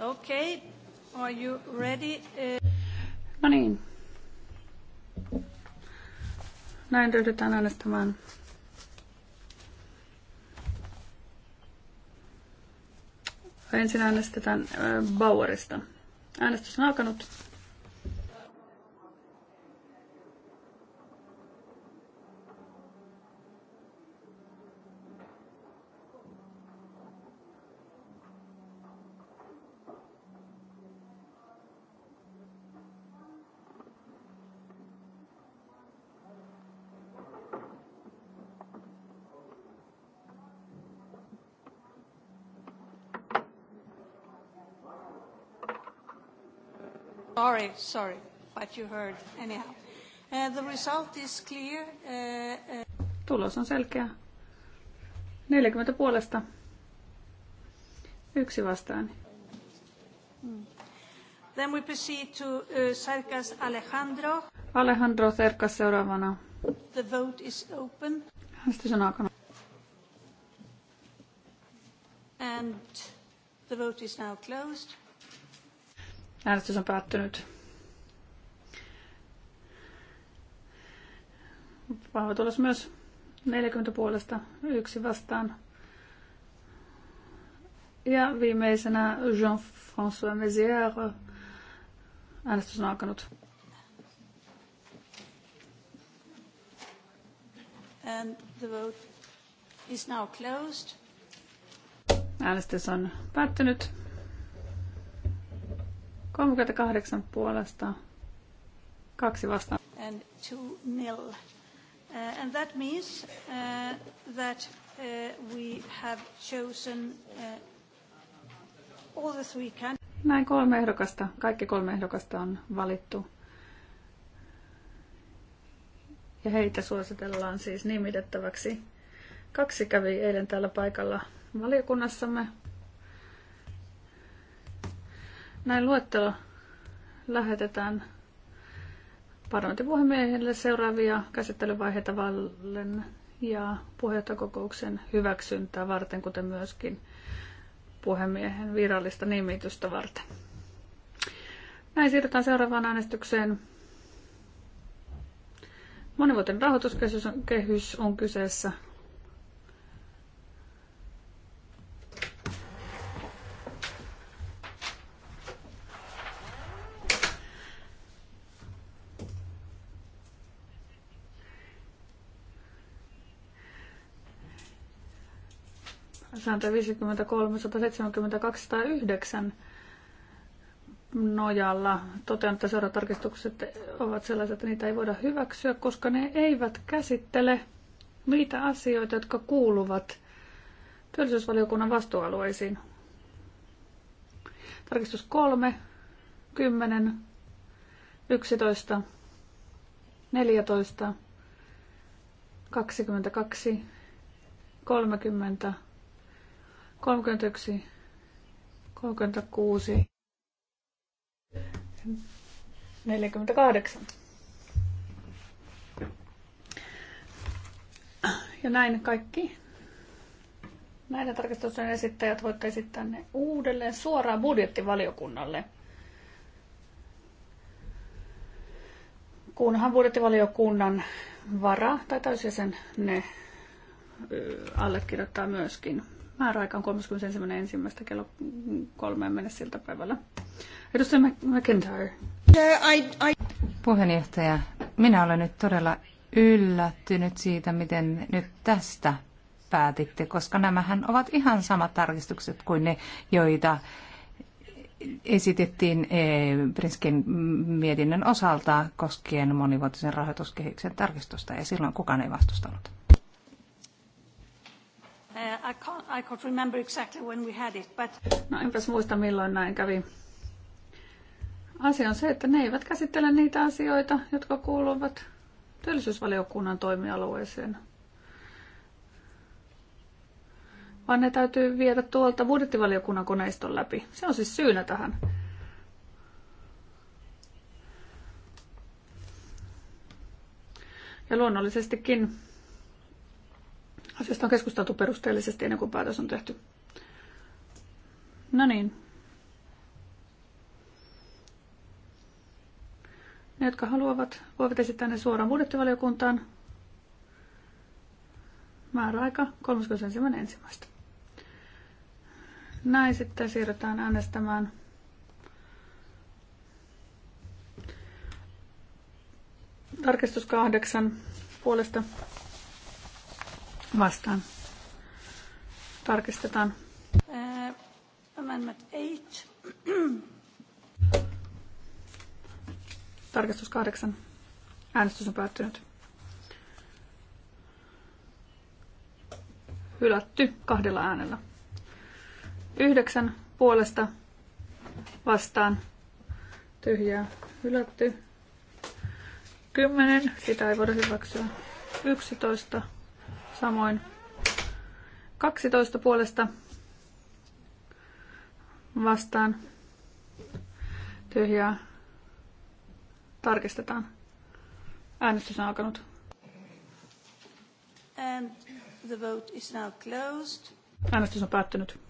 Okay. Are you ready? Uh, no niin. Näin ryhdytään äänestämään. Ensin äänestetään Bauerista. Äänestys on alkanut. Sorry, sorry, but you heard anyhow. Uh, the result is clear. Uh, uh... Tulos on selkeä. 40 puolesta. Yksi vastaan. Mm. Then we proceed to uh, Serkas Alejandro. Alejandro Serkas seuraavana. The vote is open. Äänestys on alkanut. And the vote is now closed. Äänestys on päättynyt. Vahva tulos myös 40 puolesta, yksi vastaan. Ja viimeisenä Jean-François Mézière. Äänestys on alkanut. And the vote is now closed. Äänestys on päättynyt. 38 puolesta, kaksi vastaan. And two nil. Uh, and that means uh, that uh, we have chosen uh, all the three can. Näin kolme ehdokasta, kaikki kolme ehdokasta on valittu. Ja heitä suositellaan siis nimitettäväksi. Kaksi kävi eilen täällä paikalla valiokunnassamme. Näin luettelo lähetetään parlamentin seuraavia käsittelyvaiheita vallen ja puheenjohtajakokouksen hyväksyntää varten, kuten myöskin puhemiehen virallista nimitystä varten. Näin siirrytään seuraavaan äänestykseen. Monivuotinen rahoituskehys on kyseessä. 1953 170, nojalla. Totean, että seuratarkistukset ovat sellaiset, että niitä ei voida hyväksyä, koska ne eivät käsittele niitä asioita, jotka kuuluvat työllisyysvaliokunnan vastuualueisiin. Tarkistus 3, 10, 11, 14, 22, 30, 31, 36, 48. Ja näin kaikki. Näiden tarkistusten esittäjät voitte esittää ne uudelleen suoraan budjettivaliokunnalle. Kunhan budjettivaliokunnan vara tai täysjäsen ne allekirjoittaa myöskin. Määräaika on 31.1. kello kolmeen mennessä siltä päivällä. Edustaja McIntyre. Puheenjohtaja, minä olen nyt todella yllättynyt siitä, miten nyt tästä päätitte, koska nämähän ovat ihan samat tarkistukset kuin ne, joita esitettiin eh, Prinskin mietinnön osalta koskien monivuotisen rahoituskehyksen tarkistusta, ja silloin kukaan ei vastustanut. Uh, I can't, I can't remember exactly when we had it, but... No enpäs muista milloin näin kävi. Asia on se, että ne eivät käsittele niitä asioita, jotka kuuluvat työllisyysvaliokunnan toimialueeseen. Vaan ne täytyy viedä tuolta budjettivaliokunnan koneiston läpi. Se on siis syynä tähän. Ja luonnollisestikin Asiasta on keskusteltu perusteellisesti ennen kuin päätös on tehty. No niin. Ne, jotka haluavat, voivat esittää ne suoraan budjettivaliokuntaan. Määräaika 31.1. Näin sitten siirrytään äänestämään tarkistus kahdeksan puolesta vastaan. Tarkistetaan. Uh, amendment 8. Tarkistus 8. Äänestys on päättynyt. Hylätty kahdella äänellä. Yhdeksän puolesta vastaan. Tyhjää hylätty. Kymmenen. Sitä ei voida hyväksyä. Yksitoista Samoin 12 puolesta vastaan tyhjää tarkistetaan. Äänestys on alkanut. And the vote is now closed. Äänestys on päättynyt.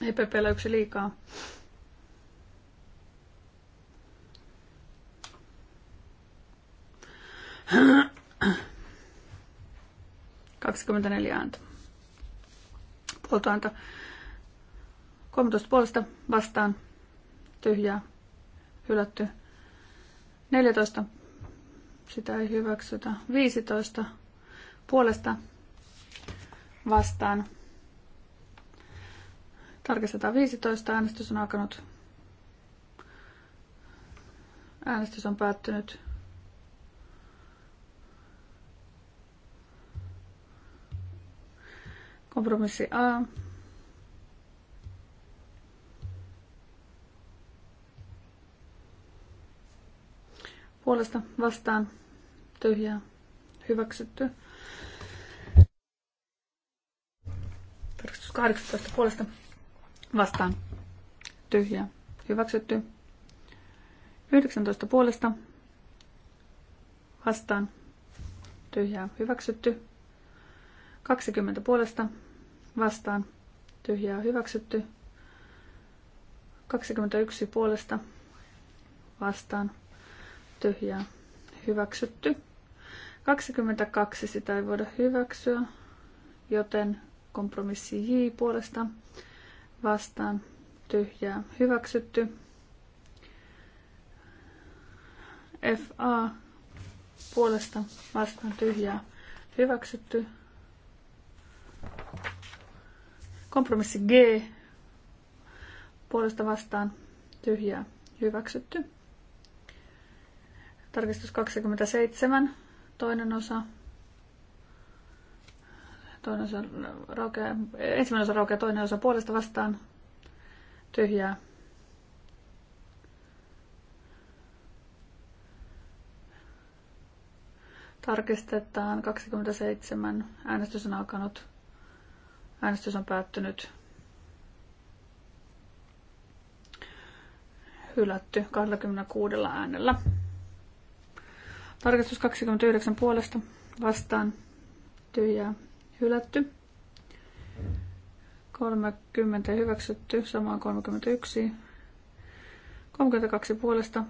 EPPllä yksi liikaa. 24 ääntä. Puolta ääntä. 13 puolesta vastaan. Tyhjää. Hylätty. 14. Sitä ei hyväksytä. 15 puolesta vastaan. Tarkistetaan 15. Äänestys on alkanut. Äänestys on päättynyt. Kompromissi A. Puolesta vastaan tyhjää hyväksytty. 18 puolesta vastaan tyhjää hyväksytty. 19 puolesta vastaan tyhjää hyväksytty. 20 puolesta vastaan tyhjää hyväksytty. 21 puolesta vastaan tyhjää hyväksytty. 22 sitä ei voida hyväksyä, joten kompromissi J puolesta vastaan tyhjää hyväksytty. FA puolesta vastaan tyhjää hyväksytty. Kompromissi G puolesta vastaan tyhjää hyväksytty. Tarkistus 27, toinen osa. Toinen osa raukeaa. ensimmäinen osa raukeaa, toinen osa puolesta vastaan tyhjää tarkistetaan. 27 äänestys on alkanut. Äänestys on päättynyt. Hylätty 26 äänellä. Tarkastus 29 puolesta vastaan tyhjää hylätty. 30 hyväksytty, samaan 31. 32 puolesta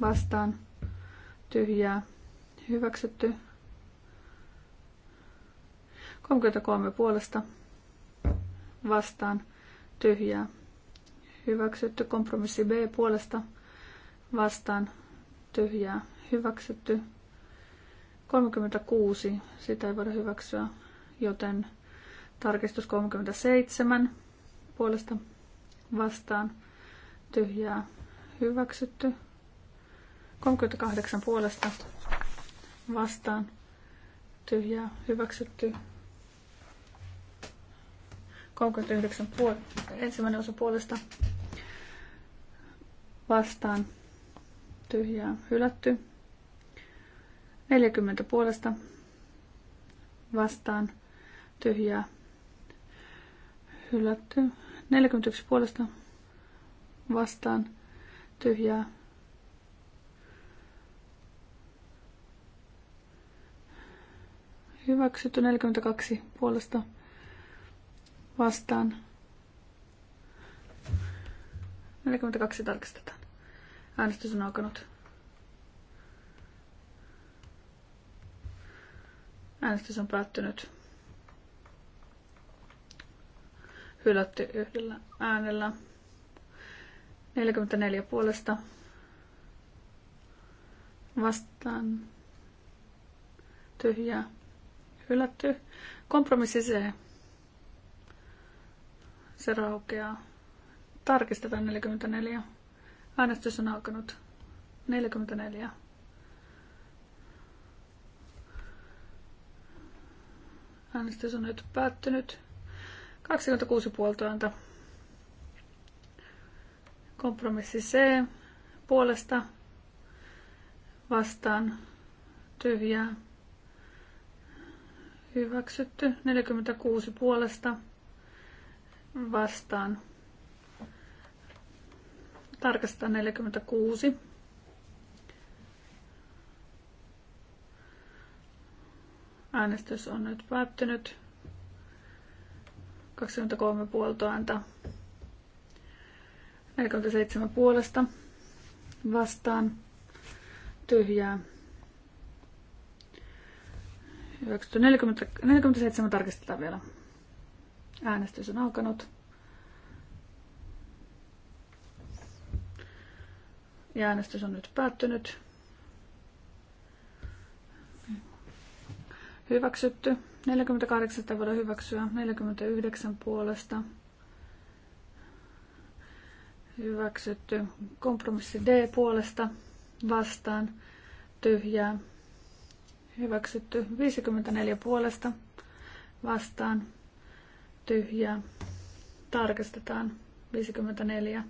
vastaan tyhjää hyväksytty. 33 puolesta vastaan tyhjää. Hyväksytty kompromissi B puolesta vastaan tyhjää. Hyväksytty 36, sitä ei voida hyväksyä, joten tarkistus 37 puolesta vastaan tyhjää. Hyväksytty 38 puolesta vastaan tyhjää. Hyväksytty 39 puol- ensimmäinen osa puolesta vastaan tyhjää hylätty. 40 puolesta vastaan tyhjää hylätty. 41 puolesta vastaan tyhjää hyväksytty. 42 puolesta vastaan vastaan. 42 tarkistetaan. Äänestys on alkanut. Äänestys on päättynyt. Hylätty yhdellä äänellä. 44 puolesta vastaan tyhjää hylätty. Kompromissi se. Se raukeaa. Tarkistetaan 44. Äänestys on alkanut. 44. Äänestys on nyt päättynyt. 26 puoltoa Kompromissi C puolesta vastaan tyhjää. Hyväksytty 46 puolesta vastaan. Tarkastetaan 46. Äänestys on nyt päättynyt. 23 puolta ääntä. 47 puolesta vastaan. Tyhjää. Hyväksytty 40, 47 tarkistetaan vielä. Äänestys on alkanut. Ja äänestys on nyt päättynyt. Hyväksytty. 48 sitä voidaan hyväksyä. 49 puolesta. Hyväksytty. Kompromissi D puolesta. Vastaan. Tyhjää. Hyväksytty. 54 puolesta. Vastaan tyhjää. tarkastetaan 54.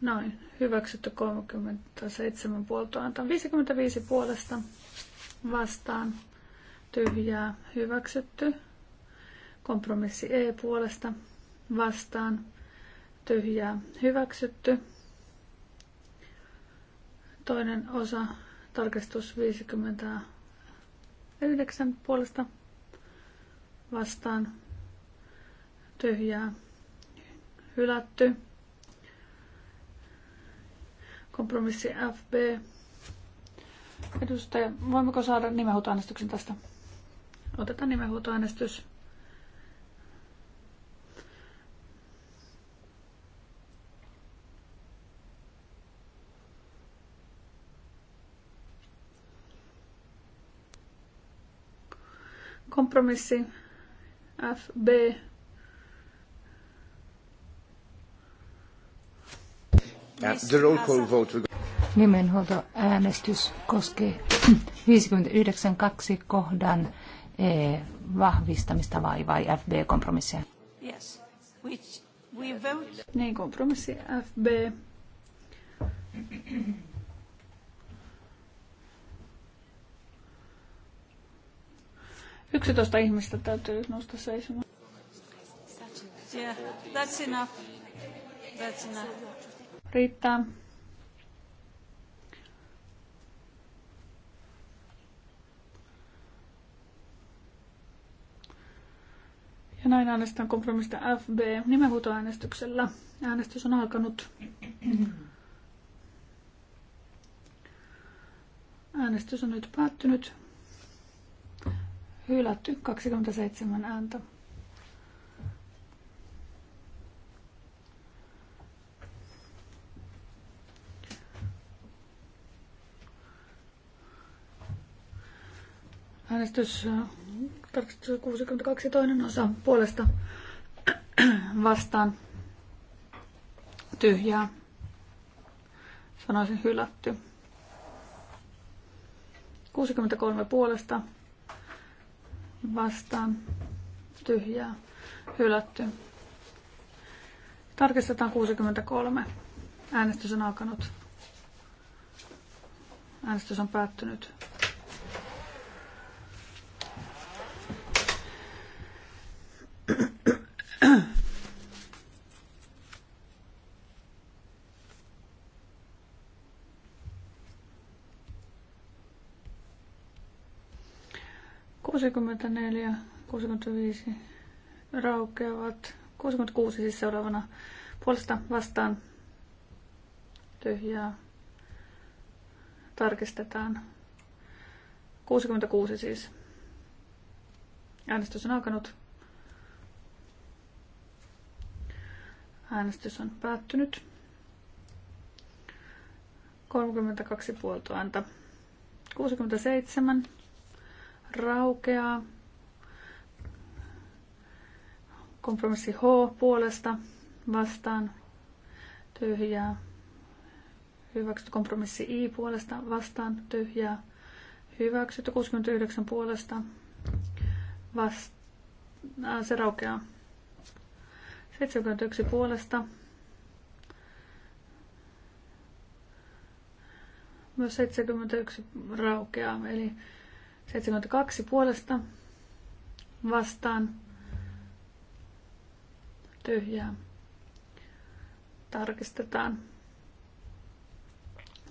Noin, hyväksytty 37 puolta antaa 55 puolesta vastaan tyhjää hyväksytty. Kompromissi E puolesta vastaan tyhjää hyväksytty. Toinen osa Tarkastus 59 puolesta vastaan. Tyhjää. Hylätty. Kompromissi FB. Edustaja, voimmeko saada nimenhuutoäänestyksen tästä? Otetaan nimenhuutoäänestys. Kompromissi FB. B. roll Nimenhuoltoäänestys koskee 59.2 kohdan e, vahvistamista vai, vai FB-kompromissia? Yes. Which we vote. Niin, kompromissi FB. 11 ihmistä täytyy nousta seisomaan. Yeah, that's enough. That's enough. Riittää. Ja näin äänestetään kompromista FB nimenhuutoäänestyksellä. Äänestys on alkanut. Äänestys on nyt päättynyt. Hylätty 27 ääntä. Äänestys 62 äh, toinen osa puolesta vastaan tyhjää. Sanoisin hylätty. 63 puolesta vastaan tyhjää hylätty. Tarkistetaan 63. Äänestys on alkanut. Äänestys on päättynyt. 64, 65 raukeavat. 66 siis seuraavana puolesta vastaan tyhjää. Tarkistetaan. 66 siis. Äänestys on alkanut. Äänestys on päättynyt. 32 puolta ääntä. 67 raukeaa. Kompromissi H puolesta vastaan tyhjää. Hyväksytty kompromissi I puolesta vastaan tyhjää. Hyväksytty 69 puolesta vasta, se raukeaa. 71 puolesta. Myös 71 raukeaa, eli 72 puolesta vastaan tyhjää. Tarkistetaan.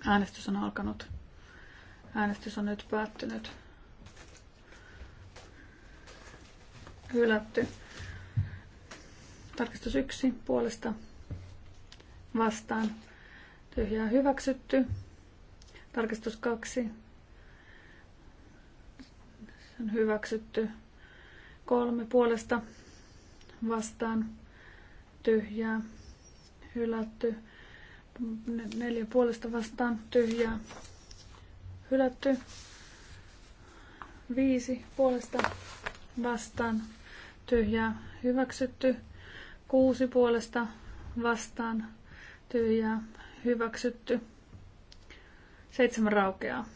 Äänestys on alkanut. Äänestys on nyt päättynyt. Hylätty. Tarkistus yksi, puolesta vastaan. Tyhjää hyväksytty. Tarkistus kaksi. Se on hyväksytty. Kolme puolesta vastaan tyhjää. Hylätty. Neljä puolesta vastaan tyhjää. Hylätty. Viisi puolesta vastaan tyhjää. Hyväksytty. Kuusi puolesta vastaan tyhjää. Hyväksytty. Seitsemän raukeaa.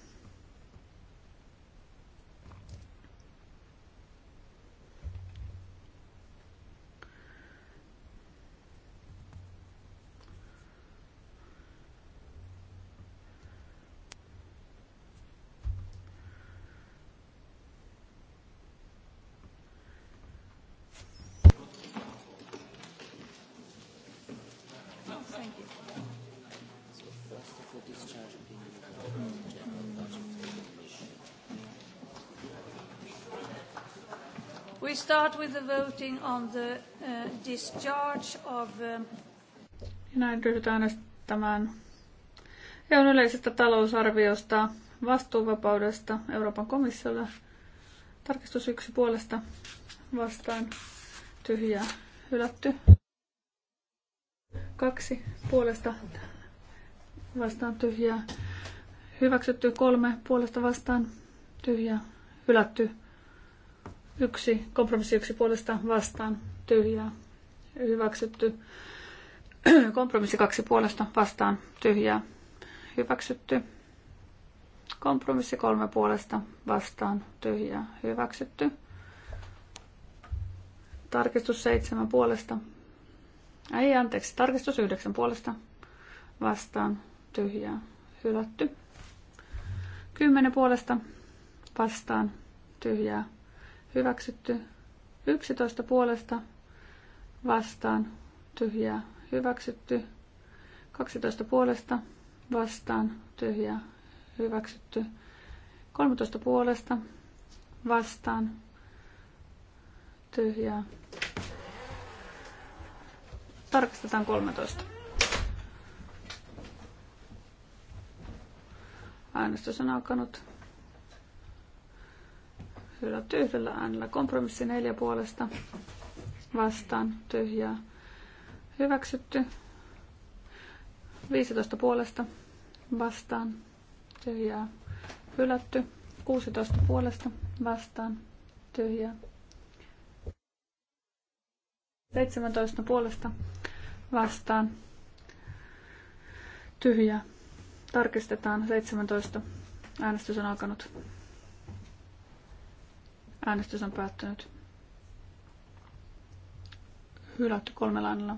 start with the voting on the uh, discharge of... Minä um, Näin äänestämään EUn yleisestä talousarviosta, vastuuvapaudesta Euroopan komissiolle. Tarkistus yksi puolesta vastaan tyhjää hylätty. Kaksi puolesta vastaan tyhjää hyväksytty. Kolme puolesta vastaan tyhjää hylätty. Yksi, kompromissi yksi puolesta vastaan, tyhjää, hyväksytty. Kompromissi kaksi puolesta vastaan, tyhjää, hyväksytty. Kompromissi kolme puolesta vastaan, tyhjää, hyväksytty. Tarkistus seitsemän puolesta. Ei, anteeksi, tarkistus yhdeksän puolesta vastaan, tyhjää, hylätty. Kymmenen puolesta vastaan, tyhjää, hyväksytty 11 puolesta vastaan tyhjää hyväksytty 12 puolesta vastaan tyhjää hyväksytty 13 puolesta vastaan tyhjää. Tarkistetaan 13. Äänestys on alkanut hylätty tyhjällä äänellä. Kompromissi neljä puolesta vastaan tyhjää hyväksytty. 15 puolesta vastaan tyhjää hylätty. 16 puolesta vastaan tyhjää. 17 puolesta vastaan tyhjää. Tarkistetaan 17. Äänestys on alkanut. Äänestys on päättynyt. Hylätty kolmella äänellä.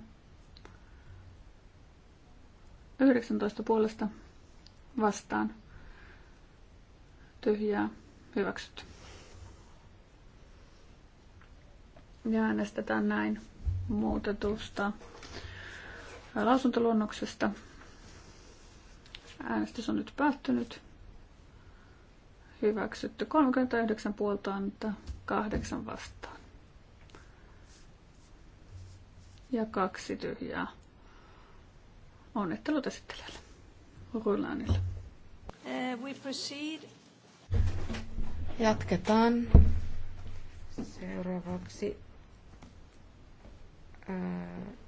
19 puolesta vastaan. Tyhjää. Hyväksytty. Ja äänestetään näin muutetusta lausuntoluonnoksesta. Äänestys on nyt päättynyt. Hyväksytty 39 puolta antaa 8 vastaan. Ja kaksi tyhjää. Onnittelut esittelijälle. Rulanille. Uh, we proceed. Jatketaan. Seuraavaksi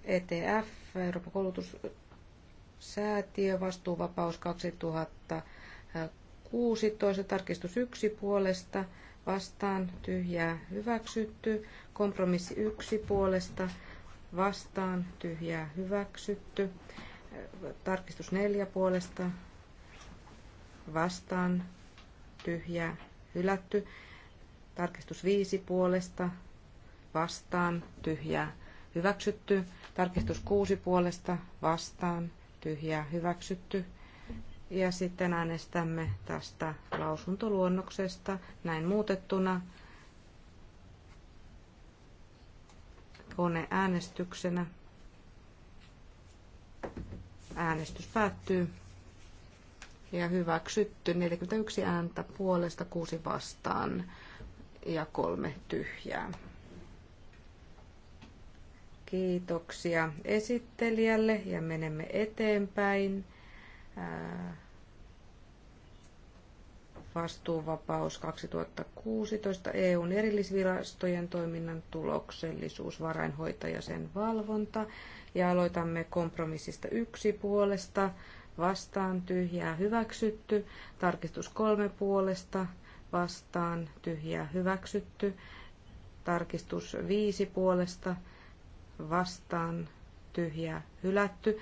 ETF, eh, e Euroopan koulutussäätiö, vastuuvapaus 2000 toisen tarkistus 1 puolesta, vastaan, tyhjää, hyväksytty. Kompromissi 1 puolesta, vastaan, tyhjää, hyväksytty. Tarkistus 4 puolesta, vastaan, tyhjää, hylätty. Tarkistus 5 puolesta, vastaan, tyhjää, hyväksytty. Tarkistus 6 puolesta, vastaan, tyhjää, hyväksytty. Ja sitten äänestämme tästä lausuntoluonnoksesta näin muutettuna koneäänestyksenä. Äänestys päättyy ja hyväksytty 41 ääntä puolesta, 6 vastaan ja kolme tyhjää. Kiitoksia esittelijälle ja menemme eteenpäin vastuuvapaus 2016, EUn erillisvirastojen toiminnan tuloksellisuus, varainhoitaja sen valvonta. Ja aloitamme kompromissista yksi puolesta, vastaan tyhjää hyväksytty, tarkistus kolme puolesta, vastaan tyhjää hyväksytty, tarkistus viisi puolesta, vastaan tyhjää hylätty,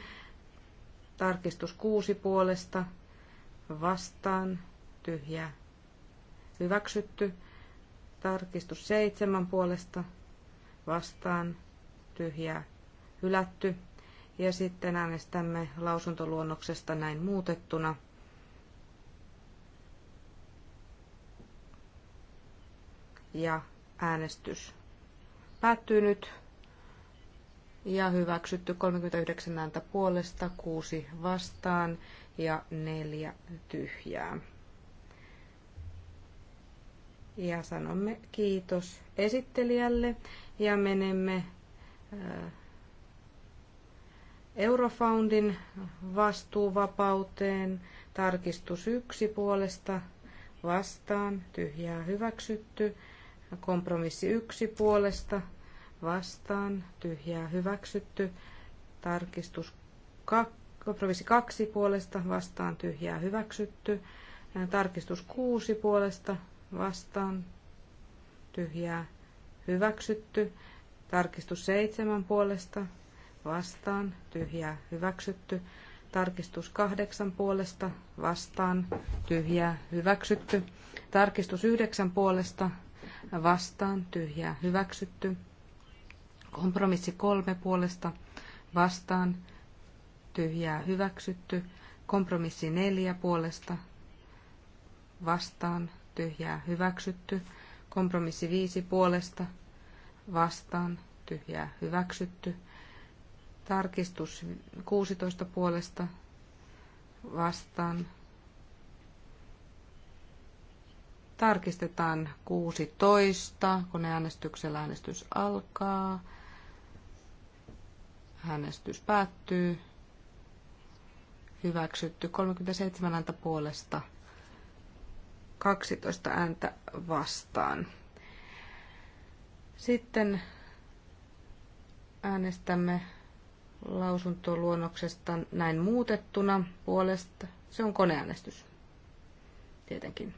Tarkistus kuusi puolesta vastaan tyhjä hyväksytty. Tarkistus seitsemän puolesta vastaan tyhjä hylätty. Ja sitten äänestämme lausuntoluonnoksesta näin muutettuna. Ja äänestys päättyy nyt ja hyväksytty 39 ääntä puolesta, 6 vastaan ja 4 tyhjää. Ja sanomme kiitos esittelijälle ja menemme äh, Eurofoundin vastuuvapauteen. Tarkistus 1 puolesta vastaan, tyhjää hyväksytty. Kompromissi 1 puolesta vastaan, tyhjää hyväksytty. Tarkistus kompromissi 2 puolesta vastaan, tyhjää hyväksytty. Tarkistus 6 puolesta vastaan, tyhjää hyväksytty. Tarkistus 7 puolesta vastaan, tyhjää hyväksytty. Tarkistus 8 puolesta vastaan, tyhjää hyväksytty. Tarkistus 9 puolesta vastaan, tyhjää hyväksytty. Kompromissi kolme puolesta vastaan tyhjää hyväksytty. Kompromissi neljä puolesta vastaan tyhjää hyväksytty. Kompromissi viisi puolesta vastaan tyhjää hyväksytty. Tarkistus 16 puolesta vastaan. Tarkistetaan 16, kun äänestyksellä äänestys alkaa. Äänestys päättyy. Hyväksytty 37 ääntä puolesta, 12 ääntä vastaan. Sitten äänestämme lausuntoluonnoksesta näin muutettuna puolesta. Se on koneäänestys, tietenkin.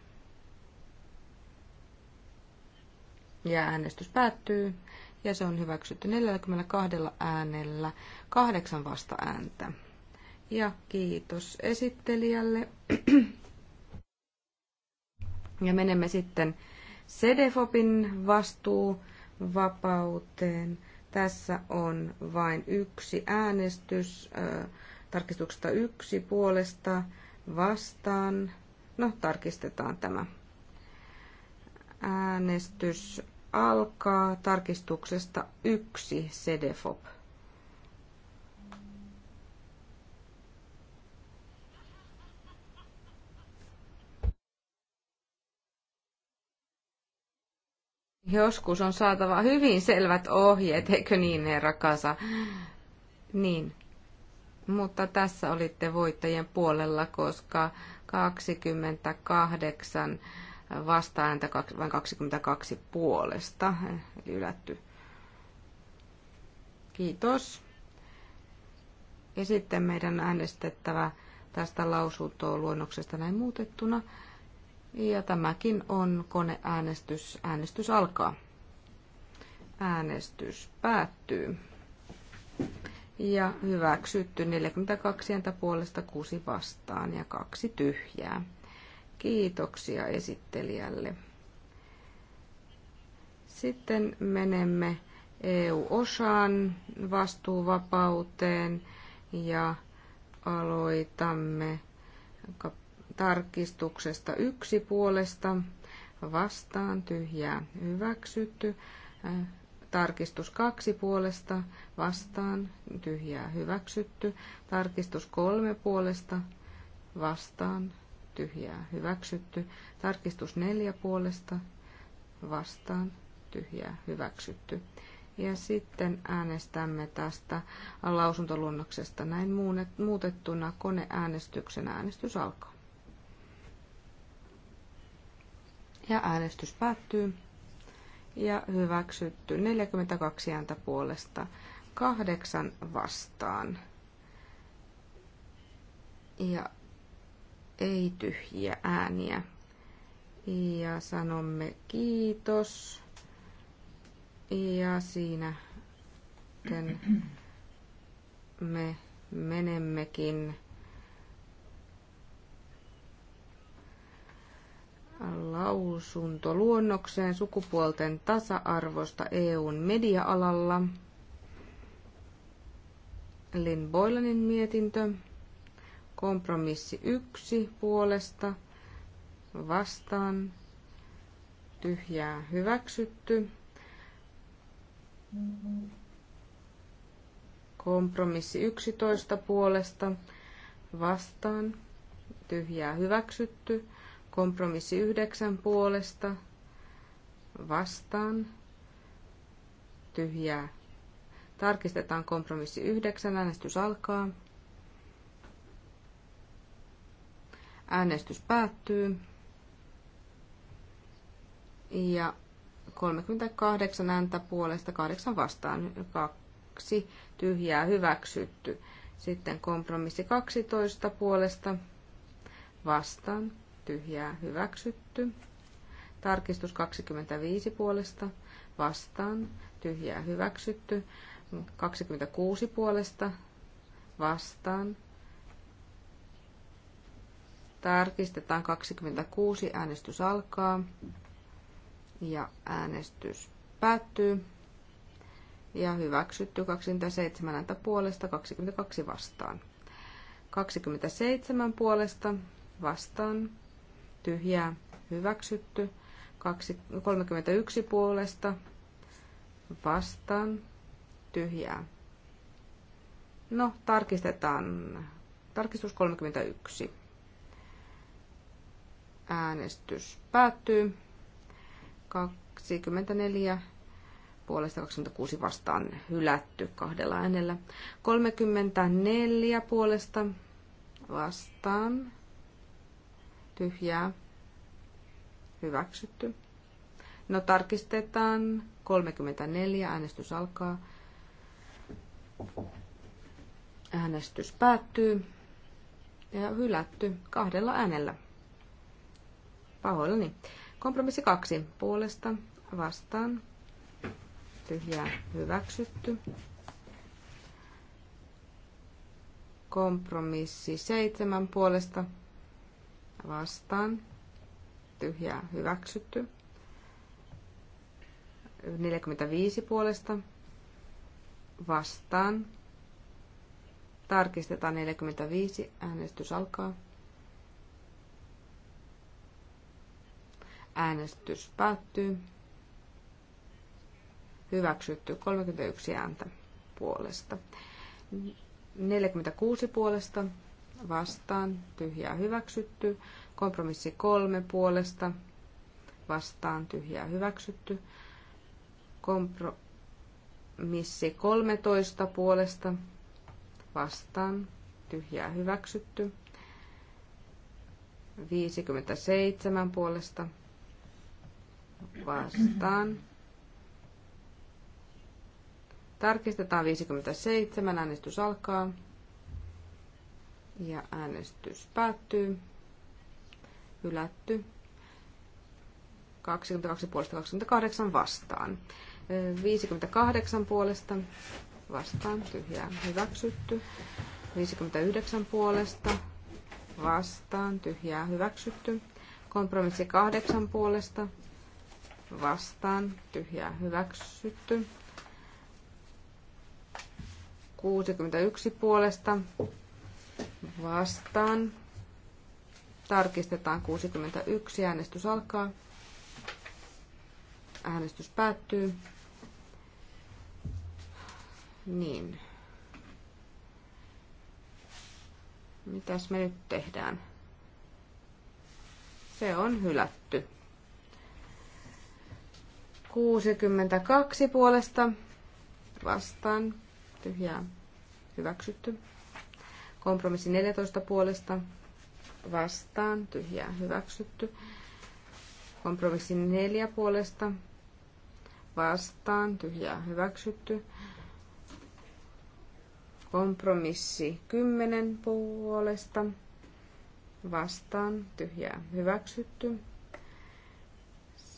Ja äänestys päättyy ja se on hyväksytty 42 äänellä, kahdeksan vasta ääntä. Ja kiitos esittelijälle. Ja menemme sitten Sedefopin vastuuvapauteen. Tässä on vain yksi äänestys tarkistuksesta yksi puolesta vastaan. No, tarkistetaan tämä. Äänestys alkaa tarkistuksesta yksi CDFOP. Joskus on saatava hyvin selvät ohjeet, eikö niin, herra Kasa? Niin. Mutta tässä olitte voittajien puolella, koska 28 vastaääntä vain 22 puolesta, eli ylätty. Kiitos. Ja sitten meidän äänestettävä tästä lausuntoa luonnoksesta näin muutettuna. Ja tämäkin on koneäänestys. Äänestys alkaa. Äänestys päättyy. Ja hyväksytty 42 puolesta, 6 vastaan ja kaksi tyhjää. Kiitoksia esittelijälle. Sitten menemme EU-osaan, vastuuvapauteen ja aloitamme tarkistuksesta yksi puolesta vastaan tyhjää hyväksytty. Äh, tarkistus kaksi puolesta vastaan tyhjää hyväksytty. Tarkistus kolme puolesta vastaan tyhjää hyväksytty. Tarkistus neljä puolesta vastaan tyhjää hyväksytty. Ja sitten äänestämme tästä lausuntoluonnoksesta näin muutettuna koneäänestyksen äänestys alkaa. Ja äänestys päättyy. Ja hyväksytty 42 ääntä puolesta, kahdeksan vastaan. Ja ei tyhjiä ääniä. Ja sanomme kiitos. Ja siinä me menemmekin lausunto luonnokseen sukupuolten tasa-arvosta EUn media-alalla. Lynn Boylanin mietintö. Kompromissi yksi puolesta vastaan tyhjää hyväksytty. Kompromissi 11 puolesta vastaan tyhjää hyväksytty. Kompromissi 9 puolesta vastaan tyhjää. Tarkistetaan kompromissi 9. Äänestys alkaa. Äänestys päättyy. Ja 38 ääntä puolesta, 8 vastaan, 2 tyhjää hyväksytty. Sitten kompromissi 12 puolesta, vastaan, tyhjää hyväksytty. Tarkistus 25 puolesta, vastaan, tyhjää hyväksytty. 26 puolesta, vastaan, Tarkistetaan 26, äänestys alkaa ja äänestys päättyy. Ja hyväksytty 27 puolesta 22 vastaan. 27 puolesta vastaan tyhjää hyväksytty. 31 puolesta vastaan tyhjää. No, tarkistetaan. Tarkistus 31. Äänestys päättyy. 24 puolesta 26 vastaan hylätty kahdella äänellä. 34 puolesta vastaan tyhjää hyväksytty. No tarkistetaan. 34 äänestys alkaa. Äänestys päättyy ja hylätty kahdella äänellä. Pahoillani. Kompromissi kaksi. Puolesta vastaan. Tyhjää hyväksytty. Kompromissi seitsemän puolesta vastaan. Tyhjää hyväksytty. 45 puolesta vastaan. Tarkistetaan 45. Äänestys alkaa. Äänestys päättyy. Hyväksytty 31 ääntä puolesta. 46 puolesta vastaan, tyhjää hyväksytty. Kompromissi 3 puolesta vastaan, tyhjää hyväksytty. Kompromissi 13 puolesta vastaan, tyhjää hyväksytty. 57 puolesta vastaan. Tarkistetaan 57, äänestys alkaa. Ja äänestys päättyy. Hylätty. 22 puolesta 28 vastaan. 58 puolesta vastaan tyhjää hyväksytty. 59 puolesta vastaan tyhjää hyväksytty. Kompromissi 8 puolesta vastaan, tyhjää hyväksytty. 61 puolesta vastaan. Tarkistetaan 61, äänestys alkaa. Äänestys päättyy. Niin. Mitäs me nyt tehdään? Se on hylätty. 62 puolesta vastaan tyhjää hyväksytty. Kompromissi 14 puolesta vastaan tyhjää hyväksytty. Kompromissi 4 puolesta vastaan tyhjää hyväksytty. Kompromissi 10 puolesta vastaan tyhjää hyväksytty.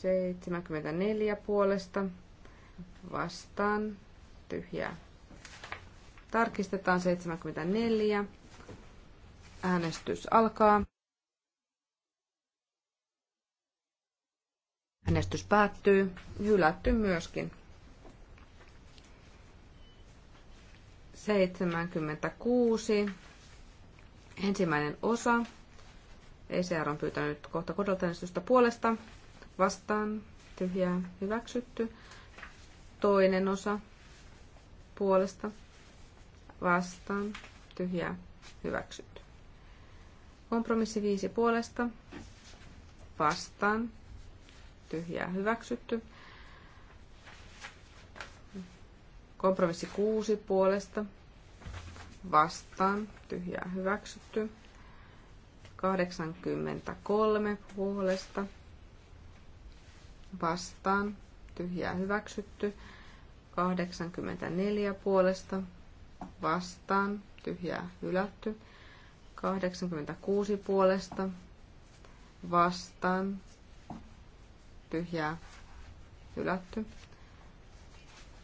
74 puolesta vastaan tyhjää. Tarkistetaan 74. Äänestys alkaa. Äänestys päättyy. Hylätty myöskin. 76. Ensimmäinen osa. ECR on pyytänyt kohta kodolta puolesta vastaan tyhjää hyväksytty. Toinen osa puolesta vastaan tyhjää hyväksytty. Kompromissi viisi puolesta vastaan tyhjää hyväksytty. Kompromissi kuusi puolesta vastaan tyhjää hyväksytty. 83 puolesta vastaan, tyhjää hyväksytty. 84 puolesta vastaan, tyhjää hylätty. 86 puolesta vastaan, tyhjää hylätty.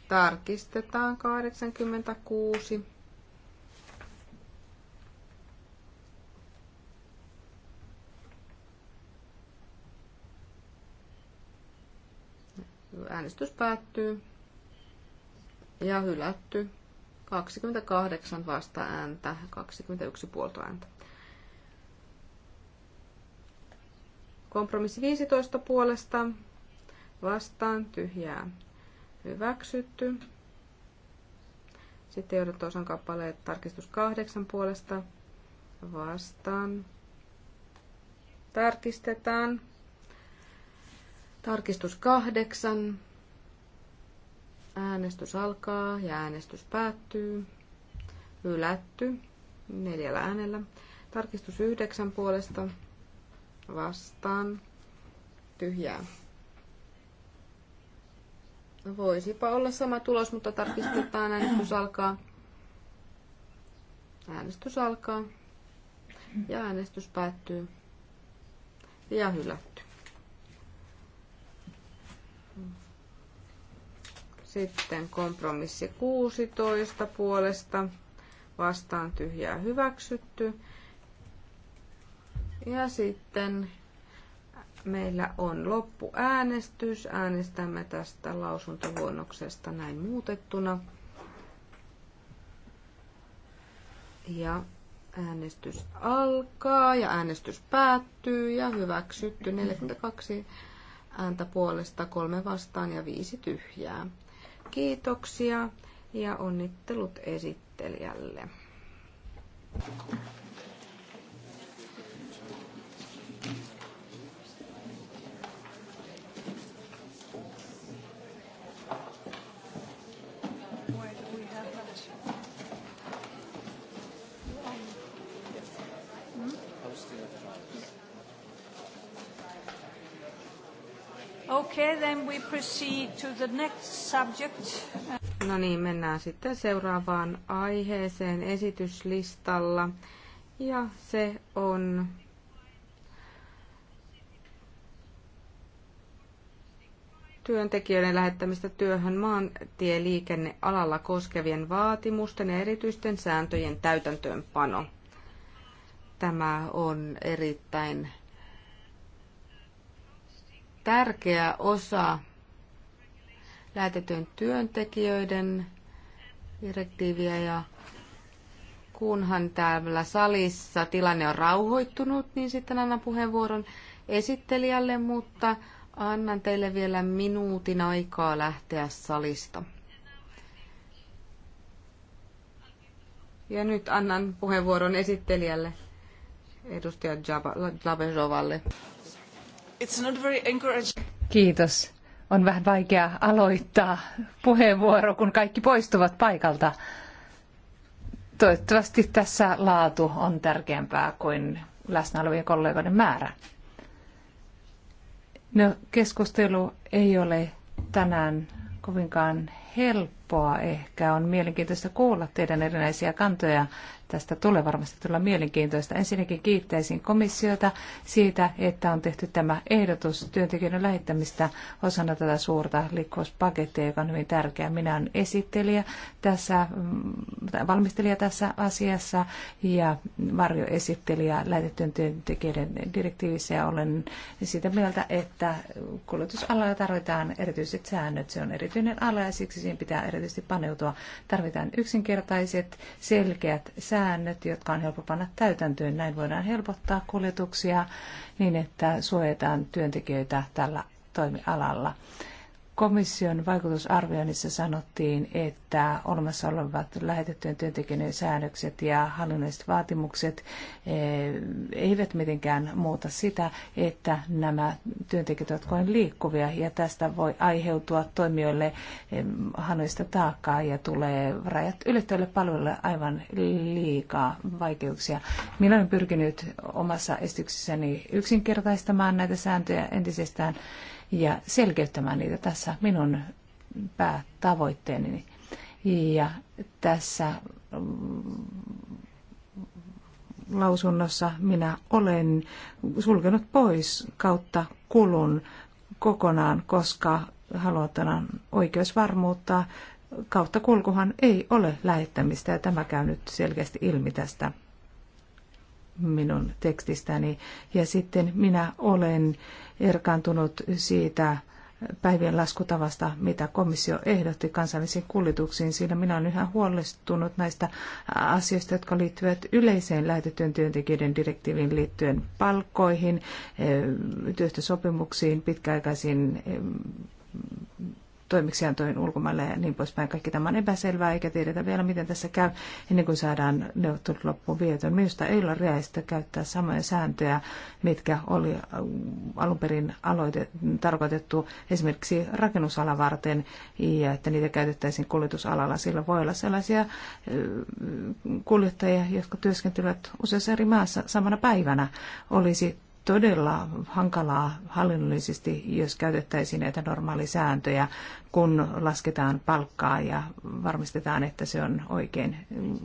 Tarkistetaan 86. Äänestys päättyy. Ja hylätty. 28 vasta ääntä, 21 puolta ääntä. Kompromissi 15 puolesta vastaan tyhjää hyväksytty. Sitten joudut osan kappaleet tarkistus 8 puolesta vastaan. Tarkistetaan. Tarkistus 8. Äänestys alkaa ja äänestys päättyy. Hylätty neljällä äänellä. Tarkistus yhdeksän puolesta vastaan. Tyhjää. Voisipa olla sama tulos, mutta tarkistetaan. Äänestys alkaa. Äänestys alkaa. Ja äänestys päättyy. Ja hylätty. Sitten kompromissi 16 puolesta vastaan tyhjää hyväksytty. Ja sitten meillä on loppuäänestys. Äänestämme tästä lausuntoluonnoksesta näin muutettuna. Ja äänestys alkaa ja äänestys päättyy ja hyväksytty 42 ääntä puolesta, kolme vastaan ja viisi tyhjää. Kiitoksia ja onnittelut esittelijälle. Okay, then we proceed to the next subject. No niin, mennään sitten seuraavaan aiheeseen esityslistalla. Ja se on työntekijöiden lähettämistä työhön maantieliikennealalla koskevien vaatimusten ja erityisten sääntöjen täytäntöönpano. Tämä on erittäin tärkeä osa lähetetyn työntekijöiden direktiiviä ja kunhan täällä salissa tilanne on rauhoittunut, niin sitten annan puheenvuoron esittelijälle, mutta annan teille vielä minuutin aikaa lähteä salista. Ja nyt annan puheenvuoron esittelijälle, edustaja Jabezovalle. It's not very encouraging. Kiitos. On vähän vaikea aloittaa puheenvuoro, kun kaikki poistuvat paikalta. Toivottavasti tässä laatu on tärkeämpää kuin läsnä olevien kollegoiden määrä. No, keskustelu ei ole tänään kovinkaan helppoa ehkä. On mielenkiintoista kuulla teidän erinäisiä kantoja Tästä tulee varmasti tulla mielenkiintoista. Ensinnäkin kiittäisin komissiota siitä, että on tehty tämä ehdotus työntekijöiden lähettämistä osana tätä suurta liikkuvuuspakettia, joka on hyvin tärkeä. Minä olen esittelijä tässä, mm, valmistelija tässä asiassa ja varjoesittelijä lähetettyjen työntekijöiden direktiivissä ja olen sitä mieltä, että kuljetusalalla tarvitaan erityiset säännöt. Se on erityinen ala ja siksi siihen pitää erityisesti paneutua. Tarvitaan yksinkertaiset, selkeät säännöt säännöt, jotka on helppo panna täytäntöön. Näin voidaan helpottaa kuljetuksia niin, että suojataan työntekijöitä tällä toimialalla. Komission vaikutusarvioinnissa sanottiin, että olemassa olevat lähetettyjen työntekijöiden säännökset ja hallinnolliset vaatimukset eh, eivät mitenkään muuta sitä, että nämä työntekijät ovat kovin liikkuvia ja tästä voi aiheutua toimijoille eh, hallinnollista taakkaa ja tulee rajat ylittäville palveluille aivan liikaa vaikeuksia. Minä olen pyrkinyt omassa esityksessäni yksinkertaistamaan näitä sääntöjä entisestään ja selkeyttämään niitä tässä minun päätavoitteeni. Ja tässä mm, lausunnossa minä olen sulkenut pois kautta kulun kokonaan, koska haluan oikeusvarmuutta. Kautta kulkuhan ei ole lähettämistä ja tämä käy nyt selkeästi ilmi tästä minun tekstistäni. Ja sitten minä olen äh, erkaantunut siitä päivien laskutavasta, mitä komissio ehdotti kansallisiin kuljetuksiin, sillä minä olen yhä huolestunut näistä asioista, jotka liittyvät yleiseen lähetettyjen työntekijöiden direktiiviin liittyen palkkoihin, eh, työhtösopimuksiin, pitkäaikaisiin eh, toimiksiantojen ulkomaille ja niin poispäin. Kaikki tämä on epäselvää eikä tiedetä vielä, miten tässä käy ennen kuin saadaan neuvottelut loppuun vietyä. Minusta ei ole realista käyttää samoja sääntöjä, mitkä oli äh, alun perin aloite, tarkoitettu esimerkiksi rakennusala varten ja että niitä käytettäisiin kuljetusalalla. Sillä voi olla sellaisia äh, kuljettajia, jotka työskentelevät useassa eri maassa samana päivänä. Olisi todella hankalaa hallinnollisesti, jos käytettäisiin näitä normaalisääntöjä, kun lasketaan palkkaa ja varmistetaan, että se on oikein mm,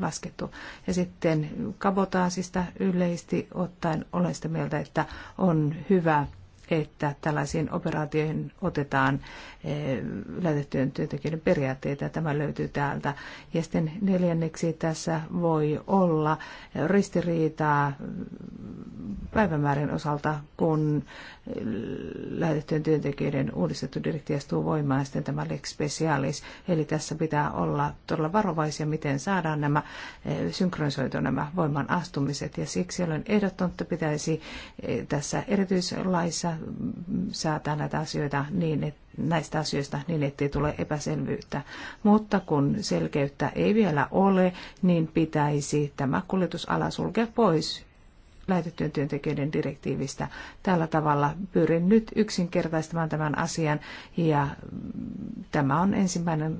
laskettu. Ja sitten kabotaasista yleisesti ottaen olen sitä mieltä, että on hyvä että tällaisiin operaatioihin otetaan eh, lähetettyjen työntekijöiden periaatteita. Tämä löytyy täältä. Ja sitten neljänneksi tässä voi olla ristiriitaa mm, päivämäärän osalta, kun eh, lähetettyjen työntekijöiden uudistettu direktiivi astuu voimaan ja sitten tämä lex specialis. Eli tässä pitää olla todella varovaisia, miten saadaan nämä eh, synkronisoitu nämä voiman astumiset. Ja siksi olen ehdottanut, että pitäisi tässä erityislaissa säätää näitä asioita niin, että näistä asioista niin, ettei tule epäselvyyttä. Mutta kun selkeyttä ei vielä ole, niin pitäisi tämä kuljetusala sulkea pois lähetettyjen työntekijöiden direktiivistä. Tällä tavalla pyrin nyt yksinkertaistamaan tämän asian ja mm, tämä on ensimmäinen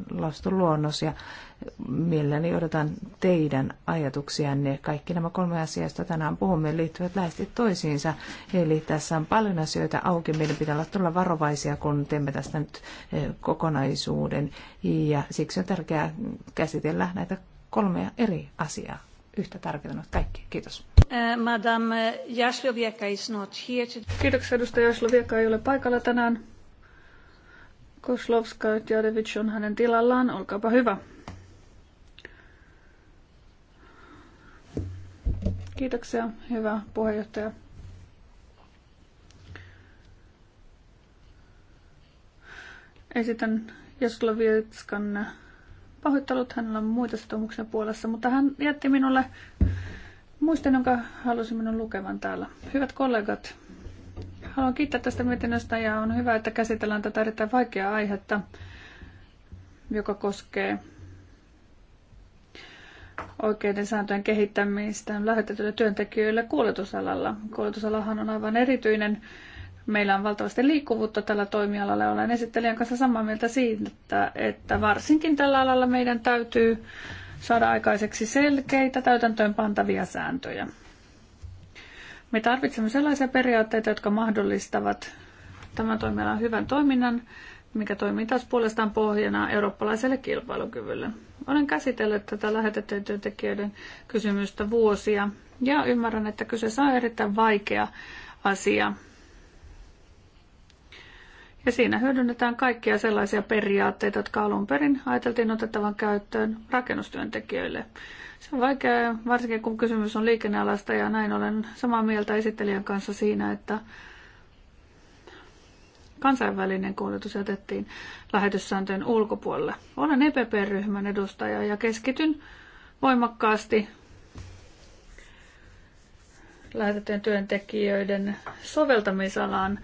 luonnos ja mielelläni odotan teidän ajatuksianne. Kaikki nämä kolme asiaa, joista tänään puhumme, liittyvät lähesti toisiinsa. Eli tässä on paljon asioita auki. Meidän pitää olla todella varovaisia, kun teemme tästä nyt eh, kokonaisuuden. Ja siksi on tärkeää käsitellä näitä kolmea eri asiaa yhtä tärkeitä ovat kaikki. Kiitos. Eh, Madame Jaslovieka is not here today. Kiitoksia edustaja Jaslovieka ei ole paikalla tänään. Koslovska Tjadevic on hänen tilallaan. Olkaapa hyvä. Kiitoksia, hyvä puheenjohtaja. Esitän Jaslovietskan Pahoittelut, hänellä on muita sitoumuksia puolessa, mutta hän jätti minulle muistin, jonka halusin minun lukevan täällä. Hyvät kollegat, haluan kiittää tästä mietinnöstä ja on hyvä, että käsitellään tätä erittäin vaikeaa aihetta, joka koskee oikeiden sääntöjen kehittämistä lähetetyille työntekijöille kuljetusalalla. Kuljetusalahan on aivan erityinen Meillä on valtavasti liikkuvuutta tällä toimialalla ja olen esittelijän kanssa samaa mieltä siitä, että varsinkin tällä alalla meidän täytyy saada aikaiseksi selkeitä täytäntöön pantavia sääntöjä. Me tarvitsemme sellaisia periaatteita, jotka mahdollistavat tämän toimialan hyvän toiminnan, mikä toimii taas puolestaan pohjana eurooppalaiselle kilpailukyvylle. Olen käsitellyt tätä lähetettyjen työntekijöiden kysymystä vuosia ja ymmärrän, että kyseessä on erittäin vaikea asia ja siinä hyödynnetään kaikkia sellaisia periaatteita, jotka alun perin ajateltiin otettavan käyttöön rakennustyöntekijöille. Se on vaikeaa, varsinkin kun kysymys on liikennealasta ja näin olen samaa mieltä esittelijän kanssa siinä, että kansainvälinen koulutus jätettiin lähetyssääntöjen ulkopuolelle. Olen EPP-ryhmän edustaja ja keskityn voimakkaasti lähetettyjen työntekijöiden soveltamisalaan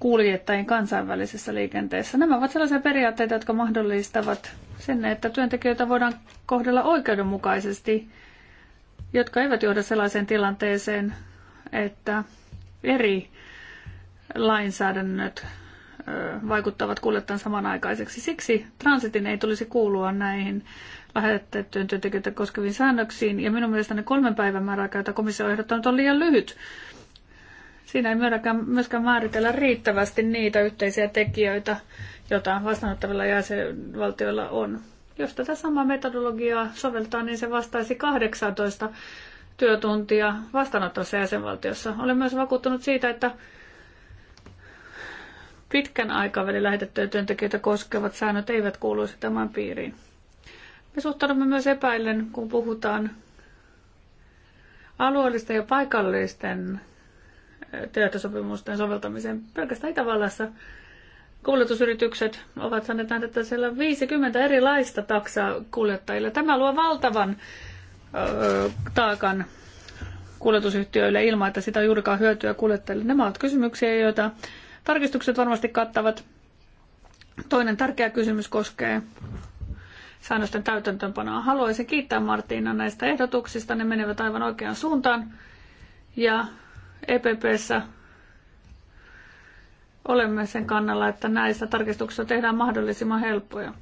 kuljettajien kansainvälisessä liikenteessä. Nämä ovat sellaisia periaatteita, jotka mahdollistavat sen, että työntekijöitä voidaan kohdella oikeudenmukaisesti, jotka eivät johda sellaiseen tilanteeseen, että eri lainsäädännöt vaikuttavat kuljettajan samanaikaiseksi. Siksi transitin ei tulisi kuulua näihin lähetettyjen työntekijöitä koskeviin säännöksiin, ja minun mielestäni kolmen päivän määräaika, jota komissio on ehdottanut, on liian lyhyt. Siinä ei myöskään määritellä riittävästi niitä yhteisiä tekijöitä, joita vastaanottavilla jäsenvaltioilla on. Jos tätä samaa metodologiaa soveltaa, niin se vastaisi 18 työtuntia vastaanottavassa jäsenvaltiossa. Olen myös vakuuttunut siitä, että pitkän aikavälin lähetettyjä työntekijöitä koskevat säännöt eivät kuuluisi tämän piiriin. Me suhtaudumme myös epäillen, kun puhutaan alueellisten ja paikallisten työehtosopimusten soveltamiseen. Pelkästään Itävallassa kuljetusyritykset ovat saaneet nähdä, että siellä on 50 erilaista taksaa kuljettajille. Tämä luo valtavan öö, taakan kuljetusyhtiöille ilman, että sitä on juurikaan hyötyä kuljettajille. Nämä ovat kysymyksiä, joita tarkistukset varmasti kattavat. Toinen tärkeä kysymys koskee säännösten täytäntöönpanoa. Haluaisin kiittää Martina näistä ehdotuksista. Ne menevät aivan oikeaan suuntaan. Ja EPPssä olemme sen kannalla, että näistä tarkistuksista tehdään mahdollisimman helppoja.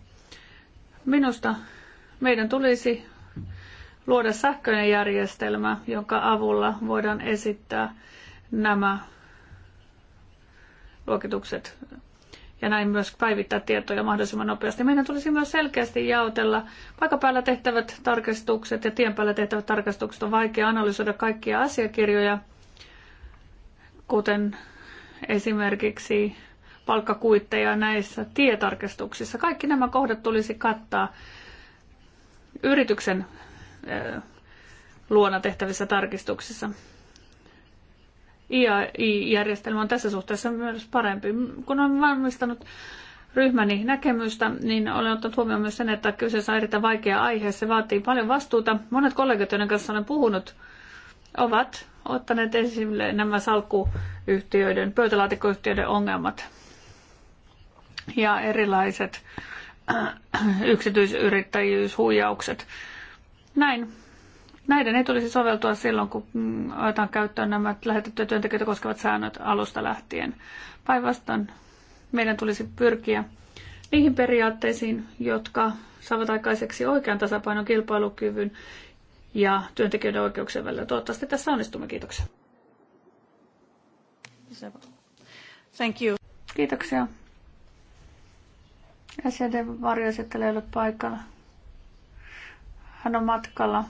Minusta meidän tulisi luoda sähköinen järjestelmä, jonka avulla voidaan esittää nämä luokitukset ja näin myös päivittää tietoja mahdollisimman nopeasti. Meidän tulisi myös selkeästi jaotella paikan päällä tehtävät tarkastukset ja tien päällä tehtävät tarkastukset. On vaikea analysoida kaikkia asiakirjoja, kuten esimerkiksi palkkakuitteja näissä tietarkistuksissa. Kaikki nämä kohdat tulisi kattaa yrityksen luona tehtävissä tarkistuksissa. IAI-järjestelmä on tässä suhteessa myös parempi. Kun olen valmistanut ryhmäni näkemystä, niin olen ottanut huomioon myös sen, että kyseessä on erittäin vaikea aihe. Se vaatii paljon vastuuta. Monet kollegat, joiden kanssa olen puhunut, ovat ottaneet esille nämä salkkuyhtiöiden, pöytälaatikkoyhtiöiden ongelmat ja erilaiset yksityisyrittäjyyshuijaukset. Näin. Näiden ei tulisi soveltua silloin, kun mm, otetaan käyttöön nämä lähetettyä työntekijöitä koskevat säännöt alusta lähtien. Päinvastoin meidän tulisi pyrkiä niihin periaatteisiin, jotka saavat aikaiseksi oikean tasapainon kilpailukyvyn ja työntekijöiden oikeuksien välillä. Toivottavasti tässä onnistumme. Kiitoksia. Thank you. Kiitoksia. SED varjoesittelijä ei ollut paikalla. Hän on matkalla.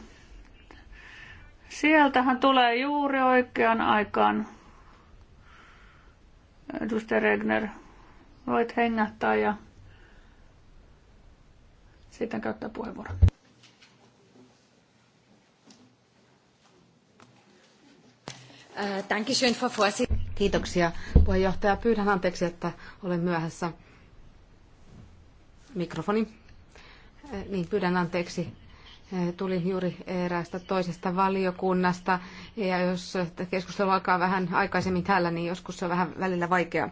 Sieltä hän tulee juuri oikeaan aikaan. Edustaja Regner, voit hengähtää ja sitten käyttää puheenvuoron. Äh, Kiitoksia puheenjohtaja. Pyydän anteeksi, että olen myöhässä. Mikrofoni. Äh, niin, pyydän anteeksi. Äh, Tulin juuri eräästä toisesta valiokunnasta ja jos keskustelu alkaa vähän aikaisemmin täällä, niin joskus se on vähän välillä vaikeaa.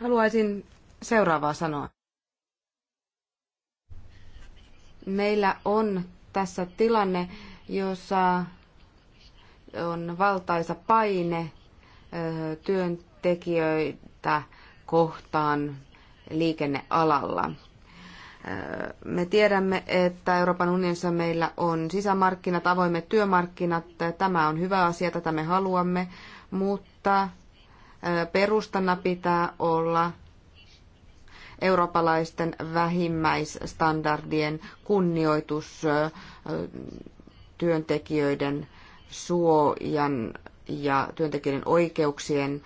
Haluaisin seuraavaa sanoa. Meillä on tässä tilanne, jossa on valtaisa paine työntekijöitä kohtaan liikennealalla. Me tiedämme, että Euroopan unionissa meillä on sisämarkkinat, avoimet työmarkkinat. Tämä on hyvä asia, tätä me haluamme, mutta perustana pitää olla eurooppalaisten vähimmäisstandardien kunnioitus työntekijöiden suojan ja työntekijöiden oikeuksien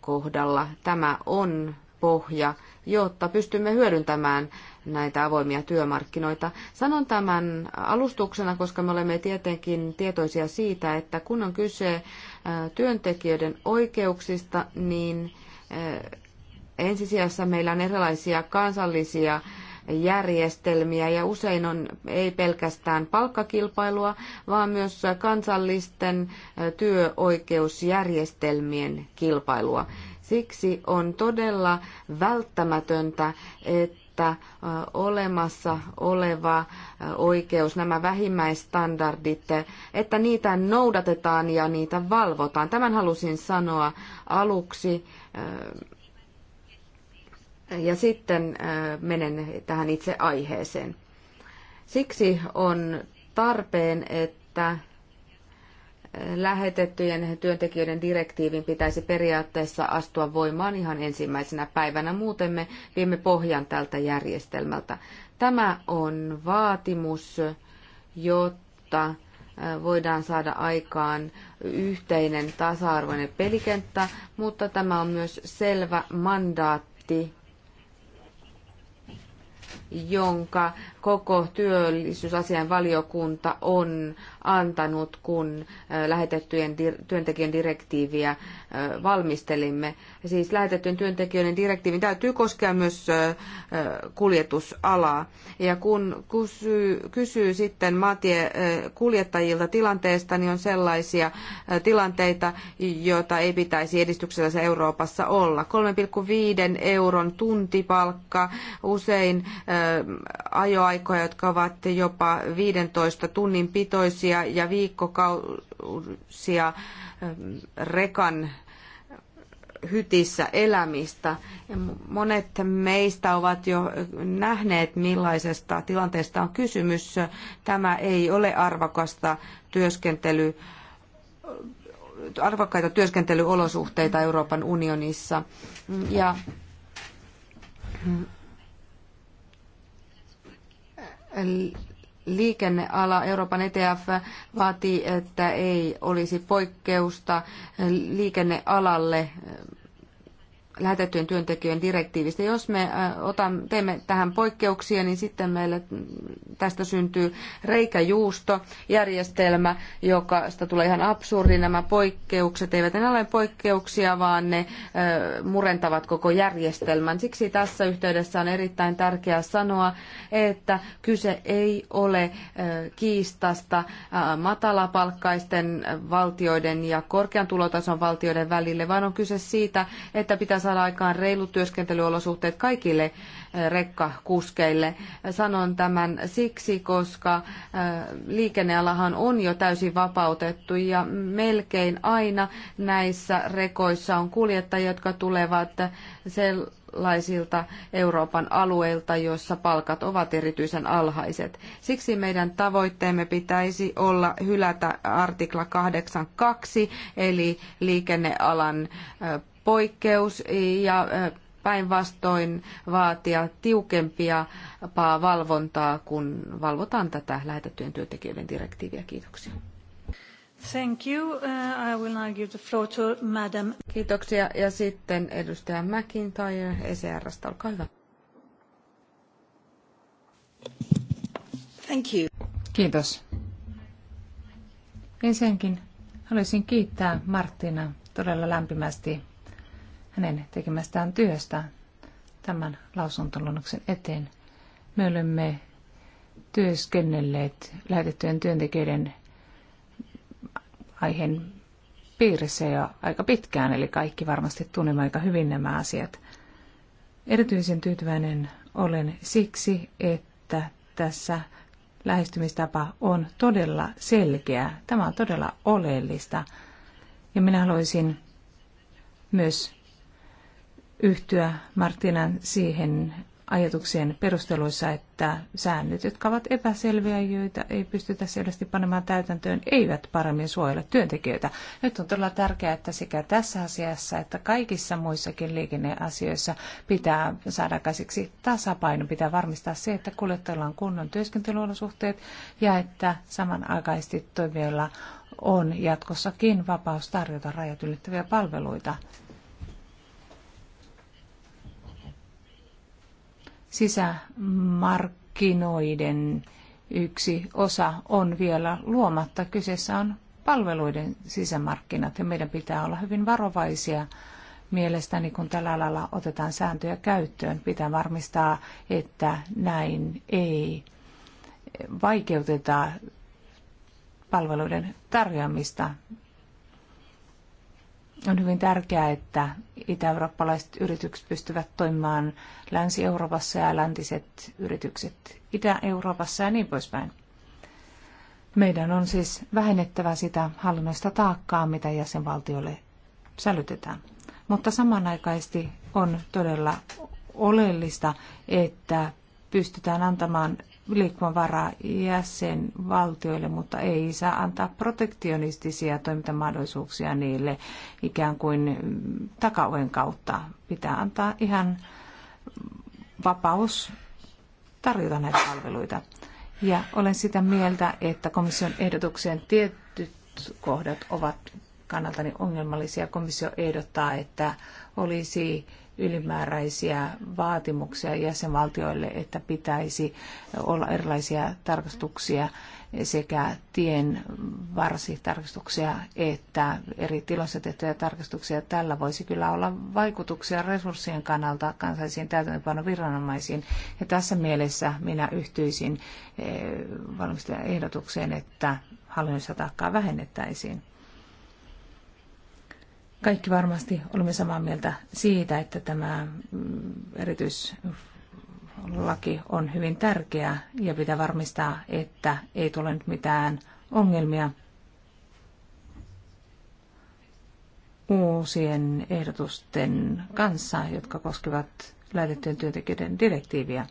kohdalla. Tämä on pohja, jotta pystymme hyödyntämään näitä avoimia työmarkkinoita. Sanon tämän alustuksena, koska me olemme tietenkin tietoisia siitä, että kun on kyse työntekijöiden oikeuksista, niin ensisijassa meillä on erilaisia kansallisia järjestelmiä ja usein on ei pelkästään palkkakilpailua, vaan myös kansallisten työoikeusjärjestelmien kilpailua. Siksi on todella välttämätöntä, että olemassa oleva oikeus, nämä vähimmäistandardit, että niitä noudatetaan ja niitä valvotaan. Tämän halusin sanoa aluksi ja sitten menen tähän itse aiheeseen. Siksi on tarpeen, että lähetettyjen työntekijöiden direktiivin pitäisi periaatteessa astua voimaan ihan ensimmäisenä päivänä. Muuten me viemme pohjan tältä järjestelmältä. Tämä on vaatimus, jotta voidaan saada aikaan yhteinen tasa-arvoinen pelikenttä, mutta tämä on myös selvä mandaatti jonka koko työllisyysasian valiokunta on antanut, kun lähetettyjen työntekijän direktiiviä valmistelimme. Siis lähetettyjen työntekijöiden direktiivin täytyy koskea myös kuljetusalaa. Ja kun kysyy, kysyy sitten maatie kuljettajilta tilanteesta, niin on sellaisia tilanteita, joita ei pitäisi edistyksellisessä Euroopassa olla. 3,5 euron tuntipalkka usein ajoa työaikoja, jotka ovat jopa 15 tunnin pitoisia ja viikkokausia ähm, rekan hytissä elämistä. Monet meistä ovat jo nähneet, millaisesta tilanteesta on kysymys. Tämä ei ole arvokasta työskentely, arvokkaita työskentelyolosuhteita Euroopan unionissa. Ja mm, liikenneala, Euroopan ETF, vaatii, että ei olisi poikkeusta liikennealalle lähetettyjen työntekijöiden direktiivistä. Jos me otamme, teemme tähän poikkeuksia, niin sitten meille tästä syntyy reikäjuustojärjestelmä, joka sitä tulee ihan absurdi. Nämä poikkeukset eivät enää ole poikkeuksia, vaan ne murentavat koko järjestelmän. Siksi tässä yhteydessä on erittäin tärkeää sanoa, että kyse ei ole kiistasta matalapalkkaisten valtioiden ja korkean tulotason valtioiden välille, vaan on kyse siitä, että pitäisi saada aikaan reilut työskentelyolosuhteet kaikille eh, rekkakuskeille. Sanon tämän siksi, koska eh, liikennealahan on jo täysin vapautettu ja melkein aina näissä rekoissa on kuljettajia, jotka tulevat sellaisilta Euroopan alueilta, joissa palkat ovat erityisen alhaiset. Siksi meidän tavoitteemme pitäisi olla hylätä artikla 8.2, eli liikennealan eh, poikkeus ja päinvastoin vaatia tiukempia valvontaa, kun valvotaan tätä lähetettyjen työntekijöiden direktiiviä. Kiitoksia. Thank you. Uh, I will now give the floor to Madam. Kiitoksia. Ja sitten edustaja McIntyre ECRstä. Olkaa hyvä. Thank you. Kiitos. Ensinnäkin haluaisin kiittää Martina todella lämpimästi hänen tekemästään työstä tämän lausuntoluonnoksen eteen. Me olemme työskennelleet lähetettyjen työntekijöiden aiheen piirissä jo aika pitkään, eli kaikki varmasti tunnemme aika hyvin nämä asiat. Erityisen tyytyväinen olen siksi, että tässä lähestymistapa on todella selkeä. Tämä on todella oleellista. Ja minä haluaisin myös yhtyä Martinan siihen ajatukseen perusteluissa, että säännöt, jotka ovat epäselviä, joita ei pystytä selvästi panemaan täytäntöön, eivät paremmin suojele työntekijöitä. Nyt on todella tärkeää, että sekä tässä asiassa että kaikissa muissakin liikenneasioissa pitää saada käsiksi tasapaino. Pitää varmistaa se, että kuljettajilla on kunnon työskentelyolosuhteet ja että samanaikaisesti toimijoilla on jatkossakin vapaus tarjota rajat ylittäviä palveluita. sisämarkkinoiden yksi osa on vielä luomatta. Kyseessä on palveluiden sisämarkkinat ja meidän pitää olla hyvin varovaisia mielestäni, kun tällä alalla otetaan sääntöjä käyttöön. Pitää varmistaa, että näin ei vaikeuteta palveluiden tarjoamista on hyvin tärkeää, että itä-eurooppalaiset yritykset pystyvät toimimaan Länsi-Euroopassa ja läntiset yritykset Itä-Euroopassa ja niin poispäin. Meidän on siis vähennettävä sitä hallinnoista taakkaa, mitä jäsenvaltiolle sälytetään. Mutta samanaikaisesti on todella oleellista, että pystytään antamaan liikkumavaraa jäsenvaltioille, mutta ei saa antaa protektionistisia toimintamahdollisuuksia niille ikään kuin takaoven kautta. Pitää antaa ihan vapaus tarjota näitä palveluita. Ja olen sitä mieltä, että komission ehdotuksen tietyt kohdat ovat kannaltani ongelmallisia. Komissio ehdottaa, että olisi ylimääräisiä vaatimuksia jäsenvaltioille, että pitäisi olla erilaisia tarkastuksia sekä tien varsitarkastuksia että eri tiloissa tehtyjä tarkastuksia. Tällä voisi kyllä olla vaikutuksia resurssien kannalta kansallisiin viranomaisiin. Ja tässä mielessä minä yhtyisin eh, valmistajan ehdotukseen, että hallinnollista taakkaa vähennettäisiin. Kaikki varmasti olemme samaa mieltä siitä, että tämä mm, erityislaki on hyvin tärkeä ja pitää varmistaa, että ei tule nyt mitään ongelmia uusien ehdotusten kanssa, jotka koskevat lähetettyjen työntekijöiden direktiiviä.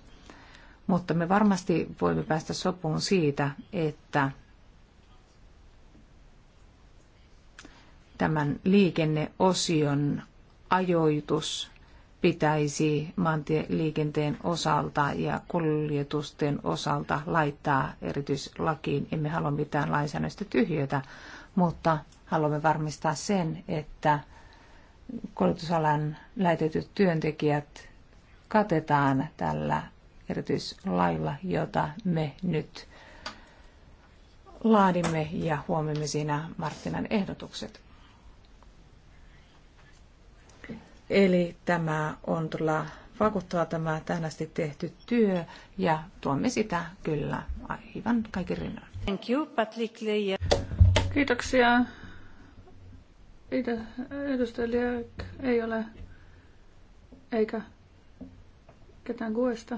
Mutta me varmasti voimme päästä sopuun siitä, että tämän liikenneosion ajoitus pitäisi maantieliikenteen osalta ja kuljetusten osalta laittaa erityislakiin. Emme halua mitään lainsäädännöstä tyhjötä, mutta haluamme varmistaa sen, että koulutusalan lähetetyt työntekijät katetaan tällä erityislailla, jota me nyt laadimme ja huomioimme siinä Martinan ehdotukset. Eli tämä on todella vakuuttava tämä tähän asti tehty työ ja tuomme sitä kyllä aivan kaikin rinnan. Thank you, Patrick Leija. Kiitoksia. Edustajia ei ole eikä ketään kuesta.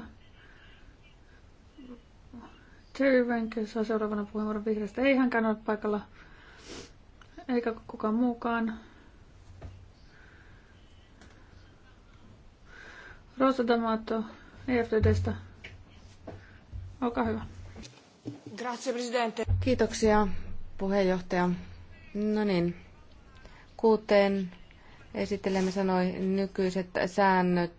Terry Venke saa seuraavana puheenvuoron vihreästä. Ei hänkään ole paikalla, eikä kukaan muukaan. Rosa D'Amato EFDstä. Olkaa hyvä. Grazie, presidente. Kiitoksia, puheenjohtaja. No niin, kuuteen esittelemme sanoi, nykyiset säännöt,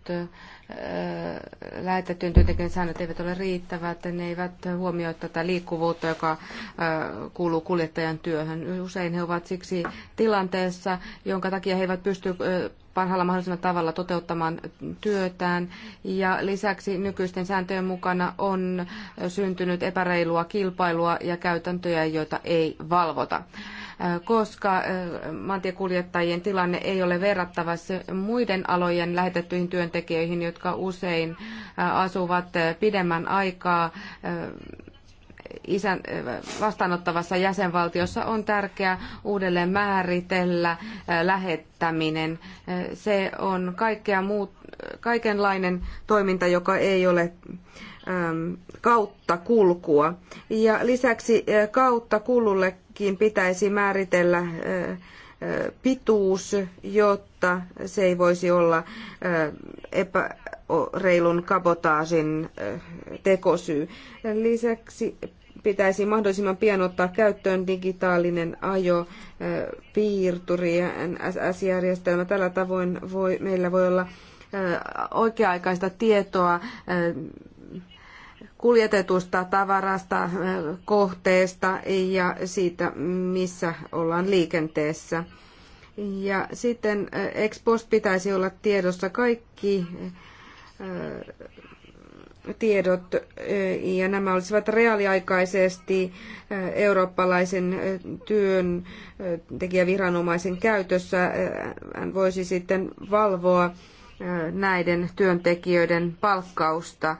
lähetettyyn työntekijän säännöt eivät ole riittävät, ne eivät huomioi tätä liikkuvuutta, joka kuuluu kuljettajan työhön. Usein he ovat siksi tilanteessa, jonka takia he eivät pysty parhaalla mahdollisella tavalla toteuttamaan työtään. Ja lisäksi nykyisten sääntöjen mukana on syntynyt epäreilua kilpailua ja käytäntöjä, joita ei valvota koska maantiekuljettajien tilanne ei ole verrattava muiden alojen lähetettyihin työntekijöihin, jotka usein asuvat pidemmän aikaa isän, vastaanottavassa jäsenvaltiossa on tärkeää uudelleen määritellä lähettäminen. Se on kaikkea muut, kaikenlainen toiminta, joka ei ole kautta kulkua. Ja lisäksi kautta kululle kuitenkin pitäisi määritellä pituus, jotta se ei voisi olla epäreilun kabotaasin tekosyy. Lisäksi pitäisi mahdollisimman pian ottaa käyttöön digitaalinen ajo, piirturi, NSS-järjestelmä. Tällä tavoin voi, meillä voi olla oikea-aikaista tietoa kuljetetusta tavarasta, äh, kohteesta ja siitä, missä ollaan liikenteessä. Ja sitten äh, Expos pitäisi olla tiedossa kaikki äh, tiedot ja nämä olisivat reaaliaikaisesti eurooppalaisen työn tekijäviranomaisen käytössä. Hän voisi sitten valvoa näiden työntekijöiden palkkausta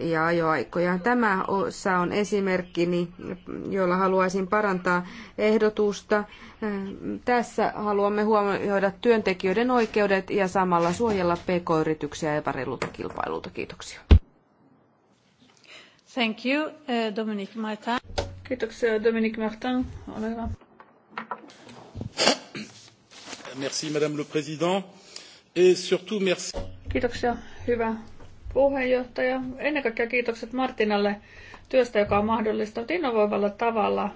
eh, ja ajoaikoja. Tämä osa on esimerkki, jolla haluaisin parantaa ehdotusta. Eh, tässä haluamme huomioida työntekijöiden oikeudet ja samalla suojella pk-yrityksiä epäreilulta kilpailulta. Kiitoksia. Thank you, eh, Dominique Martin. Kiitoksia, Dominique Martin. Ole hyvä. Merci, Madame le Président Kiitoksia, hyvä puheenjohtaja. Ennen kaikkea kiitokset Martinalle työstä, joka on mahdollistanut innovoivalla tavalla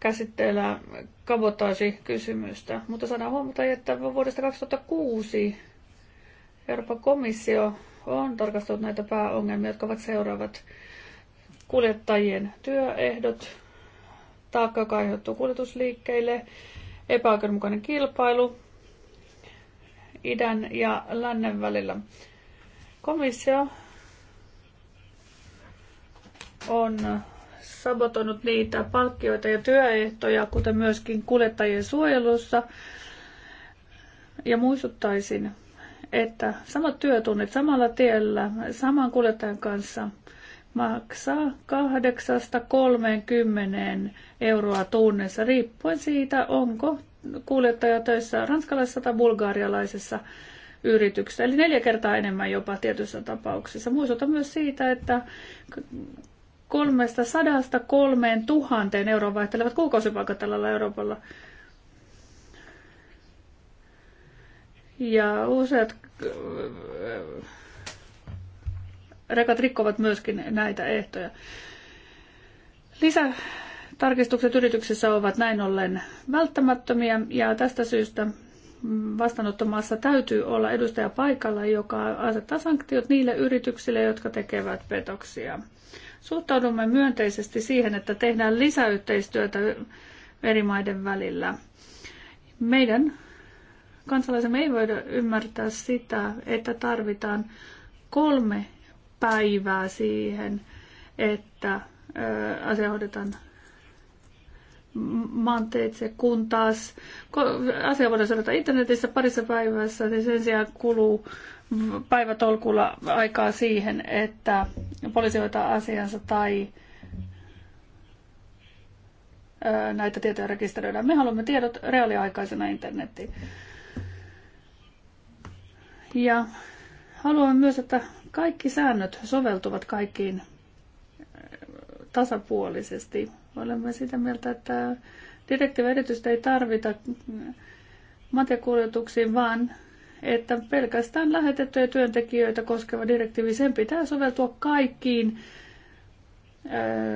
käsitteellä kabotaasikysymystä. Mutta saadaan huomata, että vuodesta 2006 Euroopan komissio on tarkastellut näitä pääongelmia, jotka ovat seuraavat. Kuljettajien työehdot, taakka, joka aiheutuu kuljetusliikkeille, epäoikeudenmukainen kilpailu, idän ja lännen välillä. Komissio on sabotonut niitä palkkioita ja työehtoja, kuten myöskin kuljettajien suojelussa. Ja muistuttaisin, että samat työtunnit samalla tiellä saman kuljettajan kanssa maksaa 8-30 euroa tunnissa riippuen siitä, onko kuljettaja töissä ranskalaisessa tai bulgaarialaisessa yrityksessä, eli neljä kertaa enemmän jopa tietyissä tapauksissa. Muistutan myös siitä, että kolmesta sadasta kolmeen tuhanteen euroon vaihtelevat kuukausipaikat tällä Euroopalla. Ja useat äh, rekat rikkovat myöskin näitä ehtoja. Lisä Tarkistukset yrityksessä ovat näin ollen välttämättömiä ja tästä syystä vastaanottomaassa täytyy olla edustaja paikalla, joka asettaa sanktiot niille yrityksille, jotka tekevät petoksia. Suhtaudumme myönteisesti siihen, että tehdään lisäyhteistyötä eri maiden välillä. Meidän kansalaisemme ei voida ymmärtää sitä, että tarvitaan kolme päivää siihen, että asia hoidetaan maanteitse, kun taas asia voidaan seurata internetissä parissa päivässä, niin sen sijaan kuluu päivätolkulla aikaa siihen, että poliisi hoitaa asiansa tai näitä tietoja rekisteröidään. Me haluamme tiedot reaaliaikaisena internettiin. Ja haluan myös, että kaikki säännöt soveltuvat kaikkiin tasapuolisesti Olemme sitä mieltä, että direktiiviehdotusta ei tarvita matkakuljetuksiin, vaan että pelkästään lähetettyjä työntekijöitä koskeva direktiivi, sen pitää soveltua kaikkiin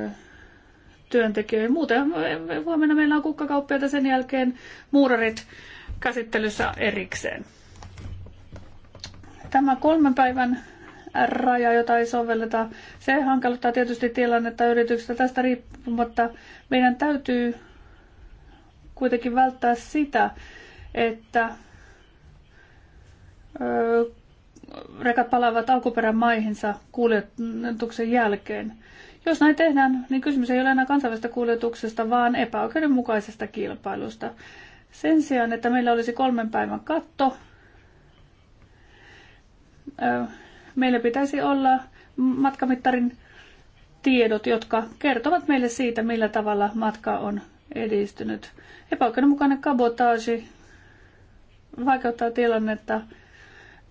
ö, työntekijöihin. Muuten huomenna meillä on kukkakauppiaita sen jälkeen muurarit käsittelyssä erikseen. Tämä kolmen päivän raja, jota ei sovelleta. Se hankaluttaa tietysti tilannetta yrityksestä. Tästä riippumatta meidän täytyy kuitenkin välttää sitä, että rekat palaavat alkuperämaihinsa kuljetuksen jälkeen. Jos näin tehdään, niin kysymys ei ole enää kansainvälisestä kuljetuksesta, vaan epäoikeudenmukaisesta kilpailusta. Sen sijaan, että meillä olisi kolmen päivän katto, meillä pitäisi olla matkamittarin tiedot, jotka kertovat meille siitä, millä tavalla matka on edistynyt. Epäoikeudenmukainen kabotaasi vaikeuttaa tilannetta.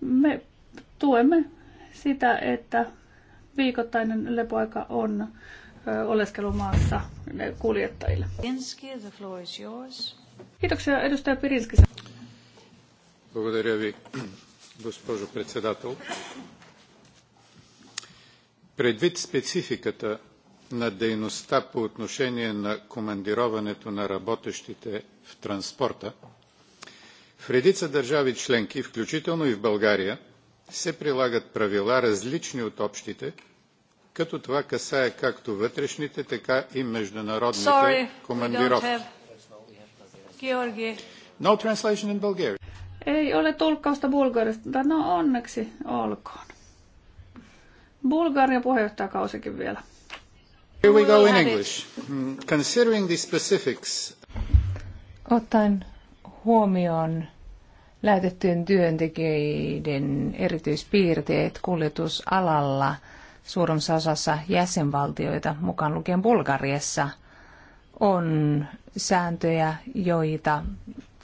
Me tuemme sitä, että viikoittainen lepoaika on oleskelumaassa kuljettajille. Pirinski, the floor is yours. Kiitoksia edustaja Pirinski. Благодаря ви, госпожо председател. Предвид спецификата на дейността по отношение на командироването на работещите в транспорта, в редица държави членки, включително и в България, се прилагат правила различни от общите, като това касае както вътрешните, така и международните Sorry, командировки. No translation in Bulgarian. Ei ole tulkkausta Bulgarista. No onneksi olkoon. Bulgarian puheenjohtajakausikin vielä. Here we go in English. Mm, considering the specifics. Ottaen huomioon lähetettyjen työntekijöiden erityispiirteet kuljetusalalla suurimmassa osassa jäsenvaltioita, mukaan lukien Bulgariassa, on sääntöjä, joita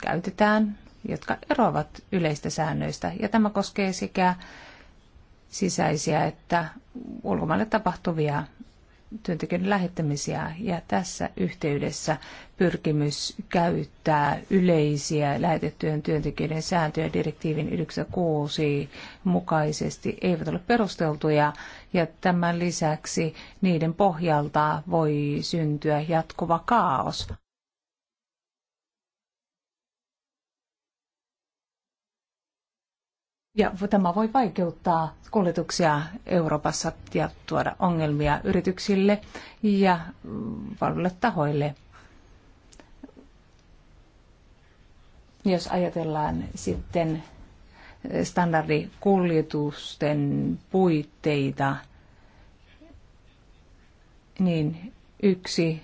käytetään, jotka eroavat yleistä säännöistä. Ja tämä koskee sekä sisäisiä että ulkomaille tapahtuvia työntekijöiden lähettämisiä ja tässä yhteydessä pyrkimys käyttää yleisiä lähetettyjen työntekijöiden sääntöjä direktiivin 96 mukaisesti eivät ole perusteltuja ja tämän lisäksi niiden pohjalta voi syntyä jatkuva kaos. Ja tämä voi vaikeuttaa kuljetuksia Euroopassa ja tuoda ongelmia yrityksille ja valvoille tahoille. Jos ajatellaan sitten standardikuljetusten puitteita, niin yksi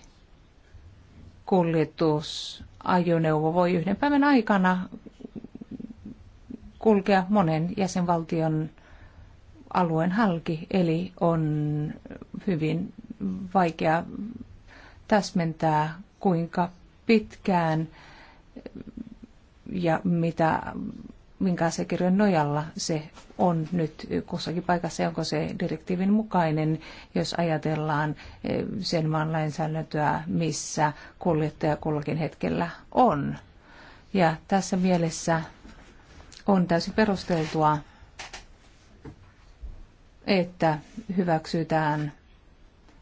kuljetusajoneuvo voi yhden päivän aikana kulkea monen jäsenvaltion alueen halki, eli on hyvin vaikea täsmentää, kuinka pitkään ja mitä, minkä asiakirjojen nojalla se on nyt kussakin paikassa onko se direktiivin mukainen, jos ajatellaan e, sen maan lainsäädäntöä, missä kuljettaja kullakin hetkellä on. Ja tässä mielessä on täysin perusteltua, että hyväksytään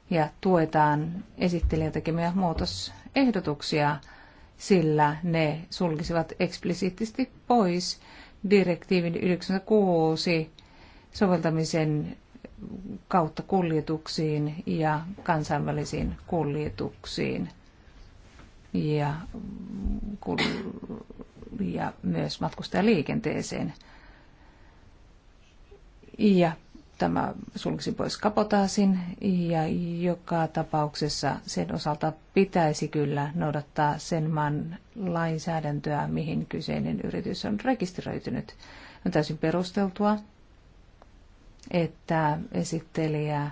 ja tuetaan esittelijän tekemiä muutosehdotuksia, sillä ne sulkisivat eksplisiittisesti pois direktiivin 96 soveltamisen kautta kuljetuksiin ja kansainvälisiin kuljetuksiin ja ja myös matkustajaliikenteeseen. Ja tämä sulkisi pois kapotaasin ja joka tapauksessa sen osalta pitäisi kyllä noudattaa sen maan lainsäädäntöä, mihin kyseinen yritys on rekisteröitynyt. On täysin perusteltua, että esittelijä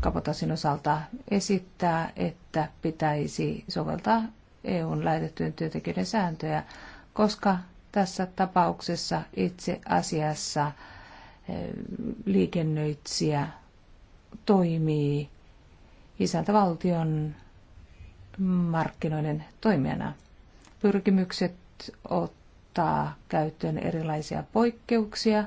kapotaasin osalta esittää, että pitäisi soveltaa EUn lähetettyjen työntekijöiden sääntöjä koska tässä tapauksessa itse asiassa eh, liikennöitsijä toimii isäntävaltion markkinoiden toimijana. Pyrkimykset ottaa käyttöön erilaisia poikkeuksia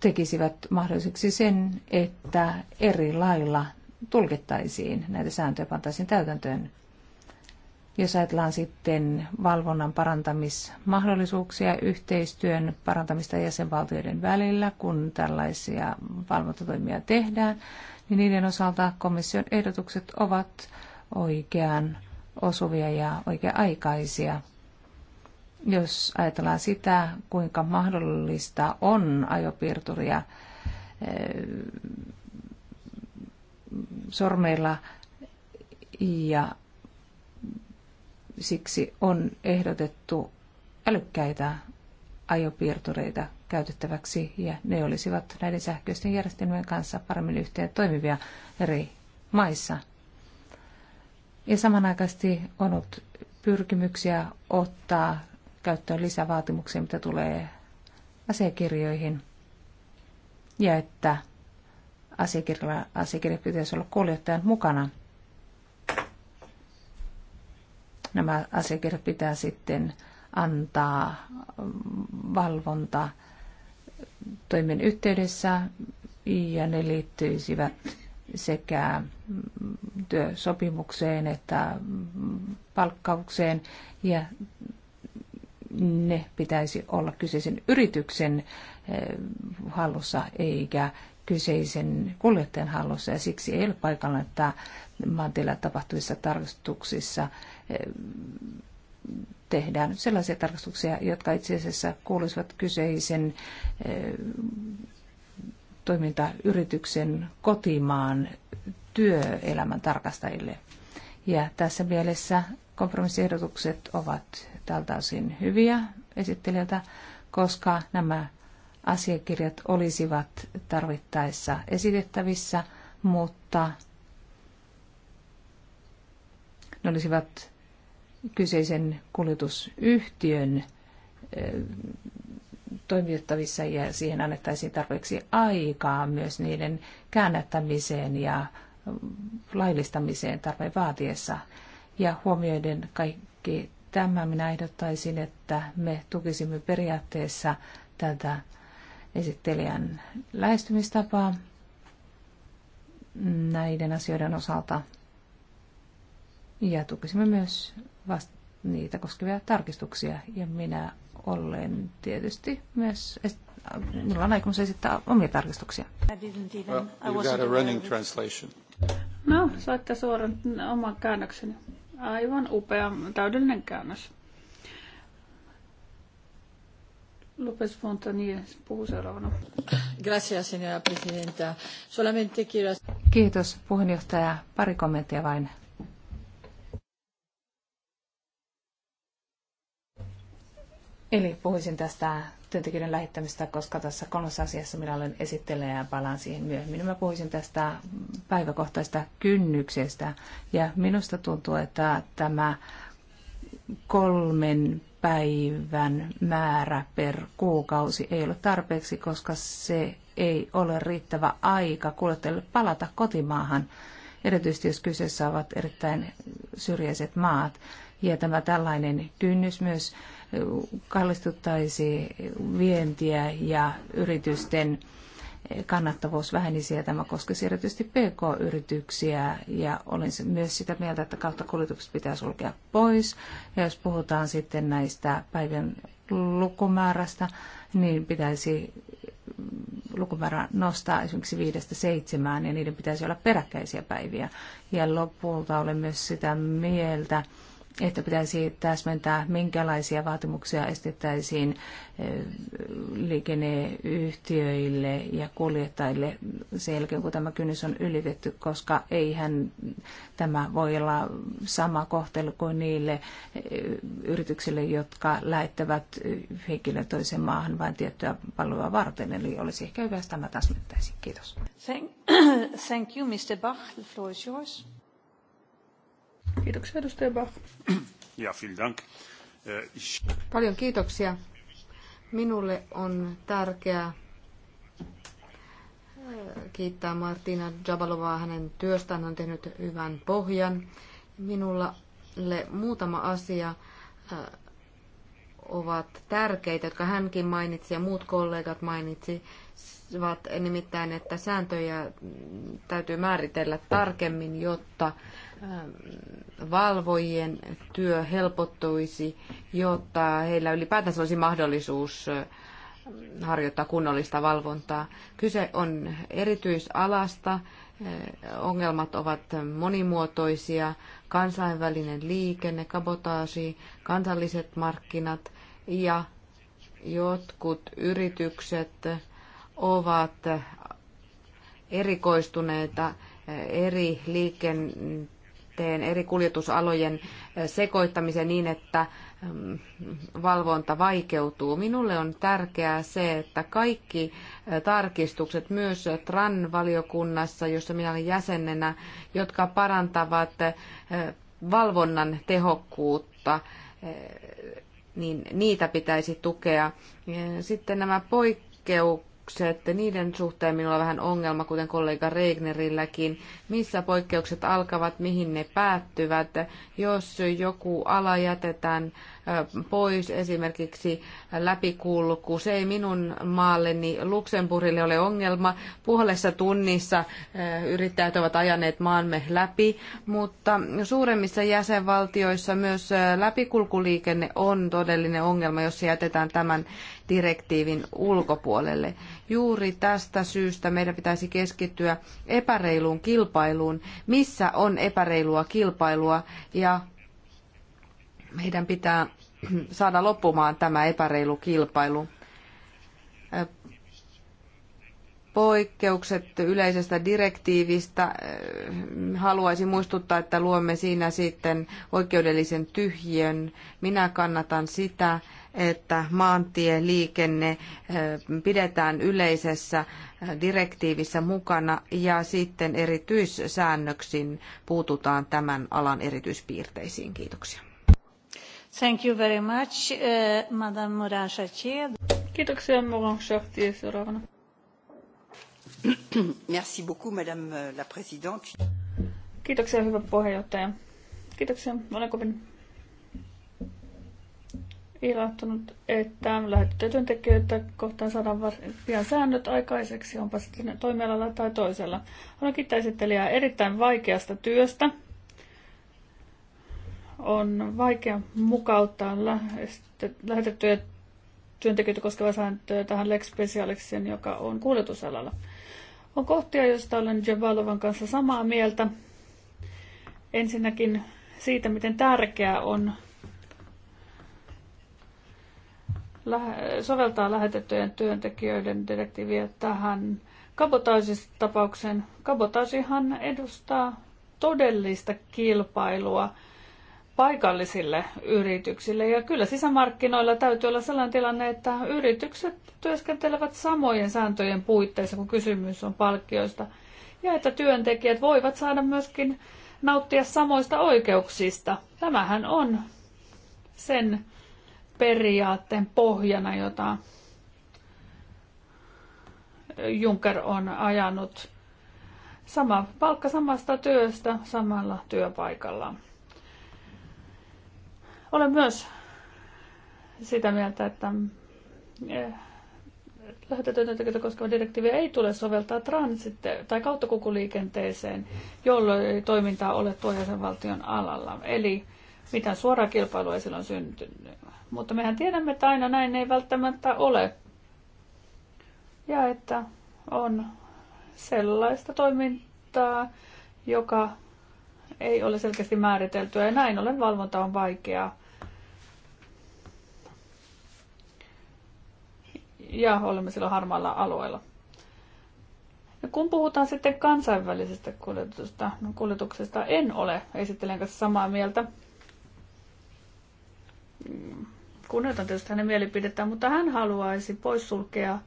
tekisivät mahdolliseksi sen, että eri lailla tulkittaisiin näitä sääntöjä, pantaisiin täytäntöön. Jos ajatellaan sitten valvonnan parantamismahdollisuuksia, yhteistyön parantamista jäsenvaltioiden välillä, kun tällaisia valvontatoimia tehdään, niin niiden osalta komission ehdotukset ovat oikean osuvia ja oikea-aikaisia. Jos ajatellaan sitä, kuinka mahdollista on ajopiirturia eh, sormeilla ja Siksi on ehdotettu älykkäitä ajopiirtureita käytettäväksi ja ne olisivat näiden sähköisten järjestelmien kanssa paremmin yhteen toimivia eri maissa. Ja samanaikaisesti on ollut pyrkimyksiä ottaa käyttöön lisävaatimuksia, mitä tulee asiakirjoihin. Ja että asiakirja, asiakirja pitäisi olla kuljettajan mukana. nämä asiakirjat pitää sitten antaa valvonta toimen yhteydessä ja ne liittyisivät sekä työsopimukseen että palkkaukseen ja ne pitäisi olla kyseisen yrityksen eh, hallussa eikä kyseisen kuljettajan hallussa ja siksi ei ole paikalla, että maantiellä tapahtuvissa tarkastuksissa tehdään sellaisia tarkastuksia, jotka itse asiassa kuuluisivat kyseisen eh, toimintayrityksen kotimaan työelämän tarkastajille. Ja tässä mielessä kompromissiehdotukset ovat tältä osin hyviä esittelijältä, koska nämä asiakirjat olisivat tarvittaessa esitettävissä, mutta ne olisivat kyseisen kuljetusyhtiön toimitettavissa ja siihen annettaisiin tarpeeksi aikaa myös niiden käännättämiseen ja laillistamiseen tarpeen vaatiessa. Ja huomioiden kaikki tämä minä ehdottaisin, että me tukisimme periaatteessa tätä esittelijän lähestymistapaa näiden asioiden osalta. Ja tukisimme myös vast- niitä koskevia tarkistuksia. Ja minä olen tietysti myös, minulla on aikomus esittää omia tarkistuksia. No, saitte suoran oman käännökseni. Aivan upea, täydellinen käännös. López Fontanier puhuu seuraavana. Gracias, señora presidenta. Solamente quiero... Kiitos puheenjohtaja. Pari kommenttia vain Eli puhuisin tästä työntekijöiden lähettämistä, koska tässä kolmessa asiassa minä olen esittelejä ja palaan siihen myöhemmin. Mä puhuisin tästä päiväkohtaista kynnyksestä ja minusta tuntuu, että tämä kolmen päivän määrä per kuukausi ei ole tarpeeksi, koska se ei ole riittävä aika kuljettajille palata kotimaahan, erityisesti jos kyseessä ovat erittäin syrjäiset maat. Ja tämä tällainen kynnys myös kallistuttaisi vientiä ja yritysten kannattavuus vähenisi ja tämä koskisi erityisesti PK-yrityksiä ja olen myös sitä mieltä, että kautta kuljetukset pitää sulkea pois. Ja jos puhutaan sitten näistä päivien lukumäärästä, niin pitäisi lukumäärä nostaa esimerkiksi viidestä seitsemään ja niiden pitäisi olla peräkkäisiä päiviä. Ja lopulta olen myös sitä mieltä, että pitäisi täsmentää, minkälaisia vaatimuksia estettäisiin liikenneyhtiöille ja kuljettajille sen jälkeen, kun tämä kynnys on ylitetty, koska eihän tämä voi olla sama kohtelu kuin niille yrityksille, jotka lähettävät henkilön toiseen maahan vain tiettyä palvelua varten. Eli olisi ehkä hyvä, jos tämä täsmentäisi. Kiitos. Thank, you, Mr. Bach. The floor is yours. Kiitoksia, edustaja Bach. Ja, vielen dank. Äh, Paljon kiitoksia. Minulle on tärkeää äh, kiittää Martina Jabalovaa hänen työstään. Hän on tehnyt hyvän pohjan. Minulla muutama asia äh, ovat tärkeitä, jotka hänkin mainitsi ja muut kollegat mainitsivat, nimittäin, että sääntöjä täytyy määritellä tarkemmin, jotta valvojien työ helpottuisi, jotta heillä ylipäätänsä olisi mahdollisuus harjoittaa kunnollista valvontaa. Kyse on erityisalasta, ongelmat ovat monimuotoisia, kansainvälinen liikenne, kabotaasi, kansalliset markkinat ja jotkut yritykset ovat erikoistuneita eri liikenteen liikenteen eri kuljetusalojen eh, sekoittamisen, niin, että mm, valvonta vaikeutuu. Minulle on tärkeää se, että kaikki eh, tarkistukset myös TRAN-valiokunnassa, jossa minä olen jäsenenä, jotka parantavat eh, valvonnan tehokkuutta, niin niitä pitäisi tukea. Sitten nämä poikkeukset että niiden suhteen minulla on vähän ongelma, kuten kollega Regnerilläkin. Missä poikkeukset alkavat, mihin ne päättyvät? Jos joku ala jätetään pois, esimerkiksi läpikulku. Se ei minun maalleni Luxemburgille ole ongelma. Puolessa tunnissa yrittäjät ovat ajaneet maamme läpi, mutta suuremmissa jäsenvaltioissa myös läpikulkuliikenne on todellinen ongelma, jos se jätetään tämän direktiivin ulkopuolelle. Juuri tästä syystä meidän pitäisi keskittyä epäreiluun kilpailuun. Missä on epäreilua kilpailua ja meidän pitää saada loppumaan tämä epäreilu kilpailu. Poikkeukset yleisestä direktiivistä. Haluaisin muistuttaa, että luomme siinä sitten oikeudellisen tyhjön. Minä kannatan sitä, että maantieliikenne pidetään yleisessä direktiivissä mukana ja sitten erityissäännöksin puututaan tämän alan erityispiirteisiin. Kiitoksia. Thank you very much, uh, Madame Moran Chartier. Kiitoksia Moran Chartier seuraavana. Merci beaucoup, Madame la Présidente. Kiitoksia, hyvä puheenjohtaja. Kiitoksia. Olen kovin ilahtunut, että lähetettyjä työntekijöitä kohtaan saadaan pian säännöt aikaiseksi, onpa sitten toimialalla tai toisella. Haluan kiittää esittelijää erittäin vaikeasta työstä on vaikea mukauttaa lähetettyjä työntekijöitä koskeva sääntö tähän Lex Specialiksen, joka on kuljetusalalla. On kohtia, joista olen Jevalovan kanssa samaa mieltä. Ensinnäkin siitä, miten tärkeää on soveltaa lähetettyjen työntekijöiden direktiiviä tähän kabotaasitapaukseen. Kabotaasihan edustaa todellista kilpailua paikallisille yrityksille. Ja kyllä sisämarkkinoilla täytyy olla sellainen tilanne, että yritykset työskentelevät samojen sääntöjen puitteissa, kun kysymys on palkkioista. Ja että työntekijät voivat saada myöskin nauttia samoista oikeuksista. Tämähän on sen periaatteen pohjana, jota Juncker on ajanut. Sama palkka samasta työstä samalla työpaikalla. Olen myös sitä mieltä, että eh, lähetetyöntekijöitä koskeva direktiivi ei tule soveltaa transit- tai kauttakukuliikenteeseen, jolloin ei toimintaa ole tuo jäsenvaltion alalla. Eli mitään suoraa kilpailua ei silloin syntynyt. Mutta mehän tiedämme, että aina näin ei välttämättä ole. Ja että on sellaista toimintaa, joka ei ole selkeästi määriteltyä ja näin ollen valvonta on vaikeaa. ja olemme silloin harmaalla alueella. Ja kun puhutaan sitten kansainvälisestä kuljetusta, no kuljetuksesta en ole esittelijän kanssa samaa mieltä. Kunnioitan tietysti hänen mielipidettään, mutta hän haluaisi poissulkea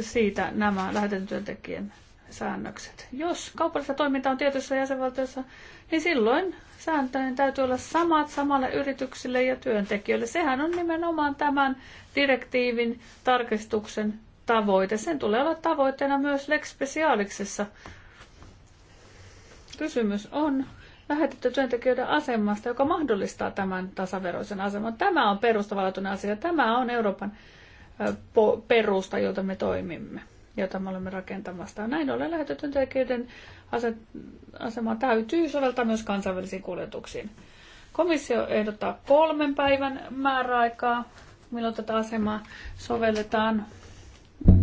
siitä nämä lähetetyn työntekijän säännökset. Jos kaupallista toimintaa on tietyssä jäsenvaltiossa, niin silloin sääntöjen täytyy olla samat samalle yrityksille ja työntekijöille. Sehän on nimenomaan tämän direktiivin tarkistuksen tavoite. Sen tulee olla tavoitteena myös Lex Specialiksessa. Kysymys on lähetetty työntekijöiden asemasta, joka mahdollistaa tämän tasaveroisen aseman. Tämä on perustavallatun asia. Tämä on Euroopan perusta, jota me toimimme jota me olemme rakentamassa. Näin ollen lähetetyn tekijöiden asema täytyy soveltaa myös kansainvälisiin kuljetuksiin. Komissio ehdottaa kolmen päivän määräaikaa, milloin tätä asemaa sovelletaan.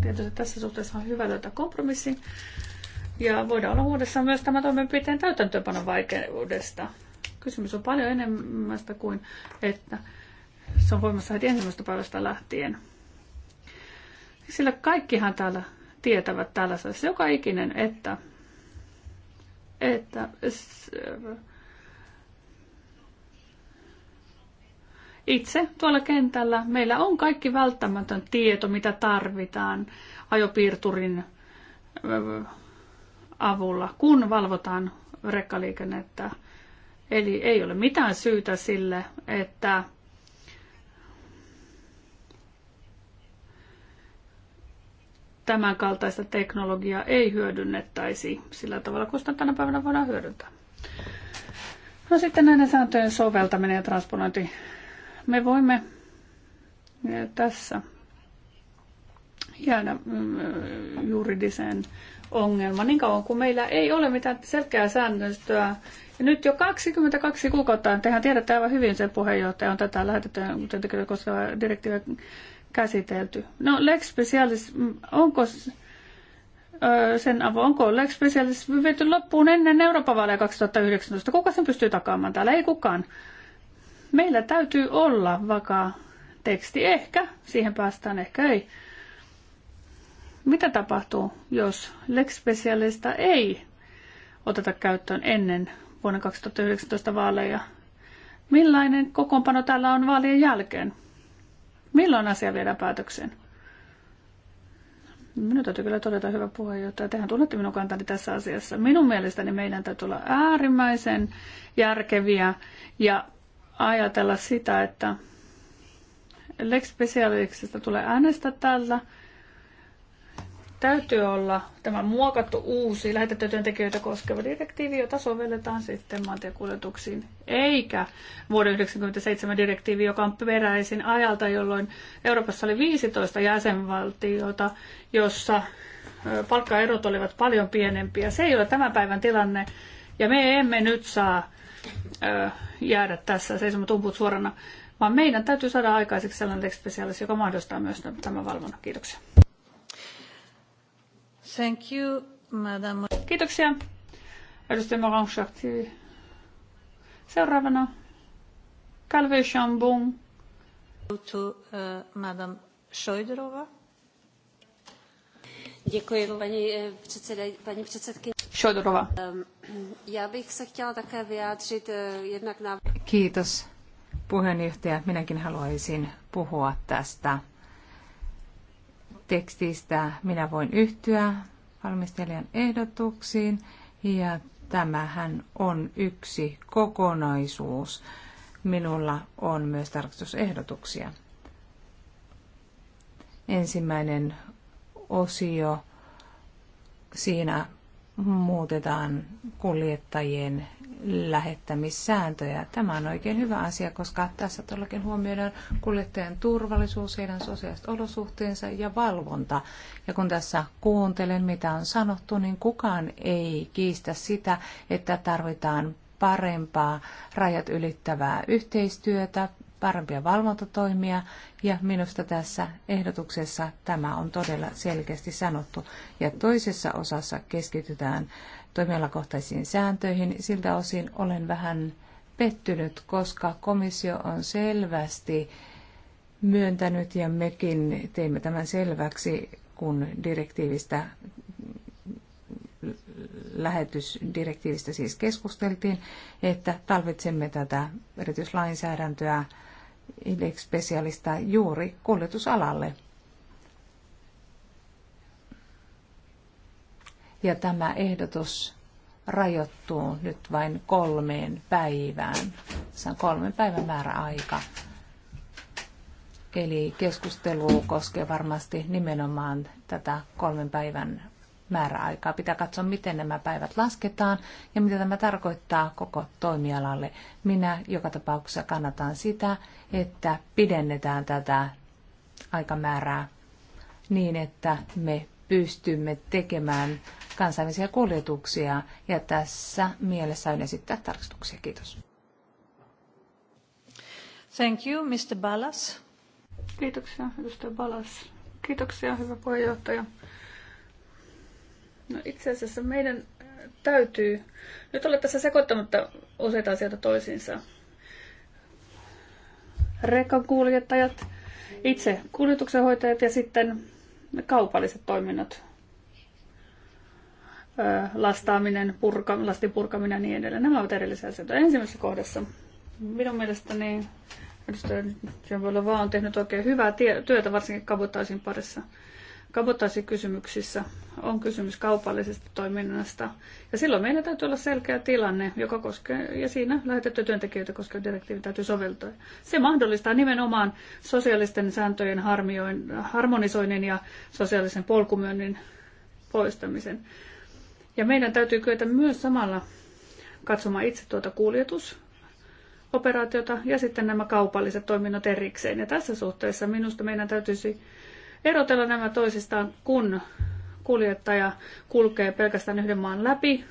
Tietysti tässä suhteessa on hyvä löytää kompromissi. Ja voidaan olla huolissaan myös tämän toimenpiteen täytäntöönpanon vaikeudesta. Kysymys on paljon enemmästä kuin, että se on voimassa heti ensimmäisestä päivästä lähtien. Sillä kaikkihan täällä tietävät tällaisessa joka ikinen, että, että itse tuolla kentällä meillä on kaikki välttämätön tieto, mitä tarvitaan ajopiirturin avulla, kun valvotaan rekkaliikennettä. Eli ei ole mitään syytä sille, että tämän kaltaista teknologiaa ei hyödynnettäisi sillä tavalla, kun sitä tänä päivänä voidaan hyödyntää. No sitten näiden sääntöjen soveltaminen ja transponointi. Me voimme tässä jäädä mm, juridiseen ongelmaan niin kauan kuin meillä ei ole mitään selkeää säännöstöä. Ja nyt jo 22 kuukautta, tehän tiedätte aivan hyvin, se puheenjohtaja on tätä lähetettyä koska direktiivi käsitelty. No Lex Specialis, onko sen avo, onko Lex Specialis viety loppuun ennen Euroopan vaaleja 2019? Kuka sen pystyy takaamaan täällä? Ei kukaan. Meillä täytyy olla vakaa teksti. Ehkä siihen päästään, ehkä ei. Mitä tapahtuu, jos Lex Specialista ei oteta käyttöön ennen vuonna 2019 vaaleja? Millainen kokoonpano täällä on vaalien jälkeen? Milloin asia viedään päätökseen? Minun täytyy kyllä todeta, hyvä puheenjohtaja, tehän tunnette minun kantani tässä asiassa. Minun mielestäni meidän täytyy olla äärimmäisen järkeviä ja ajatella sitä, että Lex Specialiksesta tulee äänestää täällä – täytyy olla tämä muokattu uusi lähetetyöntekijöitä koskeva direktiivi, jota sovelletaan sitten maantiekuljetuksiin, eikä vuoden 1997 direktiivi, joka on peräisin ajalta, jolloin Euroopassa oli 15 jäsenvaltiota, jossa palkkaerot olivat paljon pienempiä. Se ei ole tämän päivän tilanne, ja me emme nyt saa jäädä tässä seisomaan tumput suorana, vaan meidän täytyy saada aikaiseksi sellainen tekstipesiaalis, joka mahdollistaa myös tämän valvonnan. Kiitoksia. Thank you, madam. Kiitoksia. Edustaja Moran Chartier. Seuraavana Calvé Chambon. To, uh, madam Šojderova. Děkuji, paní, eh, předsedkyně. Šojderova. Já bych se chtěla také vyjádřit eh, jednak na... Kiitos, puheenjohtaja. Minäkin haluaisin puhua tästä tekstistä minä voin yhtyä valmistelijan ehdotuksiin ja tämähän on yksi kokonaisuus. Minulla on myös tarkastusehdotuksia. Ensimmäinen osio, siinä muutetaan kuljettajien lähettämissääntöjä. Tämä on oikein hyvä asia, koska tässä todellakin huomioidaan kuljettajan turvallisuus, heidän sosiaaliset olosuhteensa ja valvonta. Ja kun tässä kuuntelen, mitä on sanottu, niin kukaan ei kiistä sitä, että tarvitaan parempaa rajat ylittävää yhteistyötä, parempia valvontatoimia ja minusta tässä ehdotuksessa tämä on todella selkeästi sanottu. Ja toisessa osassa keskitytään toimialakohtaisiin sääntöihin. Siltä osin olen vähän pettynyt, koska komissio on selvästi myöntänyt ja mekin teimme tämän selväksi, kun direktiivistä lähetysdirektiivistä siis keskusteltiin, että tarvitsemme tätä erityislainsäädäntöä specialista juuri kuljetusalalle. Ja tämä ehdotus rajoittuu nyt vain kolmeen päivään. Se on kolmen päivän määräaika. Eli keskustelu koskee varmasti nimenomaan tätä kolmen päivän määräaikaa. Pitää katsoa, miten nämä päivät lasketaan ja mitä tämä tarkoittaa koko toimialalle. Minä joka tapauksessa kannatan sitä, että pidennetään tätä aikamäärää niin, että me pystymme tekemään kansainvälisiä kuljetuksia ja tässä mielessä on esittää tarkistuksia. Kiitos. Thank you, Mr. Ballas. Kiitoksia, edustaja Ballas. Kiitoksia, hyvä puheenjohtaja. No, itse asiassa meidän äh, täytyy nyt olla tässä sekoittamatta useita asioita toisiinsa. Rekan kuljettajat, itse kuljetuksenhoitajat ja sitten kaupalliset toiminnot, lastaaminen, purka, lastin purkaminen ja niin edelleen. Nämä ovat erillisiä asioita. Ensimmäisessä kohdassa minun mielestäni edustaja vaan on tehnyt oikein hyvää työtä, varsinkin kavuttaisin parissa kabotaasikysymyksissä on kysymys kaupallisesta toiminnasta. Ja silloin meillä täytyy olla selkeä tilanne, joka koskee, ja siinä lähetettyä työntekijöitä koskeva direktiivi täytyy soveltaa. Se mahdollistaa nimenomaan sosiaalisten sääntöjen harmioin, harmonisoinnin ja sosiaalisen polkumyönnin poistamisen. Ja meidän täytyy kyetä myös samalla katsomaan itse tuota kuljetus, operaatiota ja sitten nämä kaupalliset toiminnot erikseen. Ja tässä suhteessa minusta meidän täytyisi erotella nämä toisistaan, kun kuljettaja kulkee pelkästään yhden maan läpi.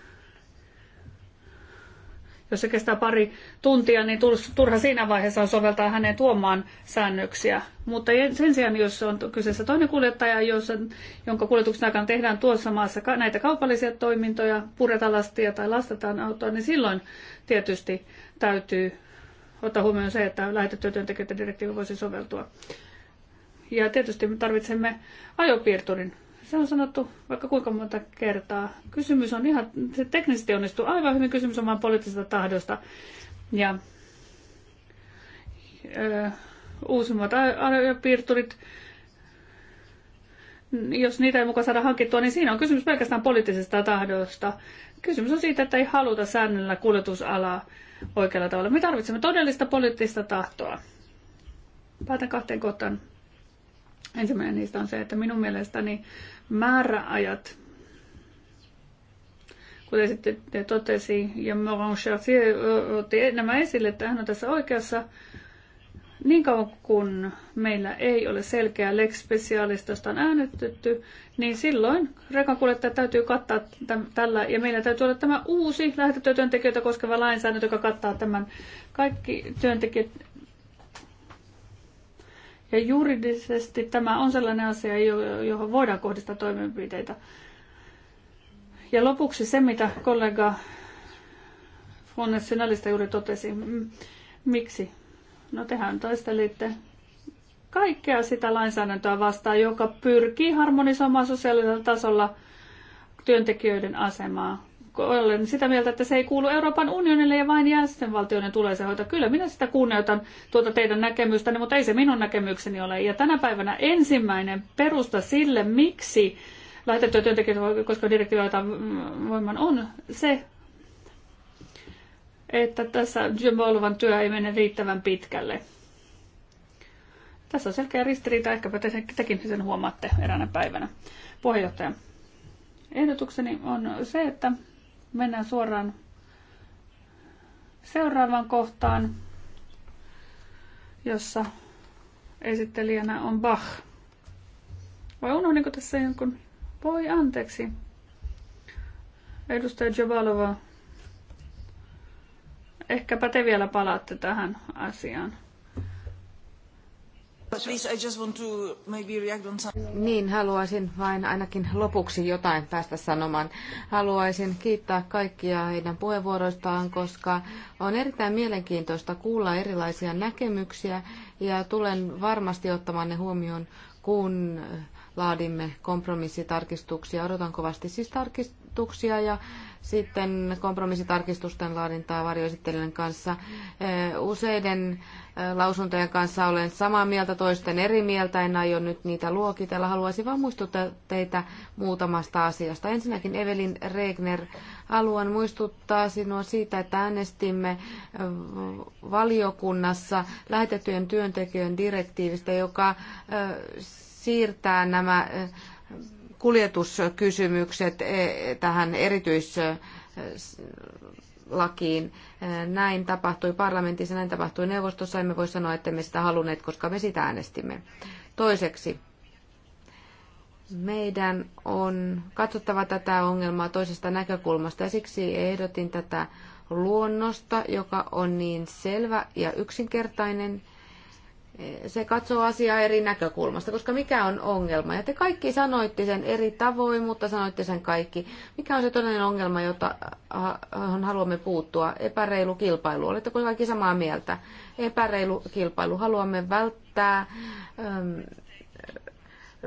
Jos se kestää pari tuntia, niin turha siinä vaiheessa on soveltaa hänen tuomaan säännöksiä. Mutta sen sijaan, jos on kyseessä toinen kuljettaja, jonka kuljetuksen aikana tehdään tuossa maassa näitä kaupallisia toimintoja, puretaan lastia tai lastataan autoa, niin silloin tietysti täytyy ottaa huomioon se, että lähetettyä työntekijöiden direktiivi voisi soveltua. Ja tietysti me tarvitsemme ajopiirturin. Se on sanottu vaikka kuinka monta kertaa. Kysymys on ihan, se teknisesti onnistuu aivan hyvin, kysymys on vain poliittisesta tahdosta. Ja ö, uusimmat ajopiirturit, jos niitä ei mukaan saada hankittua, niin siinä on kysymys pelkästään poliittisesta tahdosta. Kysymys on siitä, että ei haluta säännellä kuljetusalaa oikealla tavalla. Me tarvitsemme todellista poliittista tahtoa. Päätän kahteen kohtaan Ensimmäinen niistä on se, että minun mielestäni määräajat, kuten sitten totesi, ja Moran Chartier otti nämä esille, että hän on tässä oikeassa, niin kauan kun meillä ei ole selkeää lex specialista, josta on äänestetty, niin silloin rekankuljettaja täytyy kattaa tällä, ja meillä täytyy olla tämä uusi lähetettyä työntekijöitä koskeva lainsäädäntö, joka kattaa tämän kaikki työntekijät ja juridisesti tämä on sellainen asia, johon voidaan kohdistaa toimenpiteitä. Ja lopuksi se, mitä kollega Fonnessinalista juuri totesi. Miksi? No tehän taistelitte kaikkea sitä lainsäädäntöä vastaan, joka pyrkii harmonisoimaan sosiaalisella tasolla työntekijöiden asemaa olen sitä mieltä, että se ei kuulu Euroopan unionille ja vain jäsenvaltioiden tulee se hoitaa. Kyllä minä sitä kunnioitan tuota teidän näkemystänne, mutta ei se minun näkemykseni ole. Ja tänä päivänä ensimmäinen perusta sille, miksi lähetettyä työntekijöitä koska direktiivioita voimaan on se, että tässä Jumolovan työ ei mene riittävän pitkälle. Tässä on selkeä ristiriita, ehkäpä te, tekin sen huomaatte eräänä päivänä. Puheenjohtaja ehdotukseni on se, että Mennään suoraan seuraavaan kohtaan, jossa esittelijänä on Bach. Vai unohdinko tässä jonkun? Voi anteeksi. Edustaja Jovalova. Ehkäpä te vielä palaatte tähän asiaan. Niin, haluaisin vain ainakin lopuksi jotain päästä sanomaan. Haluaisin kiittää kaikkia heidän puheenvuoroistaan, koska on erittäin mielenkiintoista kuulla erilaisia näkemyksiä ja tulen varmasti ottamaan ne huomioon, kun laadimme kompromissitarkistuksia. Odotan kovasti siis tarkistuksia ja sitten kompromissitarkistusten laadintaa varjoesittelijän kanssa. Useiden lausuntojen kanssa olen samaa mieltä, toisten eri mieltä, en aio nyt niitä luokitella. Haluaisin vain muistuttaa teitä muutamasta asiasta. Ensinnäkin Evelin Regner, haluan muistuttaa sinua siitä, että äänestimme valiokunnassa lähetettyjen työntekijöiden direktiivistä, joka siirtää nämä kuljetuskysymykset e, tähän erityis lakiin. Näin tapahtui parlamentissa, näin tapahtui neuvostossa. Emme voi sanoa, että me sitä halunneet, koska me sitä äänestimme. Toiseksi, meidän on katsottava tätä ongelmaa toisesta näkökulmasta ja siksi ehdotin tätä luonnosta, joka on niin selvä ja yksinkertainen, se katsoo asiaa eri näkökulmasta, koska mikä on ongelma? Ja te kaikki sanoitte sen eri tavoin, mutta sanoitte sen kaikki. Mikä on se todellinen ongelma, jota haluamme puuttua? Epäreilu kilpailu. Oletteko kaikki samaa mieltä? Epäreilu kilpailu. Haluamme välttää ähm,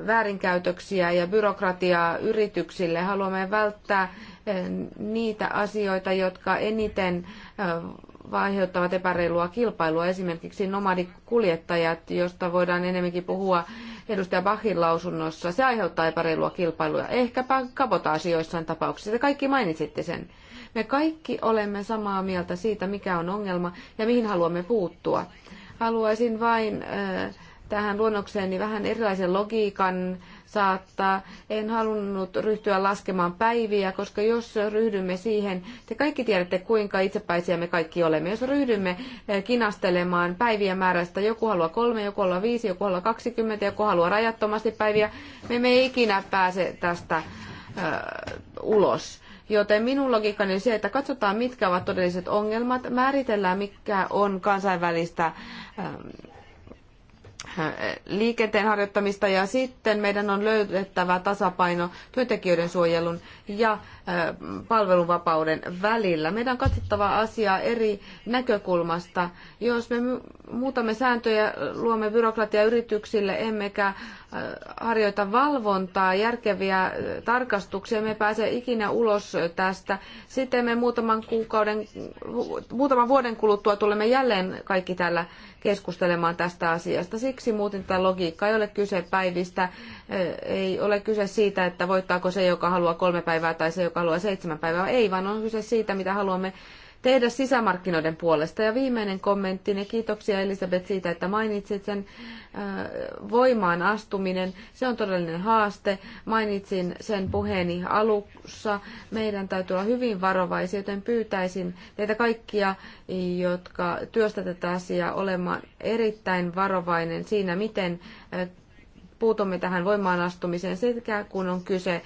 väärinkäytöksiä ja byrokratiaa yrityksille. Haluamme välttää äh, niitä asioita, jotka eniten äh, aiheuttavat epäreilua kilpailua. Esimerkiksi nomadikuljettajat, josta voidaan enemmänkin puhua edustaja Bachin lausunnossa, se aiheuttaa epäreilua kilpailua. Ehkäpä kabotaasi joissain tapauksissa. Te kaikki mainitsitte sen. Me kaikki olemme samaa mieltä siitä, mikä on ongelma ja mihin haluamme puuttua. Haluaisin vain äh, tähän luonnokseeni vähän erilaisen logiikan äh, saattaa. En halunnut ryhtyä laskemaan päiviä, koska jos ryhdymme siihen, te kaikki tiedätte kuinka itsepäisiä me kaikki olemme. Jos ryhdymme eh, kinastelemaan päivien määrästä, joku haluaa kolme, joku haluaa viisi, joku haluaa kaksikymmentä, joku haluaa rajattomasti päiviä, me emme ikinä pääse tästä eh, ulos. Joten minun logiikkani on se, että katsotaan mitkä ovat todelliset ongelmat, määritellään mikä on kansainvälistä eh, liikenteen harjoittamista ja sitten meidän on löydettävä tasapaino työntekijöiden suojelun ja äh, palveluvapauden välillä. Meidän on katsottava asiaa eri näkökulmasta. Jos me muutamme sääntöjä, luomme byrokratia yrityksille, emmekä harjoita valvontaa, järkeviä tarkastuksia, me pääse ikinä ulos tästä. Sitten me muutaman, kuukauden, muutaman vuoden kuluttua tulemme jälleen kaikki täällä keskustelemaan tästä asiasta. Siksi muuten tätä logiikkaa ei ole kyse päivistä, ei ole kyse siitä, että voittaako se, joka haluaa kolme päivää tai se, joka haluaa seitsemän päivää. Ei, vaan on kyse siitä, mitä haluamme tehdä sisämarkkinoiden puolesta. Ja viimeinen kommentti, ja niin kiitoksia Elisabeth siitä, että mainitsit sen äh, voimaan astuminen. Se on todellinen haaste. Mainitsin sen puheeni alussa. Meidän täytyy olla hyvin varovaisia, joten pyytäisin teitä kaikkia, jotka työstä tätä asiaa, olemaan erittäin varovainen siinä, miten äh, puutumme tähän voimaan astumiseen sekä kun on kyse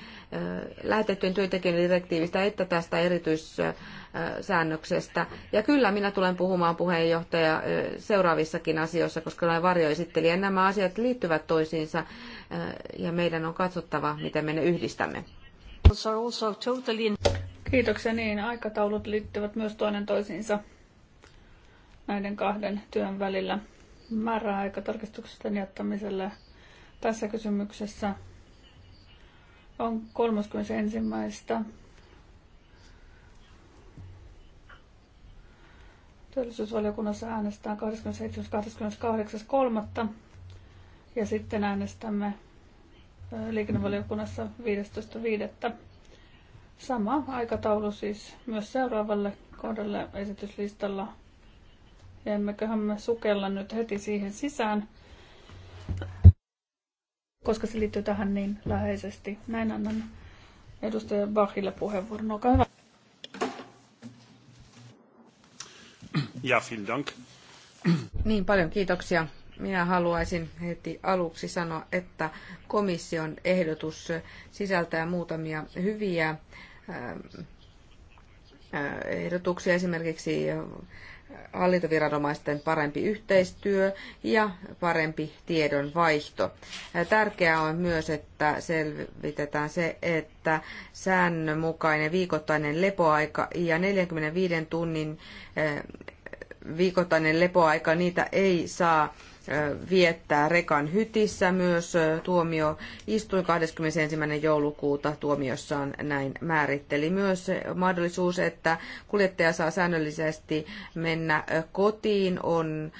lähetettyjen työntekijöiden direktiivistä että tästä erityissäännöksestä. Ja kyllä minä tulen puhumaan puheenjohtaja seuraavissakin asioissa, koska olen varjoesittelijä. Nämä asiat liittyvät toisiinsa ja meidän on katsottava, miten me ne yhdistämme. Kiitoksia. Niin, aikataulut liittyvät myös toinen toisiinsa näiden kahden työn välillä määräaikatarkistuksen jättämiselle tässä kysymyksessä on 31. Työllisyysvaliokunnassa äänestetään 27.28.3. ja sitten äänestämme liikennevaliokunnassa 15.5. Sama aikataulu siis myös seuraavalle kohdalle esityslistalla. Ja emmeköhän me sukella nyt heti siihen sisään koska se liittyy tähän niin läheisesti. Näin annan edustaja Bachille puheenvuoron. Olkaa hyvä. Ja, vielen dank. Niin, paljon kiitoksia. Minä haluaisin heti aluksi sanoa, että komission ehdotus sisältää muutamia hyviä ähm, äh, ehdotuksia, esimerkiksi hallintoviranomaisten parempi yhteistyö ja parempi tiedonvaihto. Tärkeää on myös, että selvitetään se, että säännönmukainen viikoittainen lepoaika ja 45 tunnin viikoittainen lepoaika, niitä ei saa viettää Rekan hytissä myös tuomio istui 21. joulukuuta tuomiossaan näin määritteli. Myös mahdollisuus, että kuljettaja saa säännöllisesti mennä kotiin on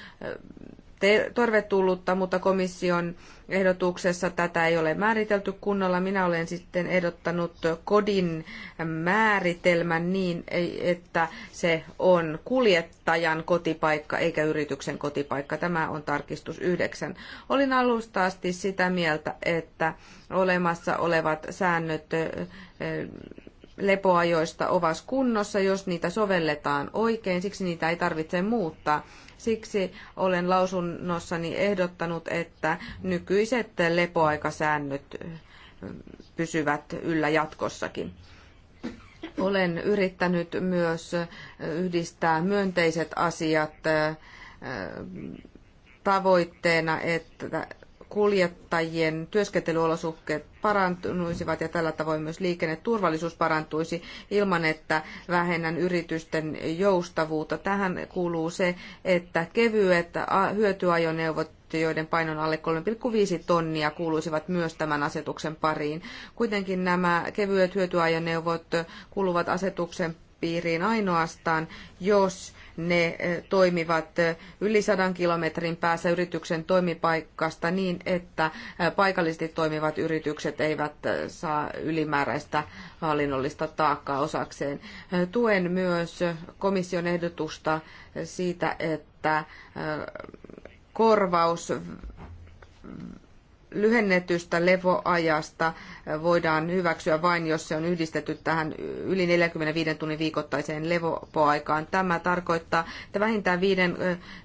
tervetullutta, mutta komission ehdotuksessa tätä ei ole määritelty kunnolla. Minä olen sitten ehdottanut kodin määritelmän niin, että se on kuljettajan kotipaikka eikä yrityksen kotipaikka. Tämä on tarkistus yhdeksän. Olin alusta asti sitä mieltä, että olemassa olevat säännöt lepoajoista ovat kunnossa, jos niitä sovelletaan oikein, siksi niitä ei tarvitse muuttaa. Siksi olen lausunnossani ehdottanut, että nykyiset lepoaikasäännöt pysyvät yllä jatkossakin. Olen yrittänyt myös yhdistää myönteiset asiat tavoitteena, että kuljettajien työskentelyolosuhteet parantuisivat ja tällä tavoin myös liikenneturvallisuus parantuisi ilman, että vähennän yritysten joustavuutta. Tähän kuuluu se, että kevyet hyötyajoneuvot joiden painon alle 3,5 tonnia kuuluisivat myös tämän asetuksen pariin. Kuitenkin nämä kevyet hyötyajoneuvot kuuluvat asetuksen piiriin ainoastaan, jos ne eh, toimivat eh, yli sadan kilometrin päässä yrityksen toimipaikasta niin, että eh, paikallisesti toimivat yritykset eivät saa ylimääräistä hallinnollista taakkaa osakseen. Tuen myös komission ehdotusta siitä, että korvaus lyhennetystä levoajasta voidaan hyväksyä vain, jos se on yhdistetty tähän yli 45 tunnin viikoittaiseen lepoaikaan. Tämä tarkoittaa, että vähintään viiden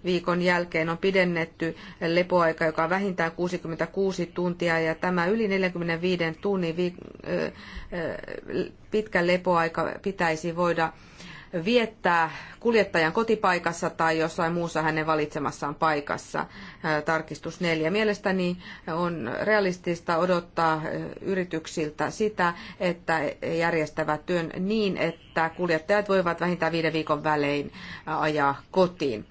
viikon jälkeen on pidennetty lepoaika, joka on vähintään 66 tuntia, ja tämä yli 45 tunnin pitkä lepoaika pitäisi voida viettää kuljettajan kotipaikassa tai jossain muussa hänen valitsemassaan paikassa. Äh, tarkistus neljä. Mielestäni on realistista odottaa äh, yrityksiltä sitä, että järjestävät työn niin, että kuljettajat voivat vähintään viiden viikon välein äh, ajaa kotiin.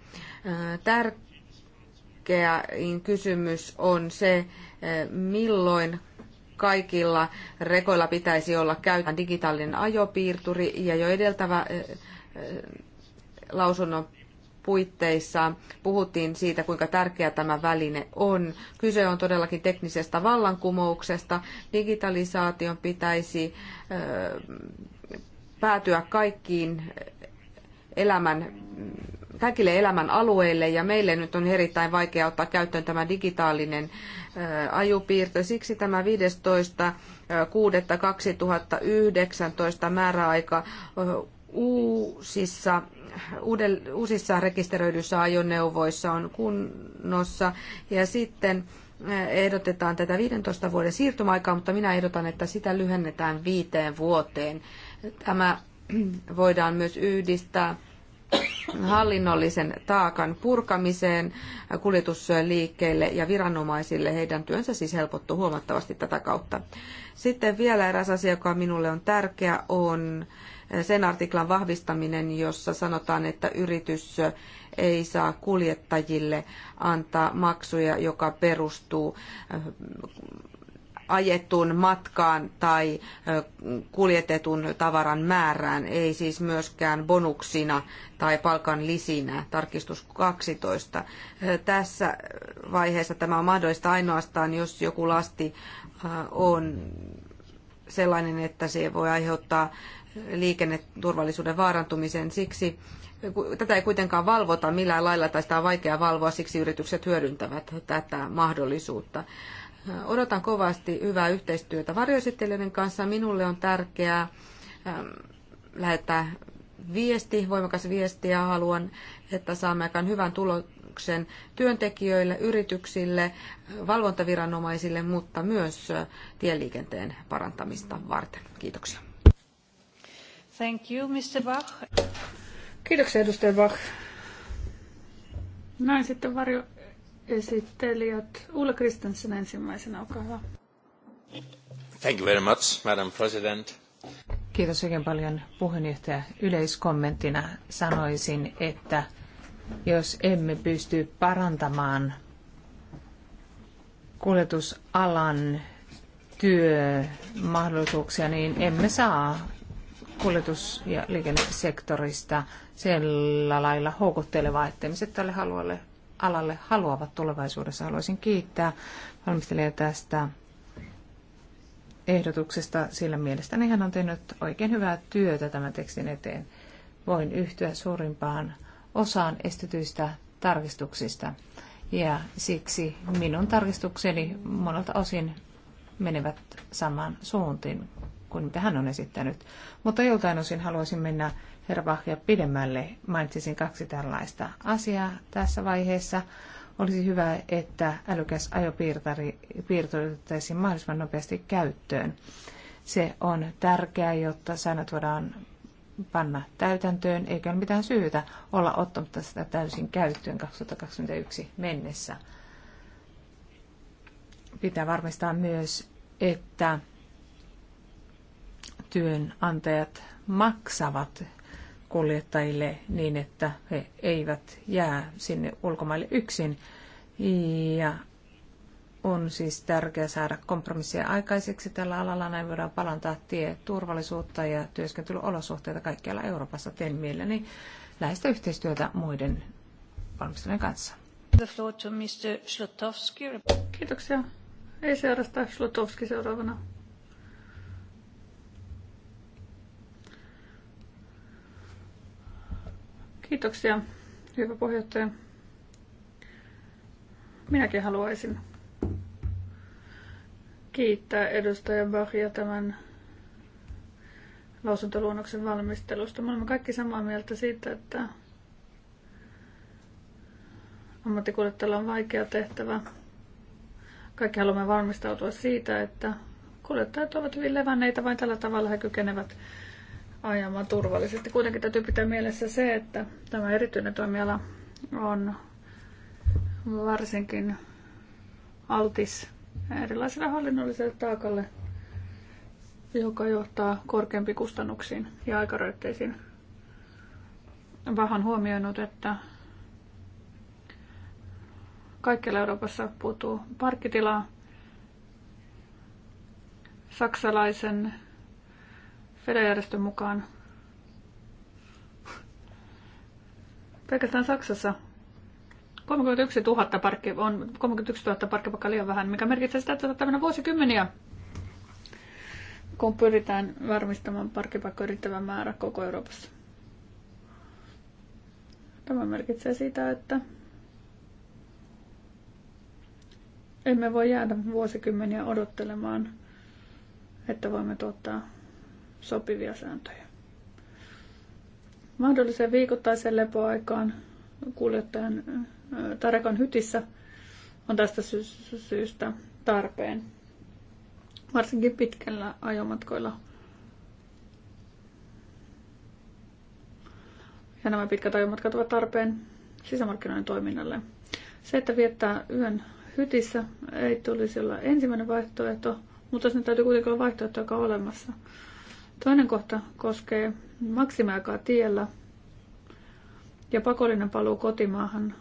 Tärkein kysymys on se, milloin kaikilla rekoilla pitäisi olla käytän digitaalinen ajopiirturi ja jo edeltävä lausunnon puitteissa puhuttiin siitä, kuinka tärkeä tämä väline on. Kyse on todellakin teknisestä vallankumouksesta. Digitalisaation pitäisi päätyä kaikkiin elämän, kaikille elämän alueille ja meille nyt on erittäin vaikea ottaa käyttöön tämä digitaalinen ajupiirto. Siksi tämä 15.6.2019 määräaika uusissa, uudel, uusissa rekisteröidyissä ajoneuvoissa on kunnossa. Ja sitten eh, ehdotetaan tätä 15 vuoden siirtymäaikaa, mutta minä ehdotan, että sitä lyhennetään viiteen vuoteen. Tämä voidaan myös yhdistää hallinnollisen taakan purkamiseen kuljetusliikkeille ja viranomaisille. Heidän työnsä siis helpottuu huomattavasti tätä kautta. Sitten vielä eräs asia, joka minulle on tärkeä, on sen artiklan vahvistaminen, jossa sanotaan, että yritys ei saa kuljettajille antaa maksuja, joka perustuu äh, ajetun matkaan tai äh, kuljetetun tavaran määrään, ei siis myöskään bonuksina tai palkan lisinä, tarkistus 12. Äh, tässä vaiheessa tämä on mahdollista ainoastaan, jos joku lasti on sellainen, että se voi aiheuttaa liikenneturvallisuuden vaarantumisen. Siksi tätä ei kuitenkaan valvota millään lailla tai sitä on vaikea valvoa, siksi yritykset hyödyntävät tätä mahdollisuutta. Odotan kovasti hyvää yhteistyötä varjoesittelijöiden kanssa. Minulle on tärkeää lähettää viesti, voimakas viesti ja haluan, että saamme aikaan hyvän tuloksen työntekijöille, yrityksille, valvontaviranomaisille, mutta myös tieliikenteen parantamista varten. Kiitoksia. Thank you, Mr. Bach. Kiitoksia, edustaja Bach. Näin sitten varjoesittelijät. Ulla Kristensen ensimmäisenä, olkaa hyvä. Thank you very much, Madam President. Kiitos oikein paljon puheenjohtaja. Yleiskommenttina sanoisin, että jos emme pysty parantamaan kuljetusalan työmahdollisuuksia, niin emme saa kuljetus- ja liikennesektorista sillä lailla houkuttelevaa, että ihmiset tälle halualle, alalle haluavat tulevaisuudessa. Haluaisin kiittää valmistelijaa tästä ehdotuksesta, sillä mielestäni hän on tehnyt oikein hyvää työtä tämän tekstin eteen. Voin yhtyä suurimpaan osaan estetyistä tarkistuksista ja siksi minun tarkistukseni monelta osin menevät samaan suuntiin kuin mitä hän on esittänyt. Mutta joltain osin haluaisin mennä Herbachia pidemmälle. Mainitsisin kaksi tällaista asiaa tässä vaiheessa. Olisi hyvä, että älykäs ajopiirtari otettaisiin mahdollisimman nopeasti käyttöön. Se on tärkeää, jotta säännöt voidaan panna täytäntöön, eikä ole mitään syytä olla ottamatta sitä täysin käyttöön 2021 mennessä. Pitää varmistaa myös, että työnantajat maksavat kuljettajille niin, että he eivät jää sinne ulkomaille yksin. Ja on siis tärkeää saada kompromissia aikaiseksi tällä alalla. Näin voidaan palantaa tie turvallisuutta ja työskentelyolosuhteita kaikkialla Euroopassa. Teen mielelläni läheistä yhteistyötä muiden valmistelujen kanssa. The floor to Mr. Kiitoksia. Ei seurasta Slutowski seuraavana. Kiitoksia, hyvä puheenjohtaja. Minäkin haluaisin kiittää edustaja Bachia tämän lausuntoluonnoksen valmistelusta. Me olemme kaikki samaa mieltä siitä, että ammattikuljettajalla on vaikea tehtävä. Kaikki haluamme varmistautua siitä, että kuljettajat ovat hyvin levänneitä, vain tällä tavalla he kykenevät ajamaan turvallisesti. Kuitenkin täytyy pitää mielessä se, että tämä erityinen toimiala on varsinkin altis erilaiselle hallinnolliselle taakalle, joka johtaa korkeampiin kustannuksiin ja aikaröitteisiin. Vähän huomioinut, että kaikkialla Euroopassa puuttuu parkkitilaa. Saksalaisen feda mukaan pelkästään Saksassa 31 000 parkki, on 31 000 parkkipaikkaa liian vähän, mikä merkitsee sitä, että tämmöinen vuosikymmeniä, kun pyritään varmistamaan parkkipaikkoja riittävä määrä koko Euroopassa. Tämä merkitsee sitä, että emme voi jäädä vuosikymmeniä odottelemaan, että voimme tuottaa sopivia sääntöjä. Mahdolliseen viikoittaiseen lepoaikaan kuljettajan Tarekan hytissä on tästä syystä tarpeen, varsinkin pitkällä ajomatkoilla. Ja nämä pitkät ajomatkat ovat tarpeen sisämarkkinoiden toiminnalle. Se, että viettää yön hytissä, ei tulisi olla ensimmäinen vaihtoehto, mutta sen täytyy kuitenkin olla vaihtoehto, joka on olemassa. Toinen kohta koskee maksimiaikaa tiellä ja pakollinen paluu kotimaahan,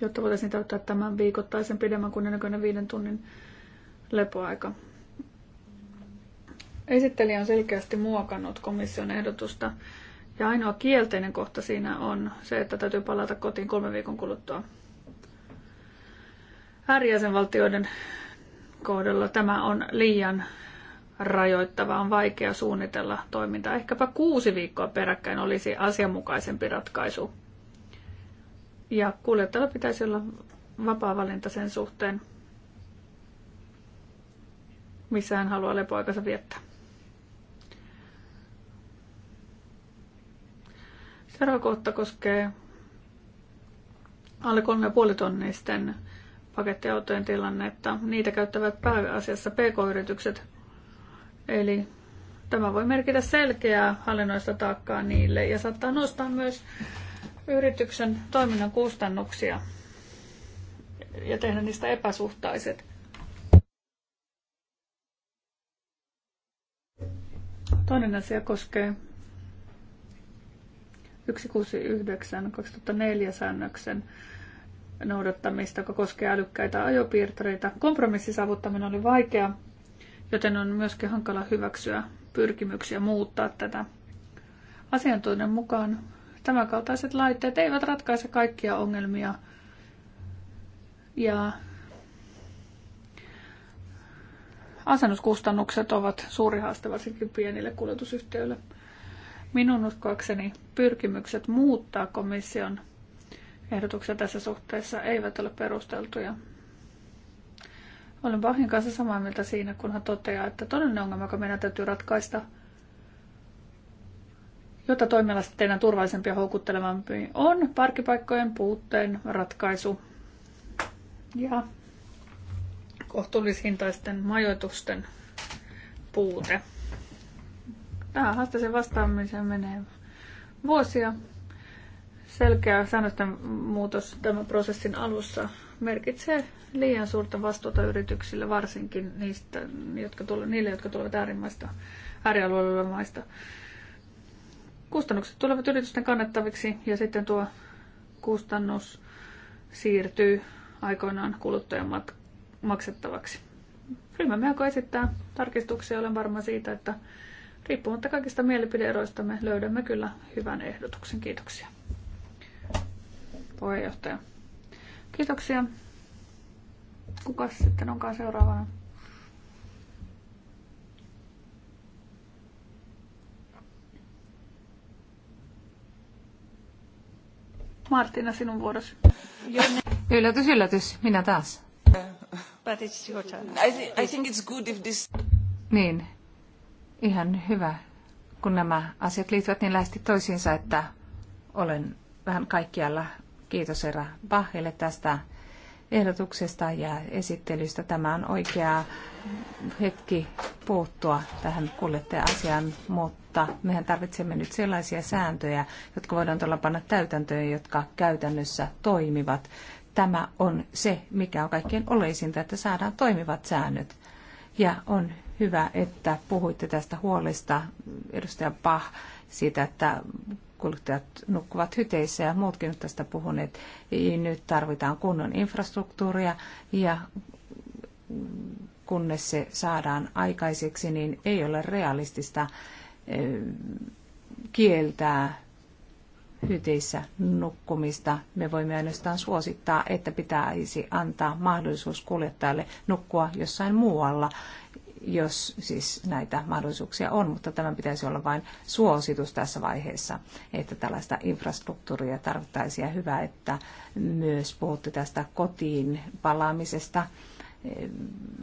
jotta voitaisiin täyttää tämän viikoittaisen pidemmän kuin viiden tunnin lepoaika. Esittelijä on selkeästi muokannut komission ehdotusta ja ainoa kielteinen kohta siinä on se, että täytyy palata kotiin kolmen viikon kuluttua. Äärijäsenvaltioiden kohdalla tämä on liian rajoittava, on vaikea suunnitella toimintaa. Ehkäpä kuusi viikkoa peräkkäin olisi asianmukaisempi ratkaisu. Ja kuljettajalla pitäisi olla vapaa valinta sen suhteen, missä hän haluaa lepoaikansa viettää. Seuraava kohta koskee alle 3,5 tonnisten pakettiautojen tilannetta. Niitä käyttävät pääasiassa pk-yritykset. Eli tämä voi merkitä selkeää hallinnoista taakkaa niille ja saattaa nostaa myös yrityksen toiminnan kustannuksia ja tehdä niistä epäsuhtaiset. Toinen asia koskee 169 2004 säännöksen noudattamista, joka koskee älykkäitä ajopiirtoreita. Kompromissin saavuttaminen oli vaikea, joten on myöskin hankala hyväksyä pyrkimyksiä muuttaa tätä. Asiantuntijan mukaan tämänkaltaiset laitteet eivät ratkaise kaikkia ongelmia ja asennuskustannukset ovat suuri haaste varsinkin pienille kuljetusyhtiöille. Minun uskoakseni pyrkimykset muuttaa komission ehdotuksia tässä suhteessa eivät ole perusteltuja. Olen Bahin kanssa samaa mieltä siinä, kun hän toteaa, että todellinen ongelma, joka meidän täytyy ratkaista, jotta toimiala teidän turvallisempi ja houkuttelevampi, on parkkipaikkojen puutteen ratkaisu ja kohtuullishintaisten majoitusten puute. Tähän haasteeseen vastaamiseen menee vuosia, selkeä säännösten muutos tämän prosessin alussa merkitsee liian suurta vastuuta yrityksille, varsinkin niistä, jotka tulo, niille, jotka tulevat äärimmäistä äärialueilla maista. Kustannukset tulevat yritysten kannettaviksi ja sitten tuo kustannus siirtyy aikoinaan kuluttajan maksettavaksi. Ryhmämme alkoi esittää tarkistuksia. Olen varma siitä, että riippumatta kaikista me löydämme kyllä hyvän ehdotuksen. Kiitoksia puheenjohtaja. Kiitoksia. Kuka sitten onkaan seuraavana? Martina, sinun vuorosi. Yllätys, yllätys. Minä taas. But it's your turn. I, th- I think it's good if this... Niin. Ihan hyvä, kun nämä asiat liittyvät niin lähesti toisiinsa, että olen vähän kaikkialla Kiitos herra Bahille tästä ehdotuksesta ja esittelystä. Tämä on oikea hetki puuttua tähän kuljettaja-asiaan, mutta mehän tarvitsemme nyt sellaisia sääntöjä, jotka voidaan tuolla panna täytäntöön, jotka käytännössä toimivat. Tämä on se, mikä on kaikkein oleisinta, että saadaan toimivat säännöt. Ja on hyvä, että puhuitte tästä huolesta, edustaja Pah, siitä, että kuluttajat nukkuvat hyteissä ja muutkin nyt tästä puhuneet. Nyt tarvitaan kunnon infrastruktuuria ja kunnes se saadaan aikaiseksi, niin ei ole realistista eh, kieltää hyteissä nukkumista. Me voimme ainoastaan suosittaa, että pitäisi antaa mahdollisuus kuljettajalle nukkua jossain muualla jos siis näitä mahdollisuuksia on, mutta tämän pitäisi olla vain suositus tässä vaiheessa, että tällaista infrastruktuuria tarvittaisiin ja hyvä, että myös puhutte tästä kotiin palaamisesta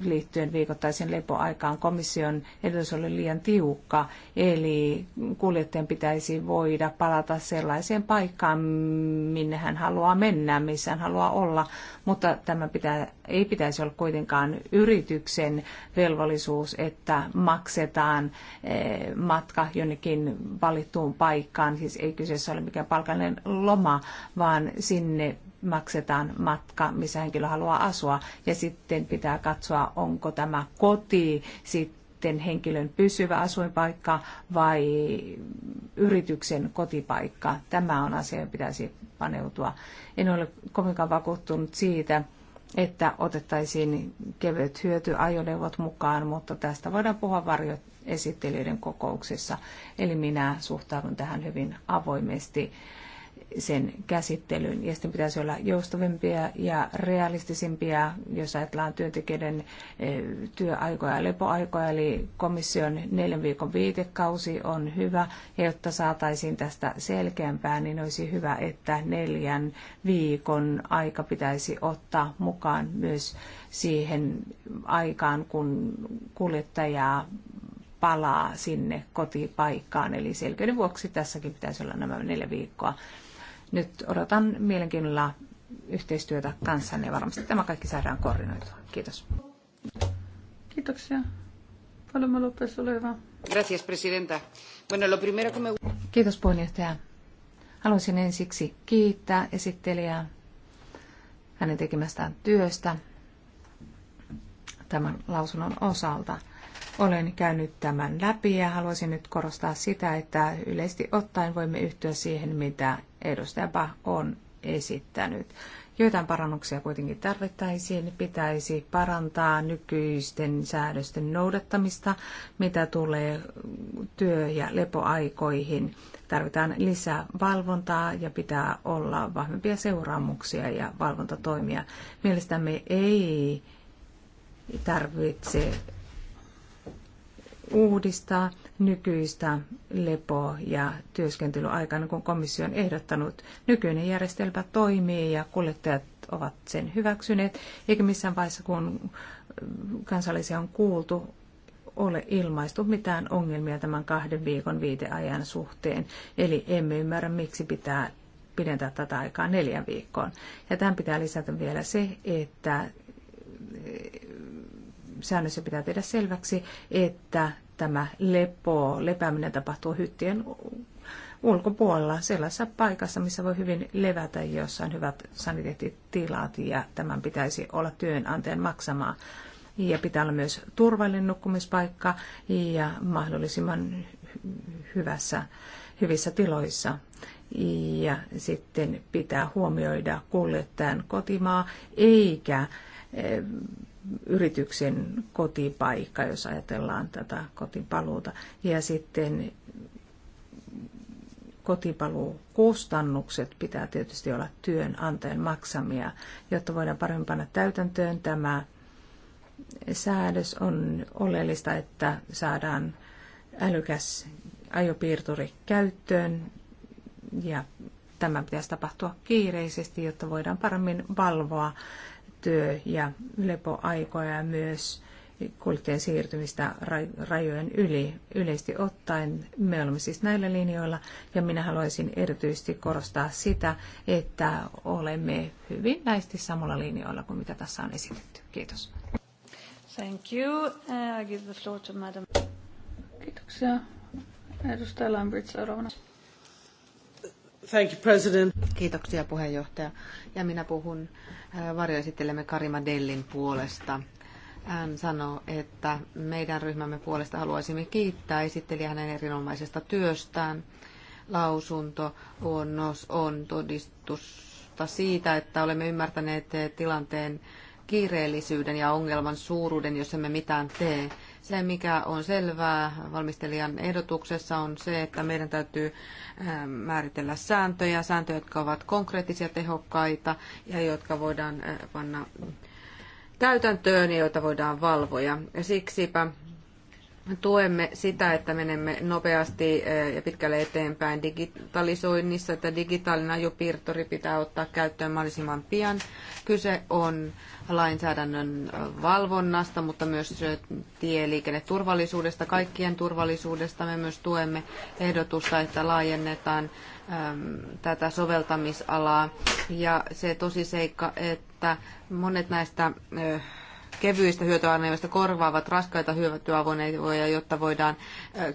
liittyen viikoittaisen lepoaikaan. Komission edellytys oli liian tiukka, eli kuljettajan pitäisi voida palata sellaiseen paikkaan, minne hän haluaa mennä, missä hän haluaa olla, mutta tämä pitää, ei pitäisi olla kuitenkaan yrityksen velvollisuus, että maksetaan eh, matka jonnekin valittuun paikkaan. Siis ei kyseessä ole mikään palkallinen loma, vaan sinne maksetaan matka, missä henkilö haluaa asua. Ja sitten pitää katsoa, onko tämä koti sitten henkilön pysyvä asuinpaikka vai yrityksen kotipaikka. Tämä on asia, johon pitäisi paneutua. En ole kovinkaan vakuuttunut siitä, että otettaisiin kevyet hyötyajoneuvot mukaan, mutta tästä voidaan puhua varjoesittelyiden kokouksessa. Eli minä suhtaudun tähän hyvin avoimesti sen käsittelyyn. Ja sitten pitäisi olla joustavimpia ja realistisempia, jos ajatellaan työntekijöiden eh, työaikoja ja lepoaikoja, eli komission neljän viikon viitekausi on hyvä, ja jotta saataisiin tästä selkeämpää, niin olisi hyvä, että neljän viikon aika pitäisi ottaa mukaan myös siihen aikaan, kun kuljettajaa palaa sinne kotipaikkaan. Eli selkeyden vuoksi tässäkin pitäisi olla nämä neljä viikkoa. Nyt odotan mielenkiinnolla yhteistyötä kanssanne ja varmasti tämä kaikki saadaan koordinoitua. Kiitos. Kiitoksia. Paloma López, ole hyvä. Gracias, presidenta. Bueno, lo primero que me... Kiitos puheenjohtaja. Haluaisin ensiksi kiittää esittelijää hänen tekemästään työstä tämän lausunnon osalta. Olen käynyt tämän läpi ja haluaisin nyt korostaa sitä, että yleisesti ottaen voimme yhtyä siihen, mitä edustaja Bach on esittänyt. Joitain parannuksia kuitenkin tarvittaisiin. Pitäisi parantaa nykyisten säädösten noudattamista, mitä tulee työ- ja lepoaikoihin. Tarvitaan lisää valvontaa ja pitää olla vahvempia seuraamuksia ja valvontatoimia. Mielestämme ei tarvitse uudistaa nykyistä lepo- ja työskentelyaikaa, niin kun komissio on ehdottanut. Nykyinen järjestelmä toimii ja kuljettajat ovat sen hyväksyneet, eikä missään vaiheessa, kun kansallisia on kuultu, ole ilmaistu mitään ongelmia tämän kahden viikon viiteajan suhteen. Eli emme ymmärrä, miksi pitää pidentää tätä aikaa neljän viikkoon. Ja tämän pitää lisätä vielä se, että säännössä pitää tehdä selväksi, että tämä lepo, lepääminen tapahtuu hyttien ulkopuolella sellaisessa paikassa, missä voi hyvin levätä, jossa on hyvät saniteettitilat ja tämän pitäisi olla työnantajan maksamaa. Ja pitää olla myös turvallinen nukkumispaikka ja mahdollisimman hyvässä, hyvissä tiloissa. Ja sitten pitää huomioida kuljettajan kotimaa eikä Eh, yrityksen kotipaikka, jos ajatellaan tätä kotipaluuta. Ja sitten kotipaluukustannukset pitää tietysti olla työnantajan maksamia, jotta voidaan paremmin panna täytäntöön tämä säädös. On oleellista, että saadaan älykäs ajopiirturi käyttöön ja tämä pitäisi tapahtua kiireisesti, jotta voidaan paremmin valvoa työ- ja lepoaikoja ja myös kuluttajien siirtymistä rajojen yli yleisesti ottaen. Me olemme siis näillä linjoilla ja minä haluaisin erityisesti korostaa sitä, että olemme hyvin näistä samalla linjoilla kuin mitä tässä on esitetty. Kiitos. Thank you. Uh, I give the floor to Madam. Kiitoksia. Edustaja Lambert seuraavana. Thank you, President. Kiitoksia puheenjohtaja. Ja minä puhun äh, varjoesittelemme Karima Dellin puolesta. Hän sanoo, että meidän ryhmämme puolesta haluaisimme kiittää esittelijä hänen erinomaisesta työstään. Lausunto on todistusta siitä, että olemme ymmärtäneet eh, tilanteen kiireellisyyden ja ongelman suuruuden, jos emme mitään tee. Se, mikä on selvää valmistelijan ehdotuksessa, on se, että meidän täytyy ähm, määritellä sääntöjä, sääntöjä, jotka ovat konkreettisia, tehokkaita ja jotka voidaan äh, panna täytäntöön ja joita voidaan valvoja. Ja siksipä tuemme sitä, että menemme nopeasti eh, ja pitkälle eteenpäin digitalisoinnissa, että digitaalinen ajopiirtori pitää ottaa käyttöön mahdollisimman pian. Kyse on lainsäädännön eh, valvonnasta, mutta myös eh, tieliikenneturvallisuudesta, kaikkien turvallisuudesta. Me myös tuemme ehdotusta, että laajennetaan ehm, tätä soveltamisalaa ja se tosiseikka, että monet näistä kevyistä hyötyaineista korvaavat raskaita hyötyajoneuvoja, jotta voidaan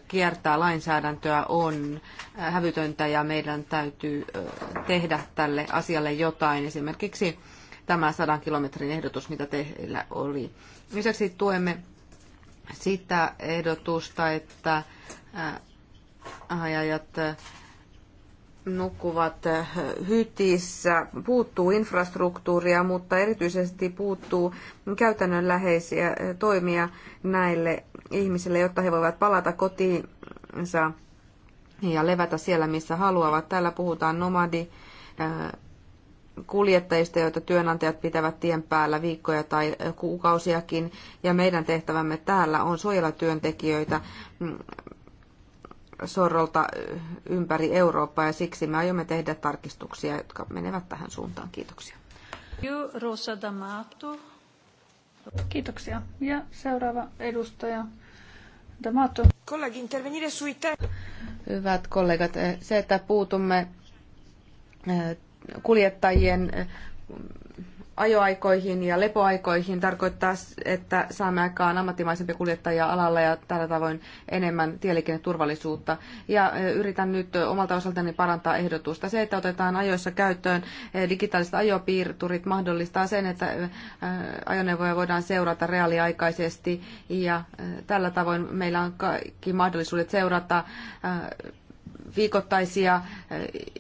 kiertää lainsäädäntöä, on hävytöntä ja meidän täytyy tehdä tälle asialle jotain. Esimerkiksi tämä 100 kilometrin ehdotus, mitä teillä oli. Lisäksi tuemme sitä ehdotusta, että ajajat nukkuvat eh, hytissä. Puuttuu infrastruktuuria, mutta erityisesti puuttuu käytännönläheisiä eh, toimia näille ihmisille, jotta he voivat palata kotiinsa ja levätä siellä, missä haluavat. Täällä puhutaan nomadi eh, kuljettajista, joita työnantajat pitävät tien päällä viikkoja tai kuukausiakin, ja meidän tehtävämme täällä on suojella työntekijöitä mm, sorrolta ympäri Eurooppaa ja siksi me aiomme tehdä tarkistuksia, jotka menevät tähän suuntaan. Kiitoksia. Rosa D'Amato. Kiitoksia. Ja seuraava edustaja D'Amato. Hyvät kollegat, se, että puutumme kuljettajien ajoaikoihin ja lepoaikoihin tarkoittaa, että saamme aikaan ammattimaisempia kuljettajia alalla ja tällä tavoin enemmän tieliikenneturvallisuutta. Ja yritän nyt omalta osaltani parantaa ehdotusta. Se, että otetaan ajoissa käyttöön digitaaliset ajopiirturit mahdollistaa sen, että ajoneuvoja voidaan seurata reaaliaikaisesti ja tällä tavoin meillä on kaikki mahdollisuudet seurata viikoittaisia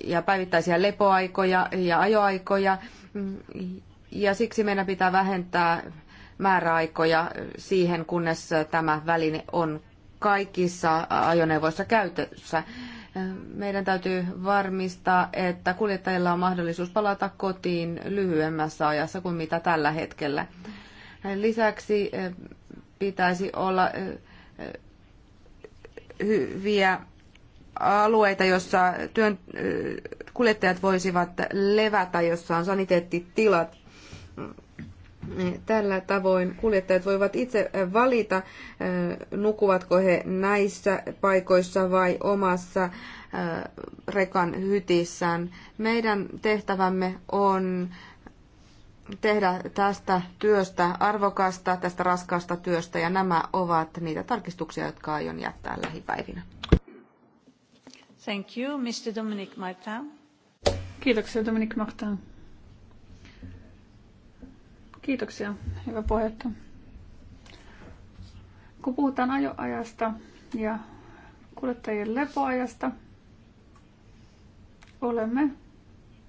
ja päivittäisiä lepoaikoja ja ajoaikoja mm, ja siksi meidän pitää vähentää määräaikoja siihen, kunnes tämä väline on kaikissa ajoneuvoissa käytössä. Meidän täytyy varmistaa, että kuljettajilla on mahdollisuus palata kotiin lyhyemmässä ajassa kuin mitä tällä hetkellä. Lisäksi eh, pitäisi olla eh, eh, hyviä alueita, jossa kuljettajat voisivat levätä, jossa on saniteettitilat niin, tällä tavoin kuljettajat voivat itse äh, valita, äh, nukuvatko he näissä paikoissa vai omassa äh, rekan hytissään. Meidän tehtävämme on tehdä tästä työstä arvokasta, tästä raskaasta työstä, ja nämä ovat niitä tarkistuksia, jotka aion jättää lähipäivinä. Thank you, Mr. Dominic Martin. Kiitoksia, Dominic Martin. Kiitoksia, hyvä puheenjohtaja. Kun puhutaan ajoajasta ja kuljettajien lepoajasta, olemme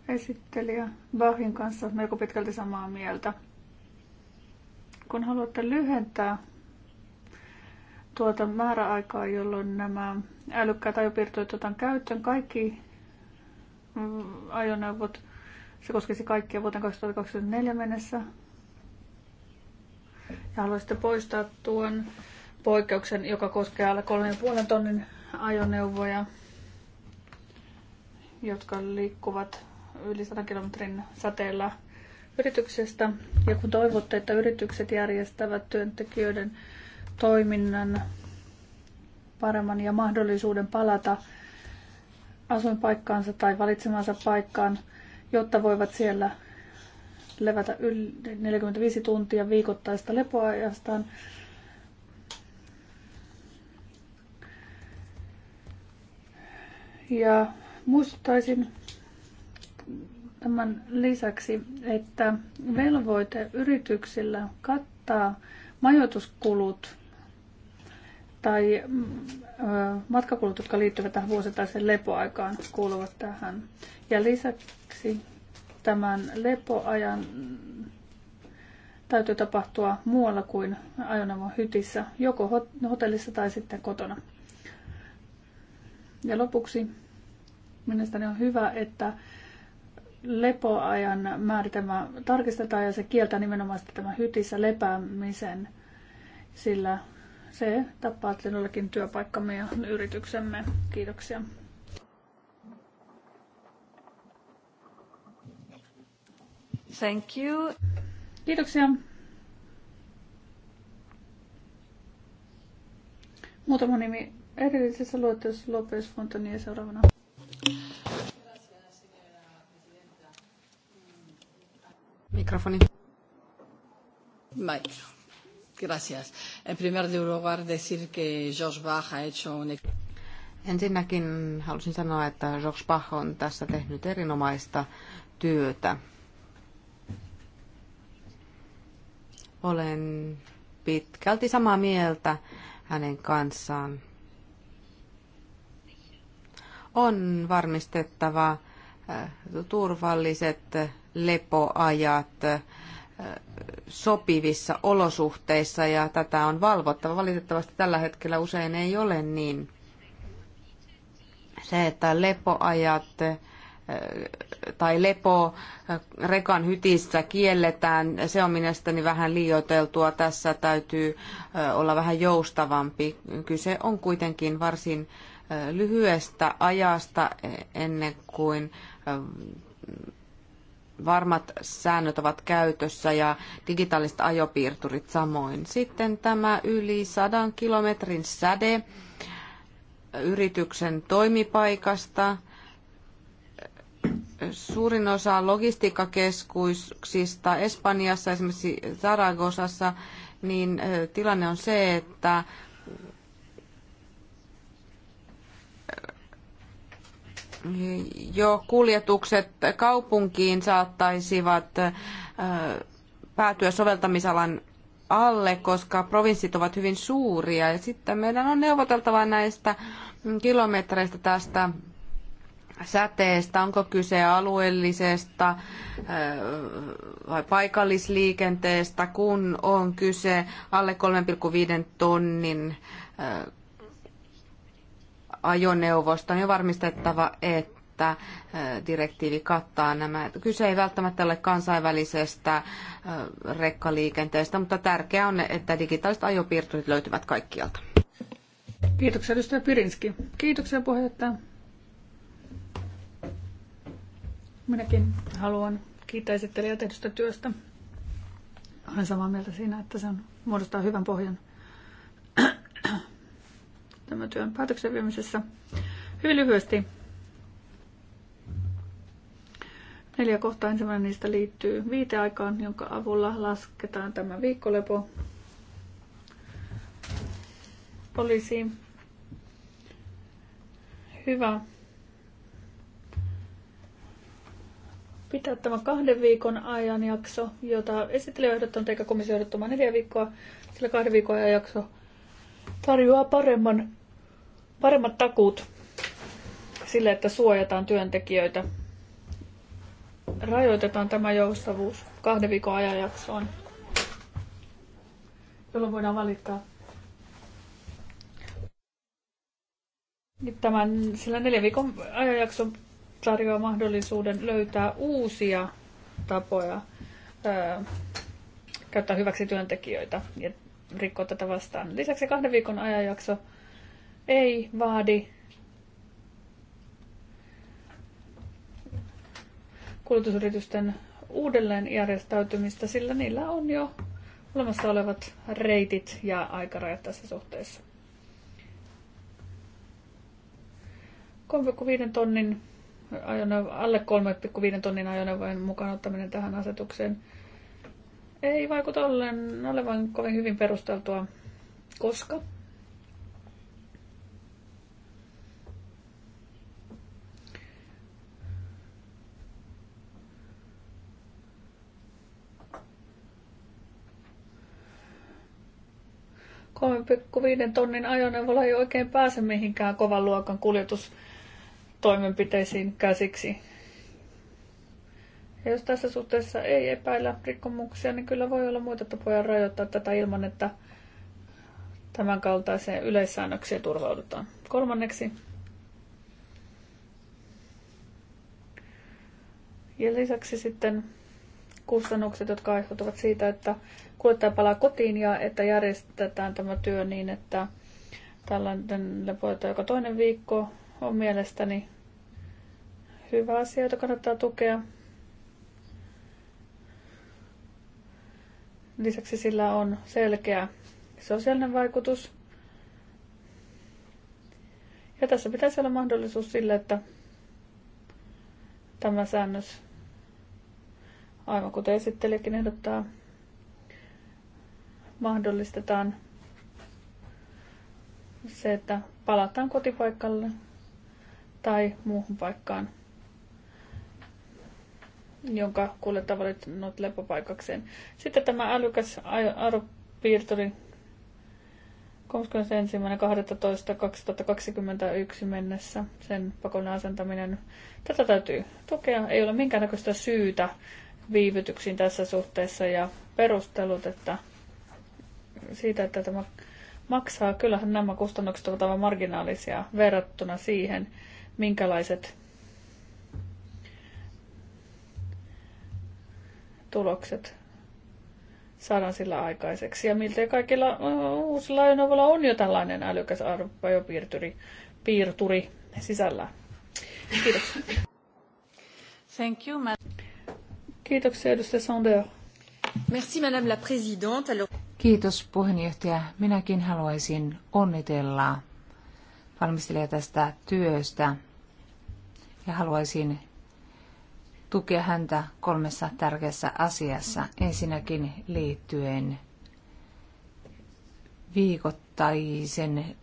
esittelijä Bahin kanssa melko pitkälti samaa mieltä. Kun haluatte lyhentää tuota määräaikaa, jolloin nämä älykkäät ajopiirtoit otetaan käyttöön, kaikki ajoneuvot, se koskisi kaikkia vuoteen 2024 mennessä, ja haluaisitte poistaa tuon poikkeuksen, joka koskee alle 3,5 tonnin ajoneuvoja, jotka liikkuvat yli 100 kilometrin säteellä yrityksestä. Ja kun toivotte, että yritykset järjestävät työntekijöiden toiminnan paremman ja mahdollisuuden palata asuinpaikkaansa tai valitsemansa paikkaan, jotta voivat siellä levätä yli 45 tuntia viikoittaista lepoajastaan. Ja muistuttaisin tämän lisäksi, että velvoite yrityksillä kattaa majoituskulut tai matkakulut, jotka liittyvät tähän vuosittaiseen lepoaikaan, kuuluvat tähän. Ja lisäksi tämän lepoajan täytyy tapahtua muualla kuin ajoneuvon hytissä, joko hotellissa tai sitten kotona. Ja lopuksi mielestäni on hyvä, että lepoajan määritelmä tarkistetaan ja se kieltää nimenomaan tämän hytissä lepäämisen, sillä se tappaa todellakin työpaikkamme ja yrityksemme. Kiitoksia. Thank you. Kiitoksia. Muutama nimi edellisessä luettelossa Lopez Fontania seuraavana. Mikrofoni. Bye. Gracias. En primer lugar decir que George Bach ha hecho un... Ensinnäkin halusin sanoa, että George Bach on tässä tehnyt erinomaista työtä. Olen pitkälti samaa mieltä hänen kanssaan. On varmistettava äh, turvalliset lepoajat äh, sopivissa olosuhteissa ja tätä on valvottava. Valitettavasti tällä hetkellä usein ei ole niin. Se, että lepoajat tai lepo rekan hytissä kielletään, se on mielestäni vähän liioiteltua. Tässä täytyy olla vähän joustavampi. Kyse on kuitenkin varsin lyhyestä ajasta e, ennen kuin varmat säännöt ovat käytössä ja digitaaliset ajopiirturit samoin. Sitten tämä yli sadan kilometrin säde yrityksen toimipaikasta – Suurin osa logistiikkakeskuksista Espanjassa, esimerkiksi Zaragosassa, niin tilanne on se, että jo kuljetukset kaupunkiin saattaisivat päätyä soveltamisalan alle, koska provinssit ovat hyvin suuria. Ja sitten meidän on neuvoteltava näistä kilometreistä tästä säteestä, onko kyse alueellisesta vai paikallisliikenteestä, kun on kyse alle 3,5 tonnin ajoneuvosta, niin on varmistettava, että direktiivi kattaa nämä. Kyse ei välttämättä ole kansainvälisestä rekkaliikenteestä, mutta tärkeää on, että digitaaliset ajopiirturit löytyvät kaikkialta. Kiitoksia edustaja Pirinski. Kiitoksia puheenjohtaja. Minäkin haluan kiittää esittelijä tehdystä työstä. Olen samaa mieltä siinä, että se on, muodostaa hyvän pohjan tämän työn päätöksen viemisessä. Hyvin lyhyesti. Neljä kohtaa. Ensimmäinen niistä liittyy viiteaikaan, jonka avulla lasketaan tämä viikkolepo. Olisi hyvä pitää tämä kahden viikon ajanjakso, jota esittelijä on ehdottanut eikä komissio ehdottomaan neljä viikkoa, sillä kahden viikon ajanjakso tarjoaa paremman, paremmat takuut sille, että suojataan työntekijöitä. Rajoitetaan tämä joustavuus kahden viikon ajanjaksoon, jolloin voidaan valittaa niin Tämän, sillä neljä viikon ajanjakson tarjoaa mahdollisuuden löytää uusia tapoja ää, käyttää hyväksi työntekijöitä ja rikkoa tätä vastaan. Lisäksi kahden viikon ajanjakso ei vaadi kulutusyritysten uudelleen järjestäytymistä, sillä niillä on jo olemassa olevat reitit ja aikarajat tässä suhteessa. 3,5 tonnin ajoneuvo, alle 3,5 tonnin ajoneuvojen mukaan ottaminen tähän asetukseen ei vaikuta ollen, olevan kovin hyvin perusteltua, koska kolme tonnin ajoneuvolla ei oikein pääse mihinkään kovan luokan kuljetus toimenpiteisiin käsiksi. Ja jos tässä suhteessa ei epäillä rikkomuksia, niin kyllä voi olla muita tapoja rajoittaa tätä ilman, että tämän kaltaiseen yleissäännökseen turvaudutaan. Kolmanneksi. Ja lisäksi sitten kustannukset, jotka aiheutuvat siitä, että kuljettaja palaa kotiin ja että järjestetään tämä työ niin, että tällainen lepoita joka toinen viikko on mielestäni hyvä asia, jota kannattaa tukea. Lisäksi sillä on selkeä sosiaalinen vaikutus. Ja tässä pitäisi olla mahdollisuus sille, että tämä säännös, aivan kuten esittelijäkin ehdottaa, mahdollistetaan se, että palataan kotipaikalle tai muuhun paikkaan, jonka kuljettaja valinnut lepopaikakseen. Sitten tämä älykäs aeropiirturi 31.12.2021 mennessä sen pakollinen asentaminen. Tätä täytyy tukea. Ei ole minkäännäköistä syytä viivytyksiin tässä suhteessa ja perustelut, että siitä, että tämä maksaa. Kyllähän nämä kustannukset ovat aivan marginaalisia verrattuna siihen, minkälaiset tulokset saadaan sillä aikaiseksi. Ja miltei kaikilla uusilla ajoneuvoilla on jo tällainen älykäs arvopajopiirturi piirturi sisällä? Kiitoksia. Thank you, ma- Kiitoksia, edustaja Sander. Merci, madame la présidente. Alors... Kiitos, puheenjohtaja. Minäkin haluaisin onnitella valmistelee tästä työstä ja haluaisin tukea häntä kolmessa tärkeässä asiassa. Ensinnäkin liittyen viikoittaisen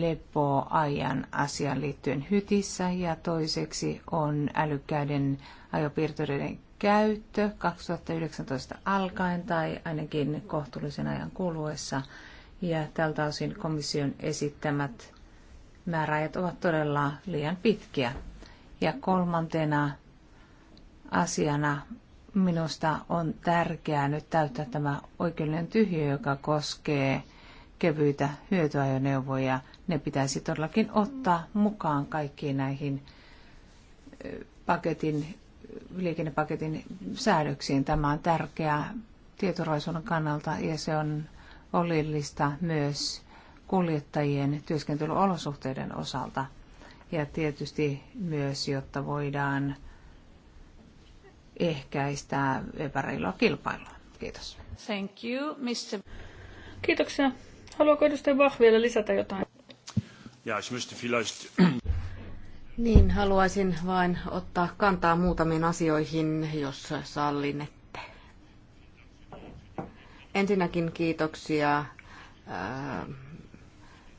lepoajan asiaan liittyen hytissä ja toiseksi on älykkäiden ajopiirtureiden käyttö 2019 alkaen tai ainakin kohtuullisen ajan kuluessa. Ja tältä osin komission esittämät määräajat ovat todella liian pitkiä. Ja kolmantena asiana minusta on tärkeää nyt täyttää tämä oikeudellinen tyhjö, joka koskee kevyitä hyötyajoneuvoja. Ne pitäisi todellakin ottaa mukaan kaikkiin näihin paketin, liikennepaketin säädöksiin. Tämä on tärkeää tietoturvallisuuden kannalta ja se on oleellista myös kuljettajien työskentelyolosuhteiden osalta. Ja tietysti myös, jotta voidaan ehkäistä epäreilua kilpailua. Kiitos. Thank you, Mr. Kiitoksia. Haluaako edustaja Bach vielä lisätä jotain? Ja, vielleicht... Niin, haluaisin vain ottaa kantaa muutamiin asioihin, jos sallinette. Ensinnäkin kiitoksia äh,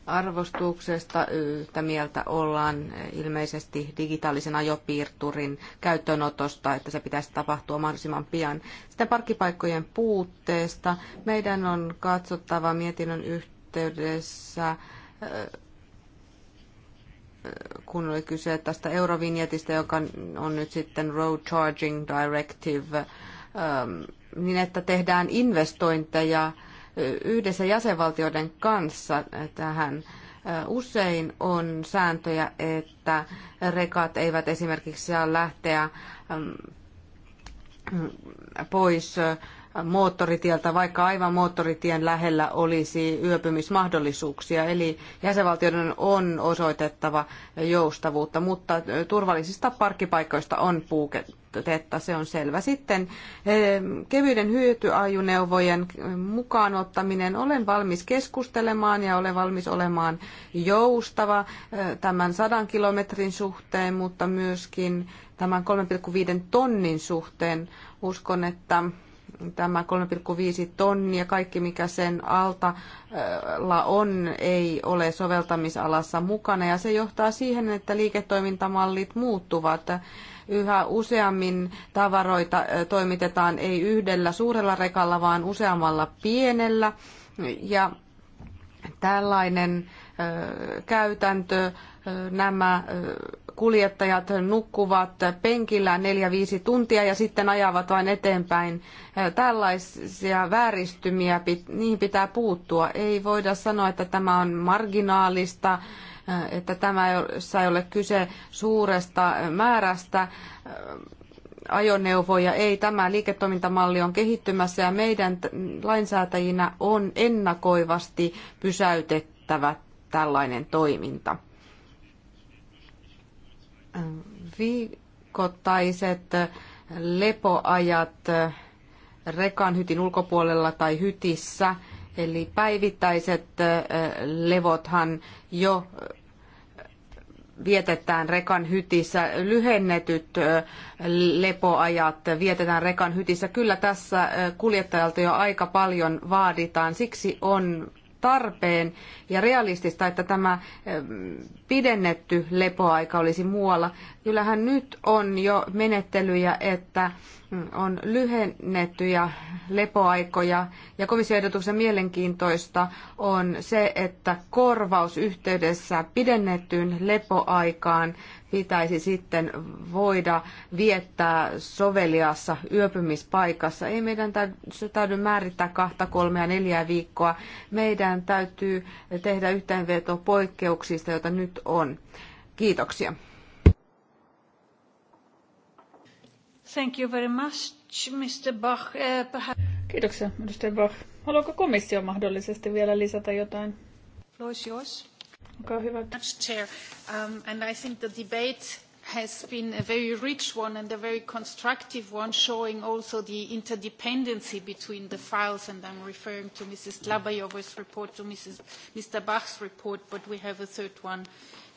arvostuksesta yhtä mieltä ollaan ilmeisesti digitaalisen ajopiirturin käyttöönotosta, että se pitäisi tapahtua mahdollisimman pian. Sitten parkkipaikkojen puutteesta. Meidän on katsottava mietinnön yhteydessä kun oli kyse tästä Eurovinjetistä, joka on nyt sitten Road Charging Directive, niin että tehdään investointeja yhdessä jäsenvaltioiden kanssa tähän. Usein on sääntöjä, että rekat eivät esimerkiksi saa lähteä mm, pois moottoritieltä, vaikka aivan moottoritien lähellä olisi yöpymismahdollisuuksia. Eli jäsenvaltioiden on osoitettava joustavuutta, mutta turvallisista parkkipaikoista on että se on selvä. Sitten eh, kevyiden hyötyajuneuvojen mukaan ottaminen. Olen valmis keskustelemaan ja olen valmis olemaan joustava eh, tämän sadan kilometrin suhteen, mutta myöskin tämän 3,5 tonnin suhteen. Uskon, että tämä 3,5 tonnia, kaikki mikä sen alta eh, on, ei ole soveltamisalassa mukana. Ja se johtaa siihen, että liiketoimintamallit muuttuvat. Yhä useammin tavaroita toimitetaan ei yhdellä suurella rekalla, vaan useammalla pienellä. Ja tällainen käytäntö nämä kuljettajat nukkuvat penkillä neljä viisi tuntia ja sitten ajavat vain eteenpäin. Tällaisia vääristymiä, niihin pitää puuttua. Ei voida sanoa, että tämä on marginaalista että tämä ei ole kyse suuresta määrästä ajoneuvoja. Ei, tämä liiketoimintamalli on kehittymässä ja meidän lainsäätäjinä on ennakoivasti pysäytettävä tällainen toiminta. Viikoittaiset lepoajat rekanhytin ulkopuolella tai hytissä – Eli päivittäiset levothan jo vietetään rekan hytissä, lyhennetyt lepoajat vietetään rekan hytissä. Kyllä tässä kuljettajalta jo aika paljon vaaditaan, siksi on tarpeen ja realistista, että tämä pidennetty lepoaika olisi muualla. Kyllähän nyt on jo menettelyjä, että on lyhennettyjä lepoaikoja ja komissioehdotuksen mielenkiintoista on se, että korvaus yhteydessä pidennettyyn lepoaikaan pitäisi sitten voida viettää soveliassa yöpymispaikassa. Ei meidän täydy määrittää kahta, kolmea, neljää viikkoa. Meidän täytyy tehdä yhteenveto poikkeuksista, joita nyt on. Kiitoksia. Thank you very much, Mr. Bach. Uh, perhaps... Kiitoksia, edustaja Bach. Haluaako komissio mahdollisesti vielä lisätä jotain? Floor is yours. Olkaa hyvä. Chair. Um, and I think the debate has been a very rich one and a very constructive one, showing also the interdependency between the files, and I'm referring to Mrs. Dlabajova's report, to Mrs. Mr. Bach's report, but we have a third one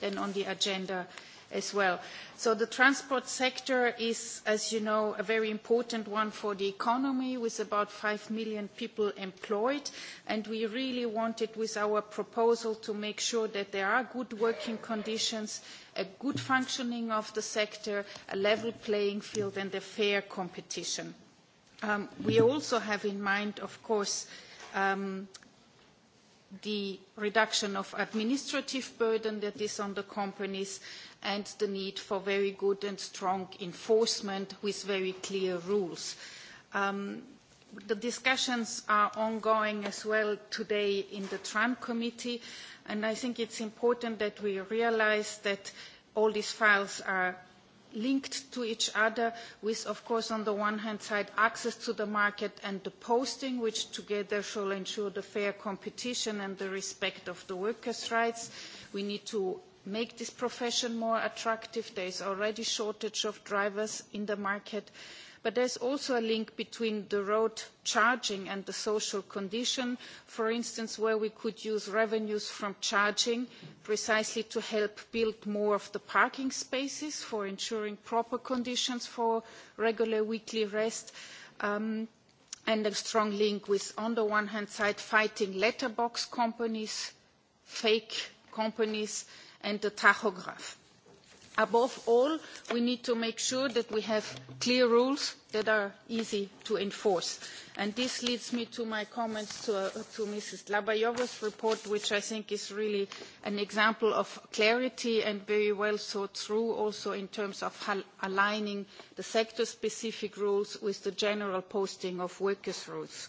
then on the agenda as well. So the transport sector is, as you know, a very important one for the economy, with about 5 million people employed, and we really wanted, with our proposal, to make sure that there are good working conditions, a good functioning of the sector, a level playing field, and a fair competition. Um, we also have in mind, of course, um, the reduction of administrative burden that is on the companies, and the need for very good and strong enforcement with very clear rules. Um, the discussions are ongoing as well today in the TRAN committee, and I think it's important that we realise that all these files are linked to each other with, of course, on the one hand side, access to the market and the posting, which together shall ensure the fair competition and the respect of the workers' rights. We need to make this profession more attractive. There is already shortage of drivers in the market, but there's also a link between the road charging and the social condition, for instance, where we could use revenues from charging precisely to help build more of the parking spaces for ensuring proper conditions for regular weekly rest. Um, and a strong link with, on the one hand side, fighting letterbox companies, fake companies, and the tachograph. Above all, we need to make sure that we have clear rules that are easy to enforce. And this leads me to my comments to, uh, to Mrs. Labayova's report, which I think is really an example of clarity and very well thought through also in terms of aligning the sector-specific rules with the general posting of workers' rules. Uh,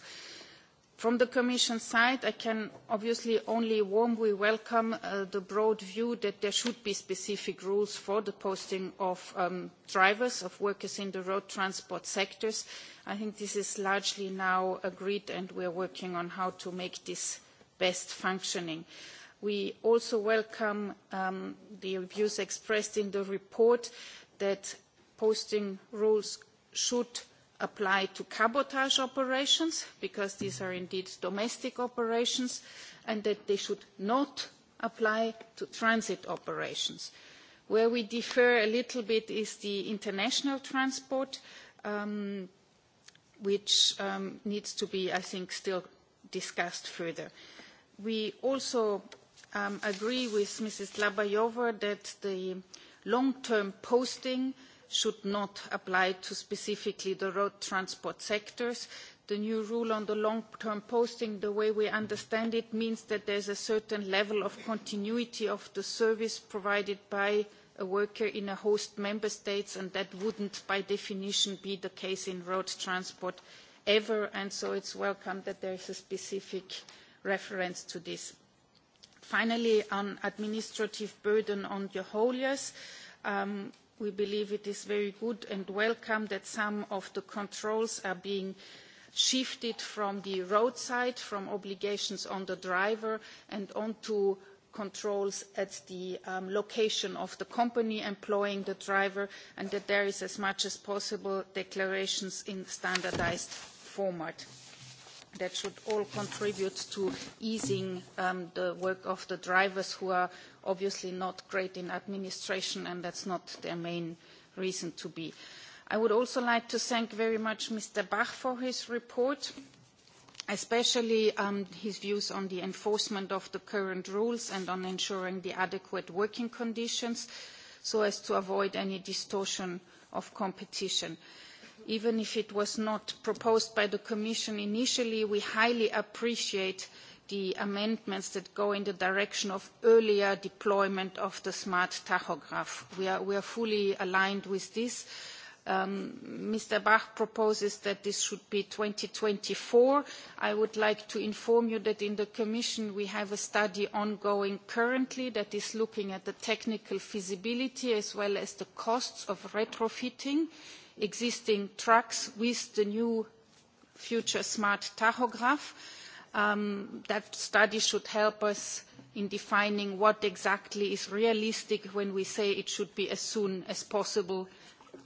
From the Commission side, I can obviously only warmly welcome uh, the broad view that there should be specific rules for the posting of um, drivers, of workers in the road transport sectors. I think this is largely now agreed and we are working on how to make this best functioning. We also welcome um, the views expressed in the report that posting rules should apply to cabotage operations, because these are indeed domestic operations, and that they should not apply to transit operations. Where we differ a little bit is the international transport, um, which um, needs to be, I think, still discussed further. We also um, agree with Mrs. dlabajov that the long-term posting should not apply to specifically the road transport sectors. The new rule on the long-term posting, the way we understand it, means that there is a certain level of continuity of the service provided by a worker in a host member state, and that wouldn't, by definition, be the case in road transport ever, and so it's welcome that there is a specific reference to this. Finally, on administrative burden on the hauliers, um, we believe it is very good and welcome that some of the controls are being shifted from the roadside, from obligations on the driver and onto controls at the um, location of the company employing the driver and that there is as much as possible declarations in standardised format that should all contribute to easing um, the work of the drivers who are obviously not great in administration and that's not their main reason to be. I would also like to thank very much Mr. Bach for his report, especially um, his views on the enforcement of the current rules and on ensuring the adequate working conditions so as to avoid any distortion of competition. Uh, even if it was not proposed by the Commission initially, we highly appreciate the amendments that go in the direction of earlier deployment of the smart tachograph. We are, we are fully aligned with this. Um, Mr. Bach proposes that this should be 2024. I would like to inform you that in the Commission we have a study ongoing currently that is looking at the technical feasibility as well as the costs of retrofitting existing trucks with the new future smart tachograph. Um, that study should help us in defining what exactly is realistic when we say it should be as soon as possible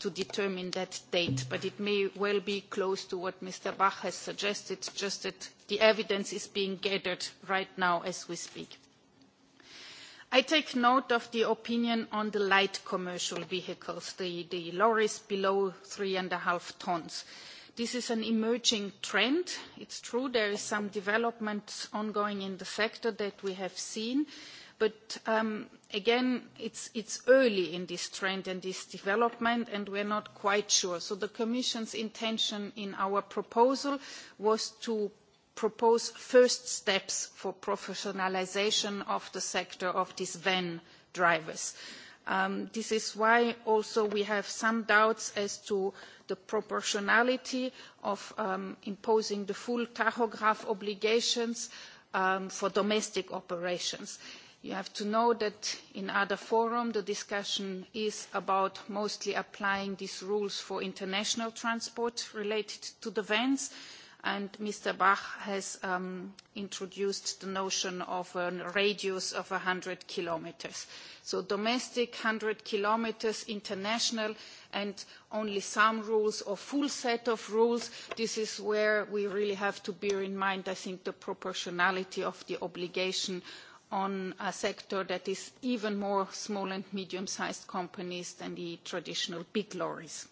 to determine that date. But it may well be close to what Mr. Bach has suggested, just that the evidence is being gathered right now as we speak. I take note of the opinion on the light commercial vehicles, the, the lorries below three and a half tons. This is an emerging trend. It's true there is some development ongoing in the sector that we have seen, but um, again, it's, it's early in this trend and this development, and we're not quite sure. So the Commission's intention in our proposal was to propose first steps for professionalisation of the sector of these van drivers. Um, this is why also we have some doubts as to the proportionality of um, imposing the full tachograph obligations um, for domestic operations. You have to know that in other forum the discussion is about mostly applying these rules for international transport related to the vans and Mr. Bach has um, introduced the notion of a radius of 100 kilometers. So domestic, 100 kilometers, international, and only some rules or full set of rules. This is where we really have to bear in mind, I think, the proportionality of the obligation on a sector that is even more small and medium-sized companies than the traditional big lorries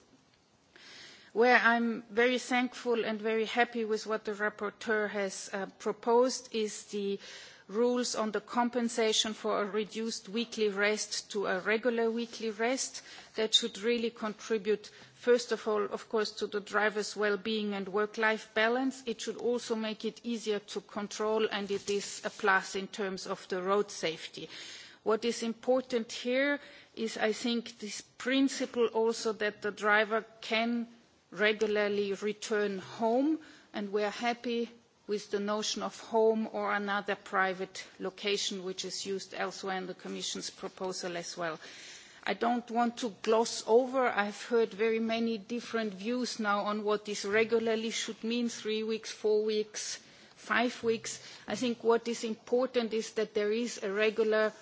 where I'm very thankful and very happy with what the rapporteur has uh, proposed is the rules on the compensation for a reduced weekly rest to a regular weekly rest that should really contribute first of all of course to the driver's well-being and work-life balance it should also make it easier to control and it is a plus in terms of the road safety what is important here is i think this principle also that the driver can regularly return home, and we are happy with the notion of home or another private location, which is used elsewhere in the Commission's proposal as well. I don't want to gloss over. I've heard very many different views now on what this regularly should mean, three weeks, four weeks, five weeks. I think what is important is that there is a regular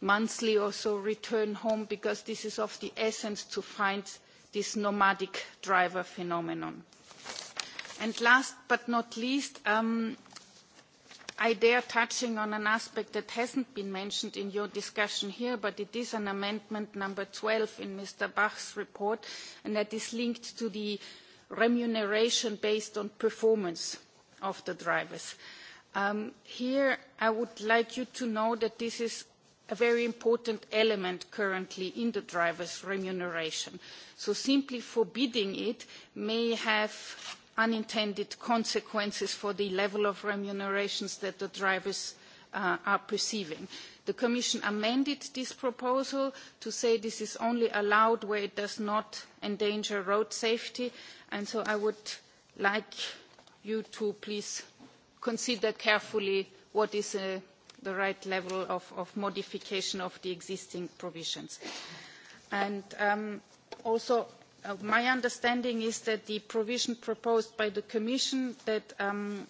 monthly or so return home because this is of the essence to find this nomadic driver phenomenon. And last but not least, um, I dare touching on an aspect that hasn't been mentioned in your discussion here, but it is an amendment number 12 in Mr. Bach's report, and that is linked to the remuneration based on performance of the drivers. Um, here, I would like you to know that this is a very important element currently in the driver's remuneration. So simply forbidding it may have unintended consequences for the level of remunerations that the drivers uh, are perceiving. The Commission amended this proposal to say this is only allowed where it does not endanger road safety, and so I would like you to please consider carefully what is a the right level of, of modification of the existing provisions. And um, also, uh, my understanding is that the provision proposed by the Commission that um,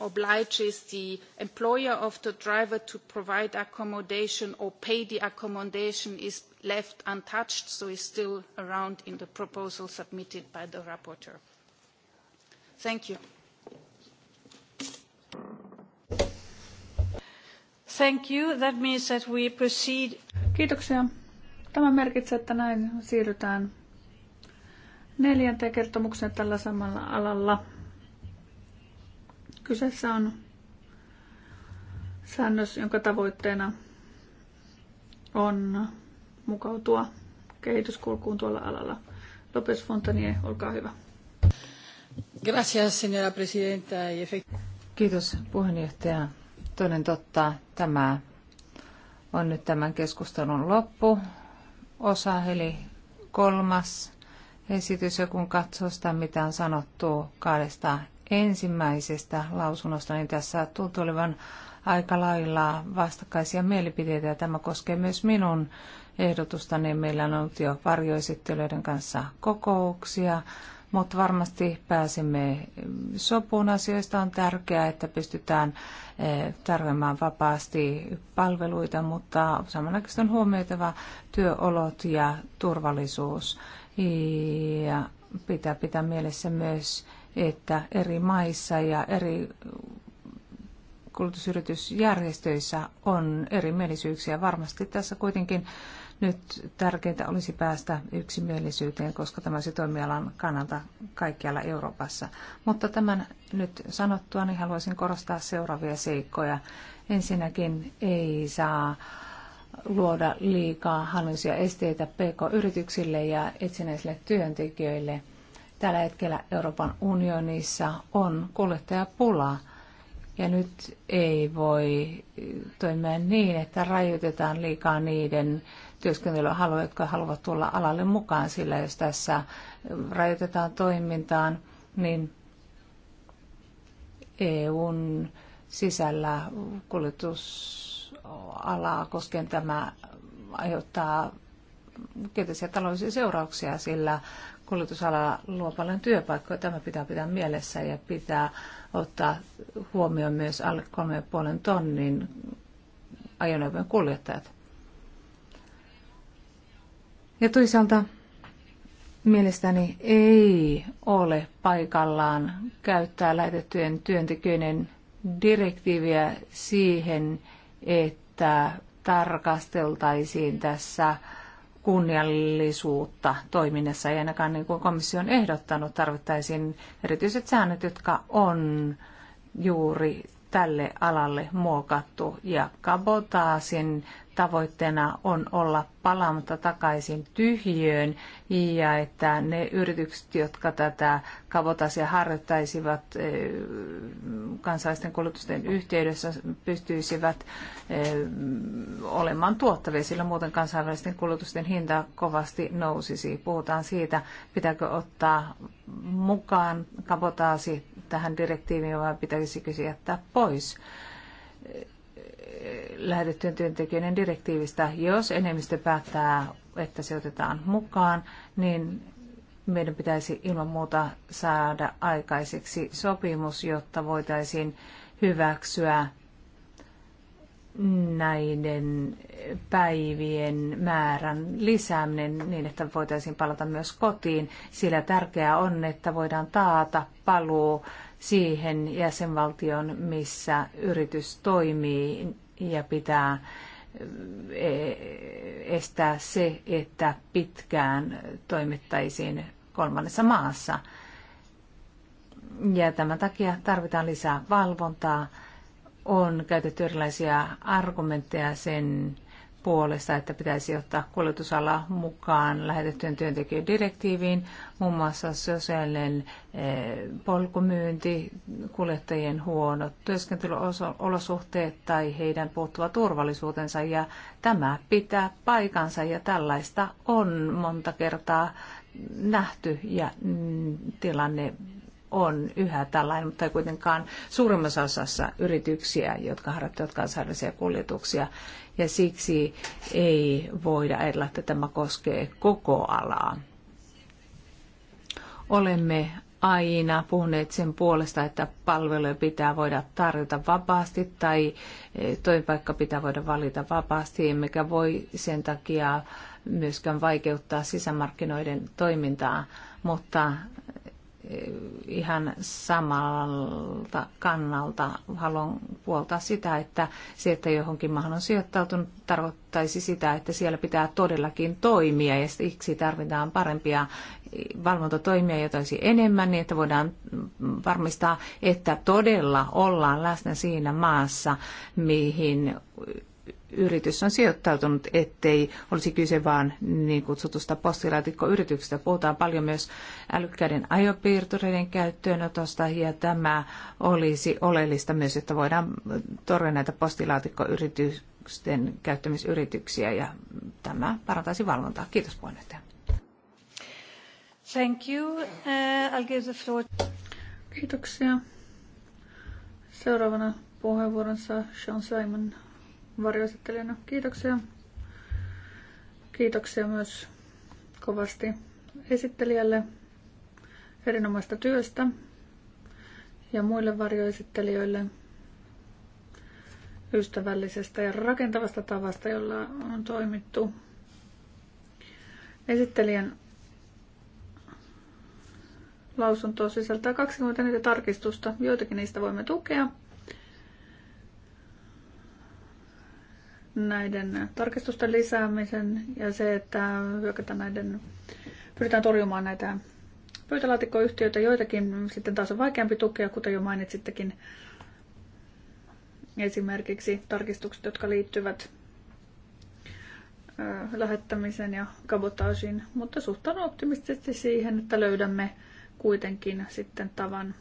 obliges the employer of the driver to provide accommodation or pay the accommodation is left untouched, so is still around in the proposal submitted by the rapporteur. Thank you. Thank you. That means that we proceed. Kiitoksia. Tämä merkitsee, että näin siirrytään neljänteen kertomukseen tällä samalla alalla. Kyseessä on säännös, jonka tavoitteena on mukautua kehityskulkuun tuolla alalla. Lopes Fontanier, olkaa hyvä. Gracias, señora presidenta. Kiitos puheenjohtaja. Toden totta, tämä on nyt tämän keskustelun loppu osa, eli kolmas esitys, ja kun katsoo sitä, mitä on sanottu kahdesta ensimmäisestä lausunnosta, niin tässä tuntuu olevan aika lailla vastakkaisia mielipiteitä, ja tämä koskee myös minun ehdotustani. Meillä on ollut jo varjoesittelyiden kanssa kokouksia, mutta varmasti pääsemme sopuun asioista. On tärkeää, että pystytään eh, tarvemaan vapaasti palveluita, mutta samanaikaisesti on huomioitava työolot ja turvallisuus. Ja pitää pitää mielessä myös, että eri maissa ja eri kulutusyritysjärjestöissä on erimielisyyksiä. Varmasti tässä kuitenkin nyt tärkeintä olisi päästä yksimielisyyteen, koska tämä se toimialan kannalta kaikkialla Euroopassa. Mutta tämän nyt sanottua, niin haluaisin korostaa seuraavia seikkoja. Ensinnäkin ei saa luoda liikaa hallinnollisia esteitä pk-yrityksille ja itsenäisille työntekijöille. Tällä hetkellä Euroopan unionissa on kuljettajapula. Ja nyt ei voi toimia niin, että rajoitetaan liikaa niiden työskentelyä haluaa, jotka haluavat tulla alalle mukaan, sillä jos tässä rajoitetaan toimintaan, niin EUn sisällä kuljetusalaa koskien tämä aiheuttaa kielteisiä taloudellisia seurauksia, sillä kuljetusalalla luo paljon työpaikkoja. Tämä pitää pitää mielessä ja pitää ottaa huomioon myös alle 3,5 tonnin ajoneuvojen kuljettajat. Ja toisaalta mielestäni ei ole paikallaan käyttää lähetettyjen työntekijöiden direktiiviä siihen, että tarkasteltaisiin tässä kunniallisuutta toiminnassa. Ei ainakaan niin kuin komissio on ehdottanut, tarvittaisiin erityiset säännöt, jotka on juuri tälle alalle muokattu. Ja kabotaasin tavoitteena on olla palaamatta takaisin tyhjöön ja että ne yritykset, jotka tätä kavotasia harjoittaisivat eh, kansallisten kulutusten yhteydessä, pystyisivät eh, olemaan tuottavia, sillä muuten kansainvälisten kulutusten hinta kovasti nousisi. Puhutaan siitä, pitääkö ottaa mukaan kavotaasi tähän direktiiviin vai pitäisikö se jättää pois lähetettyjen työntekijöiden direktiivistä. Jos enemmistö päättää, että se otetaan mukaan, niin meidän pitäisi ilman muuta saada aikaiseksi sopimus, jotta voitaisiin hyväksyä näiden päivien määrän lisääminen niin, että voitaisiin palata myös kotiin, sillä tärkeää on, että voidaan taata paluu siihen jäsenvaltioon, missä yritys toimii ja pitää e, estää se, että pitkään toimittaisiin kolmannessa maassa. Ja tämän takia tarvitaan lisää valvontaa. On käytetty erilaisia argumentteja sen puolesta, että pitäisi ottaa kuljetusala mukaan lähetettyjen työntekijöiden direktiiviin, muun muassa sosiaalinen eh, polkumyynti, kuljettajien huonot työskentelyolosuhteet tai heidän puuttuva turvallisuutensa. Ja tämä pitää paikansa ja tällaista on monta kertaa nähty ja mm, tilanne on yhä tällainen, mutta ei kuitenkaan suurimmassa osassa yrityksiä, jotka harjoittavat kansainvälisiä kuljetuksia. Ja siksi ei voida ajatella, että tämä koskee koko alaa. Olemme aina puhuneet sen puolesta, että palveluja pitää voida tarjota vapaasti tai eh, toimipaikka pitää voida valita vapaasti, emmekä voi sen takia myöskään vaikeuttaa sisämarkkinoiden toimintaa, mutta ihan samalta kannalta. Haluan puoltaa sitä, että se, että johonkin maahan on sijoittautunut, tarkoittaisi sitä, että siellä pitää todellakin toimia ja siksi tarvitaan parempia valvontatoimia, joita olisi enemmän, niin että voidaan varmistaa, että todella ollaan läsnä siinä maassa, mihin yritys on sijoittautunut, ettei olisi kyse vain niin kutsutusta postilaatikkoyrityksestä. Puhutaan paljon myös älykkäiden ajopiirtureiden käyttöönotosta ja tämä olisi oleellista myös, että voidaan torjua näitä postilaatikkoyritysten käyttämisyrityksiä ja tämä parantaisi valvontaa. Kiitos puheenjohtaja. Thank you. Uh, I'll give the floor. Kiitoksia. Seuraavana puheenvuoronsa Sean Simon varjoesittelijänä. Kiitoksia. Kiitoksia myös kovasti esittelijälle erinomaista työstä ja muille varjoesittelijöille ystävällisestä ja rakentavasta tavasta, jolla on toimittu. Esittelijän lausunto sisältää 24 tarkistusta, joitakin niistä voimme tukea – näiden tarkistusten lisäämisen ja se, että hyökätään näiden, pyritään torjumaan näitä pöytälaatikkoyhtiöitä, joitakin sitten taas on vaikeampi tukea, kuten jo mainitsittekin esimerkiksi tarkistukset, jotka liittyvät lähettämisen ja kabotaasiin, mutta suhtaudun optimistisesti siihen, että löydämme kuitenkin sitten tavan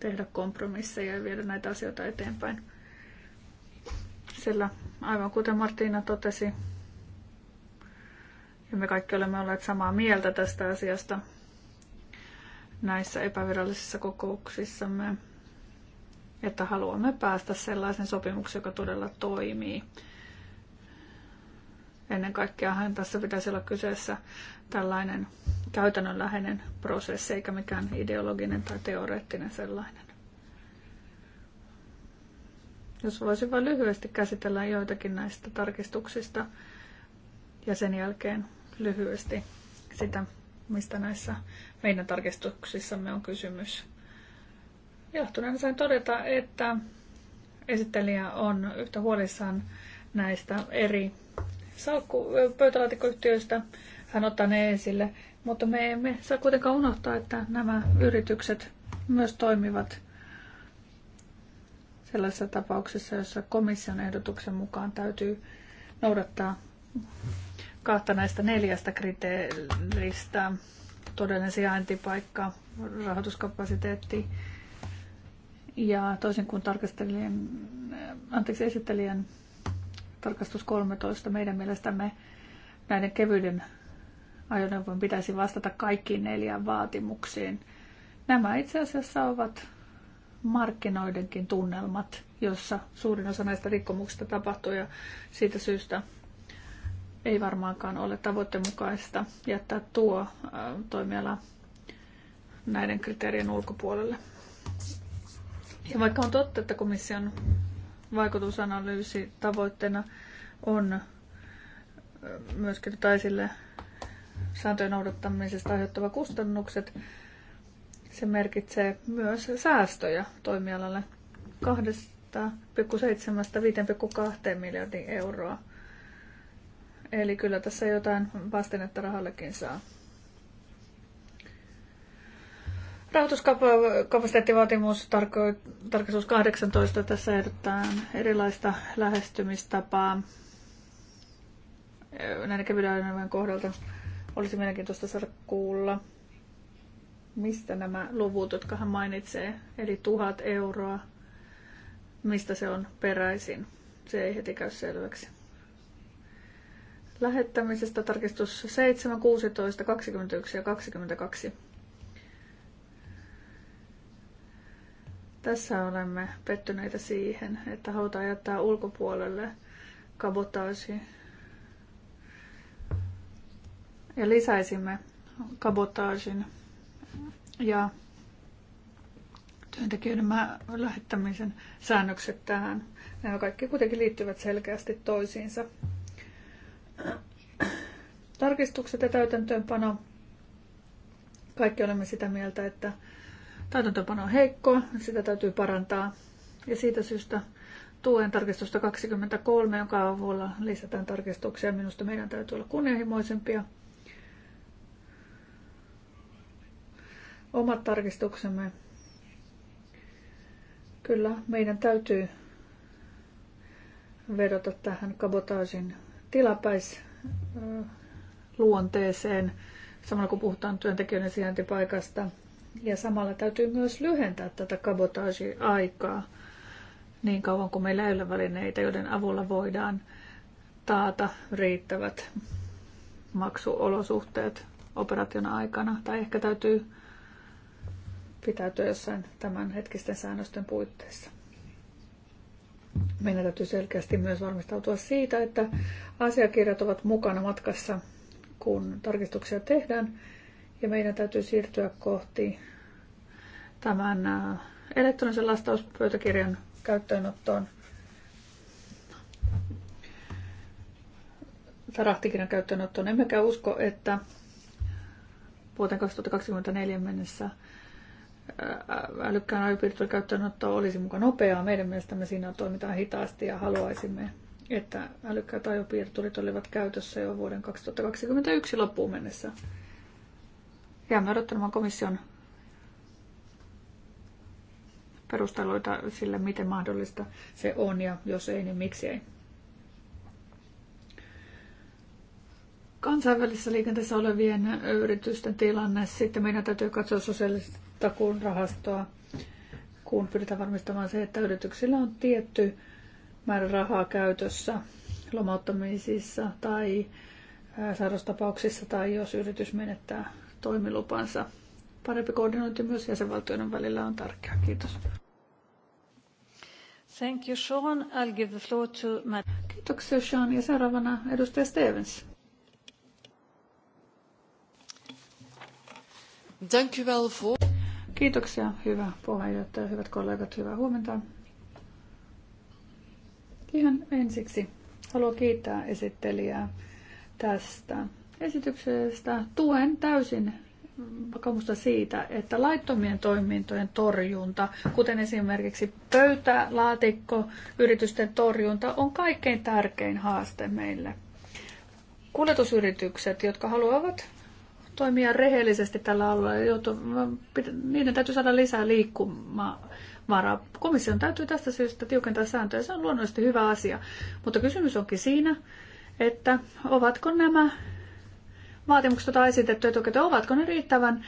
tehdä kompromisseja ja viedä näitä asioita eteenpäin sillä aivan kuten Martina totesi, ja me kaikki olemme olleet samaa mieltä tästä asiasta näissä epävirallisissa kokouksissamme, että haluamme päästä sellaisen sopimuksen, joka todella toimii. Ennen kaikkea tässä pitäisi olla kyseessä tällainen käytännönläheinen prosessi, eikä mikään ideologinen tai teoreettinen sellainen. Jos voisin vain lyhyesti käsitellä joitakin näistä tarkistuksista ja sen jälkeen lyhyesti sitä, mistä näissä meidän tarkistuksissamme on kysymys. Johtuneena sain todeta, että esittelijä on yhtä huolissaan näistä eri salkku, pöytälaatikkoyhtiöistä. Hän ottaa ne esille, mutta me emme saa kuitenkaan unohtaa, että nämä yritykset myös toimivat sellaisessa tapauksessa, jossa komission ehdotuksen mukaan täytyy noudattaa kahta näistä neljästä kriteeristä, todellinen sijaintipaikka, rahoituskapasiteetti ja toisin kuin tarkastelijan, anteeksi, esittelijän tarkastus 13, meidän mielestämme näiden kevyiden ajoneuvon pitäisi vastata kaikkiin neljään vaatimuksiin. Nämä itse asiassa ovat markkinoidenkin tunnelmat, jossa suurin osa näistä rikkomuksista tapahtuu ja siitä syystä ei varmaankaan ole tavoitteen mukaista jättää tuo äh, toimiala näiden kriteerien ulkopuolelle. Ja vaikka on totta, että komission vaikutusanalyysi tavoitteena on äh, myöskin taisille sääntöjen noudattamisesta aiheuttava kustannukset, se merkitsee myös säästöjä toimialalle 2,7-5,2 miljardin euroa. Eli kyllä tässä jotain vastennetta rahallekin saa. tarkoitus 18. Tässä ehdotetaan erilaista lähestymistapaa näiden kevyiden kohdalta. Olisi mielenkiintoista saada kuulla mistä nämä luvut, jotka hän mainitsee, eli tuhat euroa, mistä se on peräisin. Se ei heti käy selväksi. Lähettämisestä tarkistus 7, 16, 21 ja 22. Tässä olemme pettyneitä siihen, että halutaan jättää ulkopuolelle kabotaasi. Ja lisäisimme kabotaasin ja työntekijöiden lähettämisen säännökset tähän. Nämä kaikki kuitenkin liittyvät selkeästi toisiinsa. Tarkistukset ja täytäntöönpano. Kaikki olemme sitä mieltä, että täytäntöönpano on heikkoa, sitä täytyy parantaa. Ja siitä syystä tuen tarkistusta 23, jonka avulla lisätään tarkistuksia. Minusta meidän täytyy olla kunnianhimoisempia – omat tarkistuksemme. Kyllä, meidän täytyy vedota tähän kabotaasin tilapäisluonteeseen, samalla kun puhutaan työntekijöiden sijaintipaikasta. Ja samalla täytyy myös lyhentää tätä kabotaasiaikaa niin kauan kuin meillä ei ole välineitä, joiden avulla voidaan taata riittävät maksuolosuhteet operaation aikana. Tai ehkä täytyy pitäytyä jossain tämän hetkisten säännösten puitteissa. Meidän täytyy selkeästi myös varmistautua siitä, että asiakirjat ovat mukana matkassa, kun tarkistuksia tehdään, ja meidän täytyy siirtyä kohti tämän elektronisen lastauspöytäkirjan käyttöönottoon tai rahtikirjan käyttöönottoon. Emmekä usko, että vuoteen 2024 mennessä älykkään ajopiirturin käyttöönotto olisi mukaan nopeaa. Meidän mielestämme siinä toimitaan hitaasti ja haluaisimme, että älykkäät ajopiirturit olivat käytössä jo vuoden 2021 loppuun mennessä. Jäämme odottamaan komission perusteluita sille, miten mahdollista se on ja jos ei, niin miksi ei. Kansainvälisessä liikenteessä olevien yritysten tilanne. Sitten meidän täytyy katsoa sosiaalista takuun rahastoa, kun pyritään varmistamaan se, että yrityksillä on tietty määrä rahaa käytössä lomauttamisissa tai sairaustapauksissa tai jos yritys menettää toimilupansa. Parempi koordinointi myös jäsenvaltioiden välillä on tärkeää. Kiitos. Thank you, Sean. I'll give the floor to Matt. Kiitoksia, Sean. Ja seuraavana edustaja Stevens. Dank u wel voor... Kiitoksia, hyvä puheenjohtaja, hyvät kollegat, hyvää huomenta. Ihan ensiksi haluan kiittää esittelijää tästä esityksestä. Tuen täysin vakamusta siitä, että laittomien toimintojen torjunta, kuten esimerkiksi pöytä, laatikko, yritysten torjunta, on kaikkein tärkein haaste meille. Kuljetusyritykset, jotka haluavat toimia rehellisesti tällä alueella. Joutu, niiden täytyy saada lisää liikkumavaraa. Komission täytyy tästä syystä tiukentaa sääntöjä. Se on luonnollisesti hyvä asia. Mutta kysymys onkin siinä, että ovatko nämä vaatimukset, joita on esitetty etukäteen, ovatko ne riittävän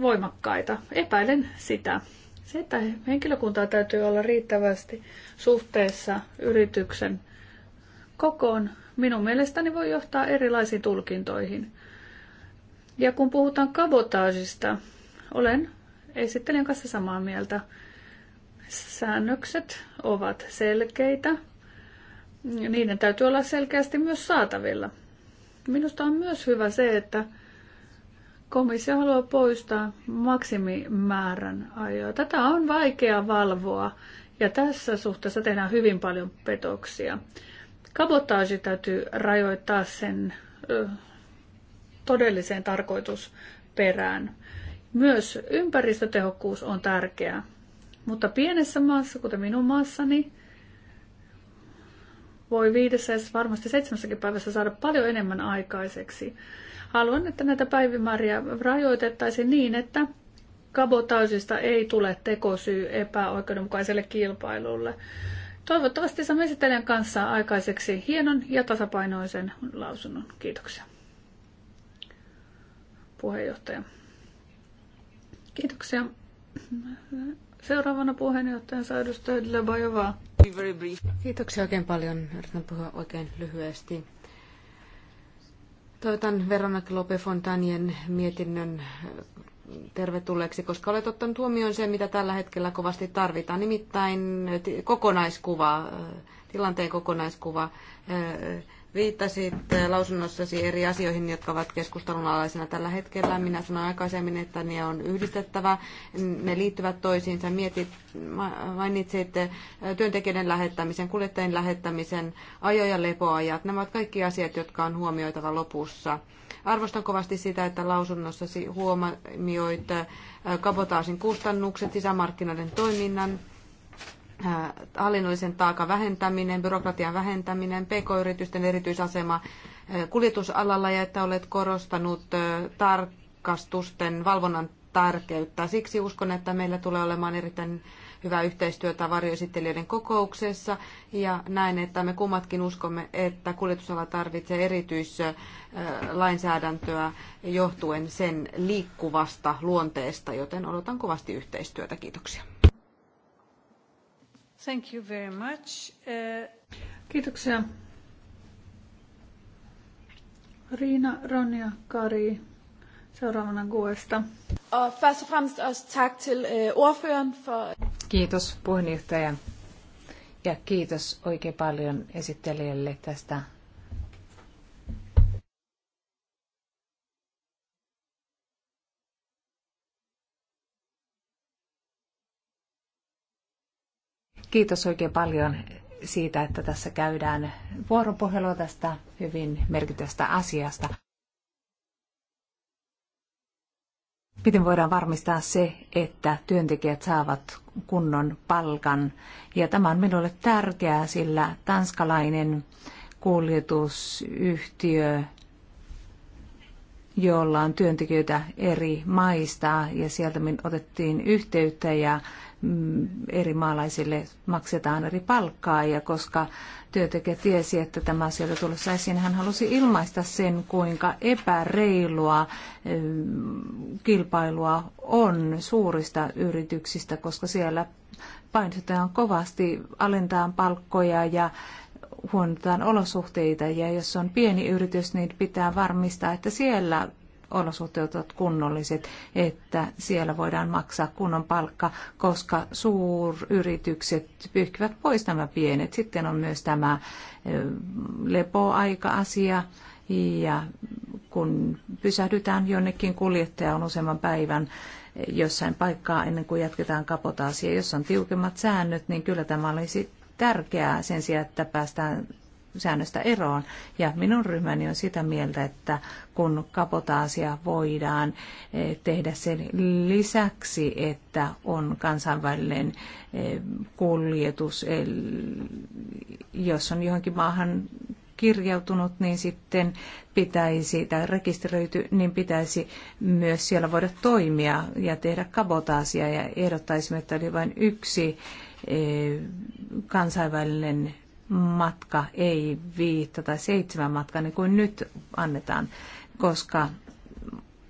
voimakkaita. Epäilen sitä. Se, että henkilökuntaa täytyy olla riittävästi suhteessa yrityksen kokoon, minun mielestäni voi johtaa erilaisiin tulkintoihin. Ja kun puhutaan kabotaasista, olen esittelijän kanssa samaa mieltä. Säännökset ovat selkeitä. Niiden täytyy olla selkeästi myös saatavilla. Minusta on myös hyvä se, että komissio haluaa poistaa maksimimäärän ajoa. Tätä on vaikea valvoa ja tässä suhteessa tehdään hyvin paljon petoksia. Kabotaasi täytyy rajoittaa sen todelliseen tarkoitusperään. Myös ympäristötehokkuus on tärkeää. Mutta pienessä maassa, kuten minun maassani, voi viidessä ja siis varmasti seitsemässäkin päivässä saada paljon enemmän aikaiseksi. Haluan, että näitä päivimääriä rajoitettaisiin niin, että kabotaasista ei tule tekosyy epäoikeudenmukaiselle kilpailulle. Toivottavasti saamme esittelijän kanssa aikaiseksi hienon ja tasapainoisen lausunnon. Kiitoksia puheenjohtaja. Kiitoksia. Seuraavana puheenjohtajan saa edustaja Lebajovaa. Kiitoksia oikein paljon. Yritän puhua oikein lyhyesti. Toivotan Veronak Lope Fontanien mietinnön tervetulleeksi, koska olet ottanut huomioon sen, mitä tällä hetkellä kovasti tarvitaan, nimittäin kokonaiskuva, tilanteen kokonaiskuva Viittasit äh, lausunnossasi eri asioihin, jotka ovat keskustelun alaisena tällä hetkellä. Minä sanoin aikaisemmin, että ne on yhdistettävä. Ne liittyvät toisiinsa. Mietit, mainitsit äh, työntekijöiden lähettämisen, kuljettajien lähettämisen, ajo- ja lepoajat. Nämä ovat kaikki asiat, jotka on huomioitava lopussa. Arvostan kovasti sitä, että lausunnossasi huomioit äh, kabotaasin kustannukset, sisämarkkinoiden toiminnan, Äh, hallinnollisen taakan vähentäminen, byrokratian vähentäminen, pk-yritysten erityisasema äh, kuljetusalalla ja että olet korostanut äh, tarkastusten valvonnan tärkeyttä. Siksi uskon, että meillä tulee olemaan erittäin hyvää yhteistyötä varjoesittelijöiden kokouksessa ja näin, että me kummatkin uskomme, että kuljetusala tarvitsee erityislainsäädäntöä johtuen sen liikkuvasta luonteesta, joten odotan kovasti yhteistyötä. Kiitoksia. Thank you very much. Uh, Kiitoksia. Riina, Ronja, Kari, seuraavana Guesta. Og først og fremmest også tak til øh, ordføreren for... Kiitos puheenjohtaja ja kiitos oikein paljon esittelijälle tästä Kiitos oikein paljon siitä, että tässä käydään vuoropuhelua tästä hyvin merkittävästä asiasta. Miten voidaan varmistaa se, että työntekijät saavat kunnon palkan? Ja tämä on minulle tärkeää, sillä tanskalainen kuljetusyhtiö, jolla on työntekijöitä eri maista ja sieltä me otettiin yhteyttä ja Mm, eri maalaisille maksetaan eri palkkaa ja koska työntekijä tiesi, että tämä asia oli tulossa esiin, hän halusi ilmaista sen, kuinka epäreilua mm, kilpailua on suurista yrityksistä, koska siellä painotetaan kovasti alentaa palkkoja ja huonotaan olosuhteita ja jos on pieni yritys, niin pitää varmistaa, että siellä olosuhteet ovat kunnolliset, että siellä voidaan maksaa kunnon palkka, koska suuryritykset pyyhkivät pois nämä pienet. Sitten on myös tämä lepoaika-asia, ja kun pysähdytään jonnekin, kuljettaja on useamman päivän jossain paikkaa ennen kuin jatketaan kapotaasia. Jos on tiukemmat säännöt, niin kyllä tämä olisi tärkeää sen sijaan, että päästään säännöstä eroon. Ja minun ryhmäni on sitä mieltä, että kun kapotaasia voidaan eh, tehdä sen lisäksi, että on kansainvälinen eh, kuljetus, eh, jos on johonkin maahan kirjautunut, niin sitten pitäisi, tai rekisteröity, niin pitäisi myös siellä voida toimia ja tehdä kabotaasia. Ja ehdottaisimme, että oli vain yksi kansainvälinen matka, ei viittä tai seitsemän matka, niin kuin nyt annetaan, koska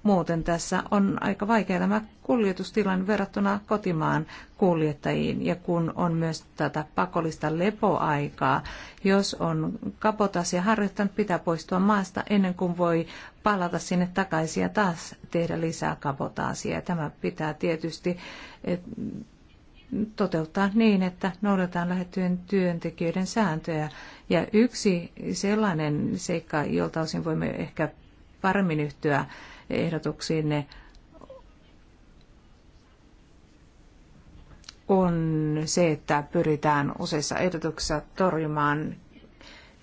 muuten tässä on aika vaikea tämä kuljetustilanne verrattuna kotimaan kuljettajiin. Ja kun on myös tätä pakollista lepoaikaa, jos on ja harjoittanut, pitää poistua maasta ennen kuin voi palata sinne takaisin ja taas tehdä lisää kapotaasia. Tämä pitää tietysti toteuttaa niin, että noudataan lähettyjen työntekijöiden sääntöjä. Ja yksi sellainen seikka, jolta osin voimme ehkä paremmin yhtyä ehdotuksiinne, on se, että pyritään useissa ehdotuksissa torjumaan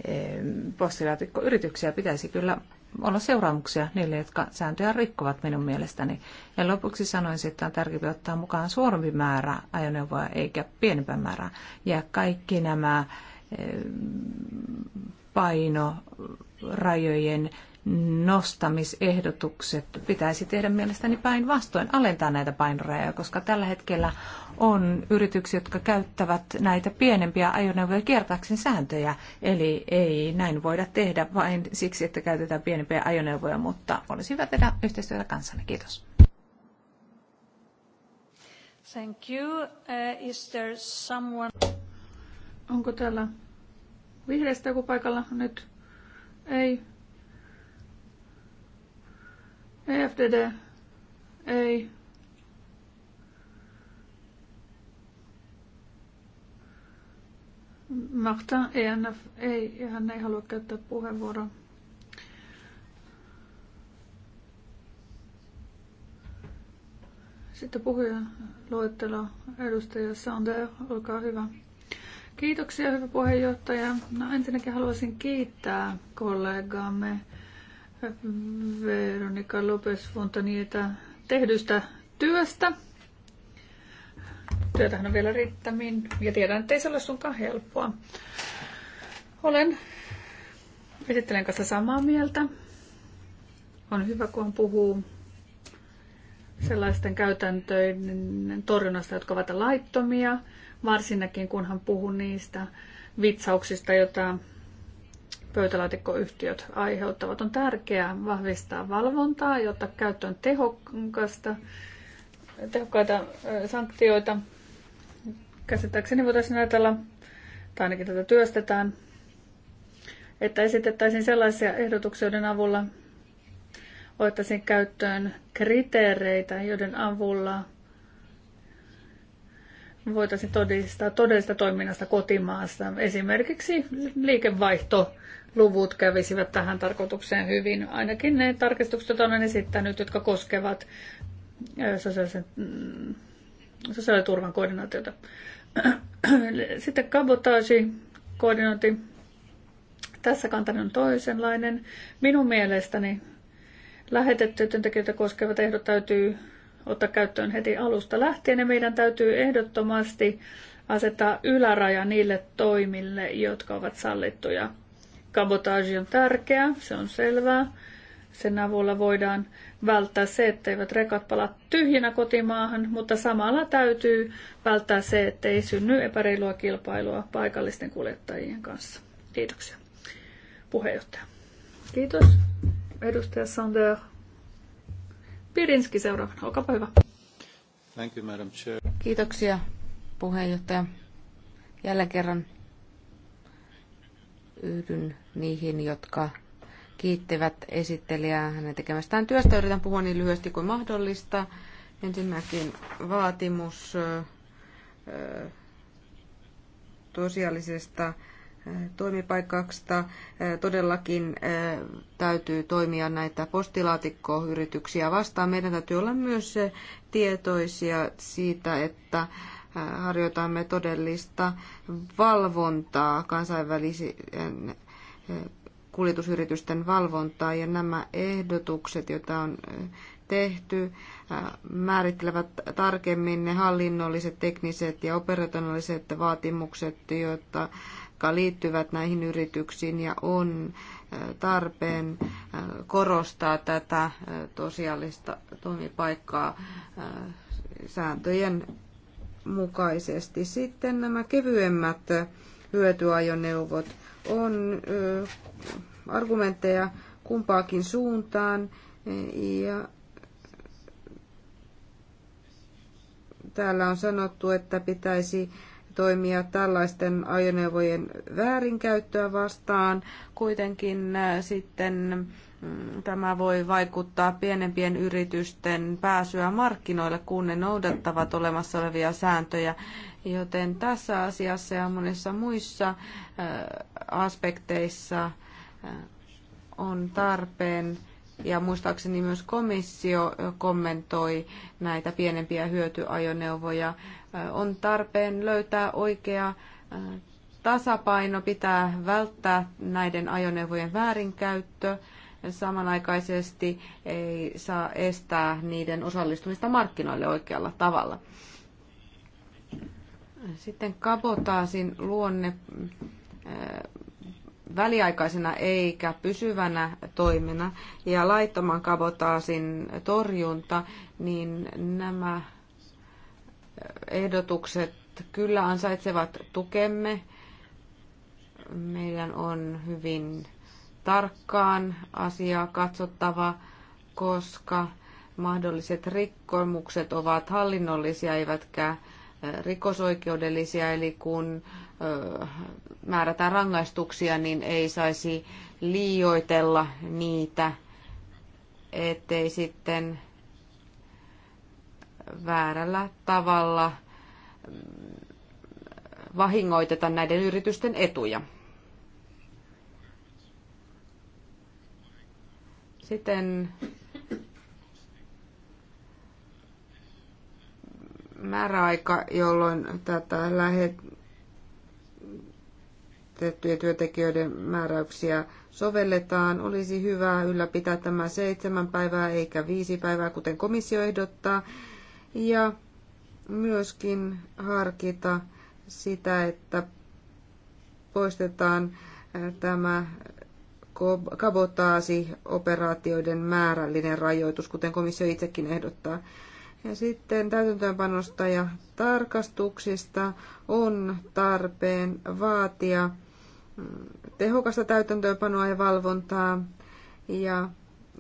eh, postilaatikkoyrityksiä. Pitäisi kyllä olla seuraamuksia niille, jotka sääntöjä rikkovat minun mielestäni. Ja lopuksi sanoin, että on tärkeää ottaa mukaan suurempi määrä ajoneuvoja eikä pienempää määrää. Ja kaikki nämä eh, painorajojen nostamisehdotukset pitäisi tehdä mielestäni päinvastoin, alentaa näitä painorajoja, koska tällä hetkellä on yrityksiä, jotka käyttävät näitä pienempiä ajoneuvoja kiertääkseen sääntöjä. Eli ei näin voida tehdä vain siksi, että käytetään pienempiä ajoneuvoja, mutta olisi hyvä tehdä yhteistyötä kanssanne. Kiitos. Thank you. Uh, is there someone... Onko täällä vihreästä joku paikalla nyt? Ei. EFDD. Ei. Nahta, ENF, ei, hän ei halua käyttää puheenvuoroa. Sitten puhuja luettelo edustaja Sander, olkaa hyvä. Kiitoksia, hyvä puheenjohtaja. No, ensinnäkin haluaisin kiittää kollegaamme Veronika Lopes Fontanieta tehdystä työstä. Työtähän on vielä riittämin ja tiedän, että ei se ole sunkaan helppoa. Olen esittelen kanssa samaa mieltä. On hyvä, kun puhuu sellaisten käytäntöiden torjunnasta, jotka ovat laittomia, varsinkin kunhan puhuu niistä vitsauksista, joita pöytälaatikkoyhtiöt aiheuttavat. On tärkeää vahvistaa valvontaa jotta käyttö käyttöön tehokasta, tehokkaita sanktioita Käsittääkseni voitaisiin ajatella, tai ainakin tätä työstetään, että esitettäisiin sellaisia ehdotuksia, joiden avulla voitaisiin käyttöön kriteereitä, joiden avulla voitaisiin todistaa todellista toiminnasta kotimaassa. Esimerkiksi liikevaihtoluvut kävisivät tähän tarkoitukseen hyvin. Ainakin ne tarkistukset, joita olen esittänyt, jotka koskevat sosiaalisen, mm, sosiaaliturvan koordinaatiota. Sitten kabotaasi, koordinointi. Tässä kantani on toisenlainen. Minun mielestäni lähetettyä työntekijöitä koskevat ehdot täytyy ottaa käyttöön heti alusta lähtien ja meidän täytyy ehdottomasti asettaa yläraja niille toimille, jotka ovat sallittuja. Kabotaasi on tärkeä, se on selvää. Sen avulla voidaan välttää se, etteivät rekat palaa tyhjinä kotimaahan, mutta samalla täytyy välttää se, ettei synny epäreilua kilpailua paikallisten kuljettajien kanssa. Kiitoksia. Puheenjohtaja. Kiitos. Edustaja Sander Pirinski seuraavana. Olkaapa hyvä. Thank you, Madam Chair. Kiitoksia puheenjohtaja. Jälleen kerran yhdyn niihin, jotka kiittävät esittelijää hänen tekemästään työstä. Yritän puhua niin lyhyesti kuin mahdollista. Ensinnäkin vaatimus tosiaalisesta toimipaikasta. Todellakin täytyy toimia näitä postilaatikkoyrityksiä vastaan. Meidän täytyy olla myös tietoisia siitä, että harjoitamme todellista valvontaa kansainvälisen kuljetusyritysten valvontaa ja nämä ehdotukset, joita on tehty, määrittelevät tarkemmin ne hallinnolliset, tekniset ja operationaaliset vaatimukset, joita jotka liittyvät näihin yrityksiin ja on tarpeen korostaa tätä tosiaalista toimipaikkaa sääntöjen mukaisesti. Sitten nämä kevyemmät hyötyajoneuvot on argumentteja kumpaakin suuntaan. Ja täällä on sanottu, että pitäisi toimia tällaisten ajoneuvojen väärinkäyttöä vastaan. Kuitenkin äh, sitten mm, tämä voi vaikuttaa pienempien yritysten pääsyä markkinoille, kun ne noudattavat olemassa olevia sääntöjä. Joten tässä asiassa ja monissa muissa äh, aspekteissa on tarpeen. Ja muistaakseni myös komissio kommentoi näitä pienempiä hyötyajoneuvoja. On tarpeen löytää oikea tasapaino, pitää välttää näiden ajoneuvojen väärinkäyttö. Samanaikaisesti ei saa estää niiden osallistumista markkinoille oikealla tavalla. Sitten kabotaasin luonne väliaikaisena eikä pysyvänä toimena ja laittoman kabotaasin torjunta, niin nämä ehdotukset kyllä ansaitsevat tukemme. Meidän on hyvin tarkkaan asiaa katsottava, koska mahdolliset rikkomukset ovat hallinnollisia eivätkä rikosoikeudellisia, eli kun määrätään rangaistuksia, niin ei saisi liioitella niitä, ettei sitten väärällä tavalla mm, vahingoiteta näiden yritysten etuja. Sitten mm, määräaika, jolloin tätä lähet, tiettyjen työntekijöiden määräyksiä sovelletaan. Olisi hyvä ylläpitää tämä seitsemän päivää eikä viisi päivää, kuten komissio ehdottaa. Ja myöskin harkita sitä, että poistetaan äh, tämä kabotaasioperaatioiden määrällinen rajoitus, kuten komissio itsekin ehdottaa. Ja sitten täytäntöönpanosta ja tarkastuksista on tarpeen vaatia tehokasta täytäntöönpanoa ja valvontaa. Ja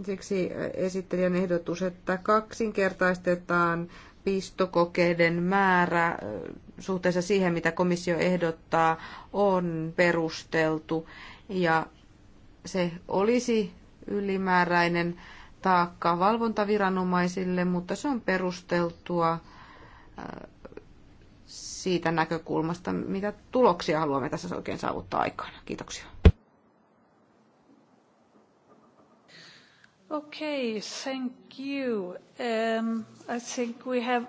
siksi esittelijän ehdotus, että kaksinkertaistetaan pistokokeiden määrä suhteessa siihen, mitä komissio ehdottaa, on perusteltu. Ja se olisi ylimääräinen taakka valvontaviranomaisille, mutta se on perusteltua siitä näkökulmasta, mitä tuloksia haluamme tässä oikein saavuttaa aikana. Kiitoksia. Okay, thank you. Um, I think we have...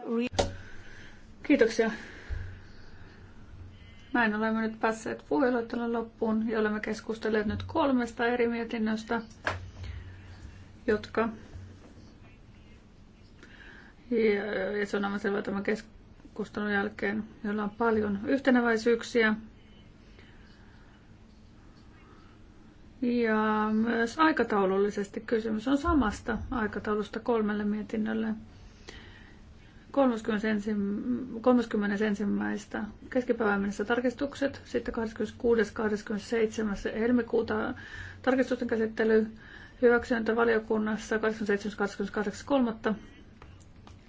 Kiitoksia. Näin olemme nyt päässeet puheluettelun loppuun ja olemme keskustelleet nyt kolmesta eri mietinnöstä, jotka... Ja, ja se on aivan selvä tämä keskustelu keskustelun jälkeen, jolla on paljon yhteneväisyyksiä. Ja myös aikataulullisesti kysymys on samasta aikataulusta kolmelle mietinnölle. 31. 31. keskipäivän mennessä tarkistukset, sitten 26. 27. helmikuuta tarkistusten käsittely hyväksyntä valiokunnassa 27. 28. 3.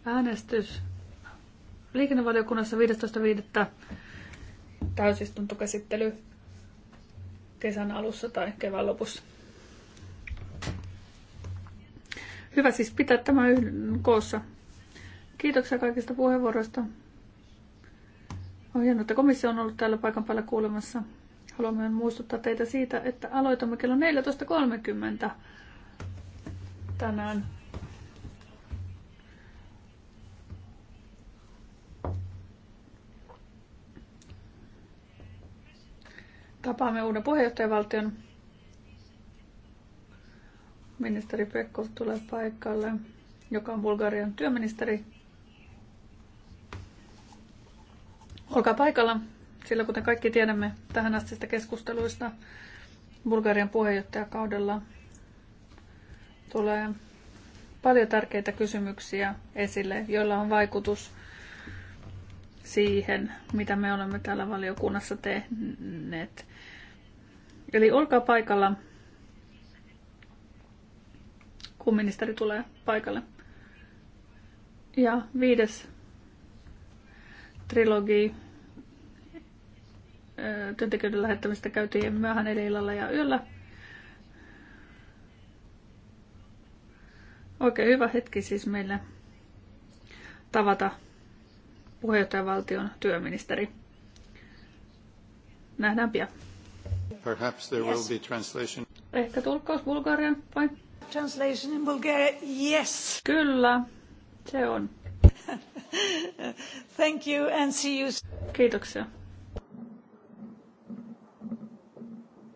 äänestys liikennevaliokunnassa 15.5. täysistuntokäsittely kesän alussa tai kevään lopussa. Hyvä siis pitää tämä yhden koossa. Kiitoksia kaikista puheenvuoroista. On hienoa, että komissio on ollut täällä paikan päällä kuulemassa. Haluamme muistuttaa teitä siitä, että aloitamme kello 14.30 tänään. Tapaamme uuden puheenjohtajavaltion. Ministeri Pekko tulee paikalle, joka on Bulgarian työministeri. Olkaa paikalla, sillä kuten kaikki tiedämme tähän astista keskusteluista, Bulgarian puheenjohtajakaudella tulee paljon tärkeitä kysymyksiä esille, joilla on vaikutus siihen, mitä me olemme täällä valiokunnassa tehneet. Eli olkaa paikalla, kun ministeri tulee paikalle. Ja viides trilogi työntekijöiden lähettämistä käytiin myöhään edellä ja yöllä. Oikein hyvä hetki siis meille tavata puheenjohtajavaltion työministeri. Nähdään pian. Perhaps there will be translation. Ehkä tulkkaus Bulgarian vai? Translation in Bulgaria, yes. Kyllä, se on. Thank you and see you. Kiitoksia.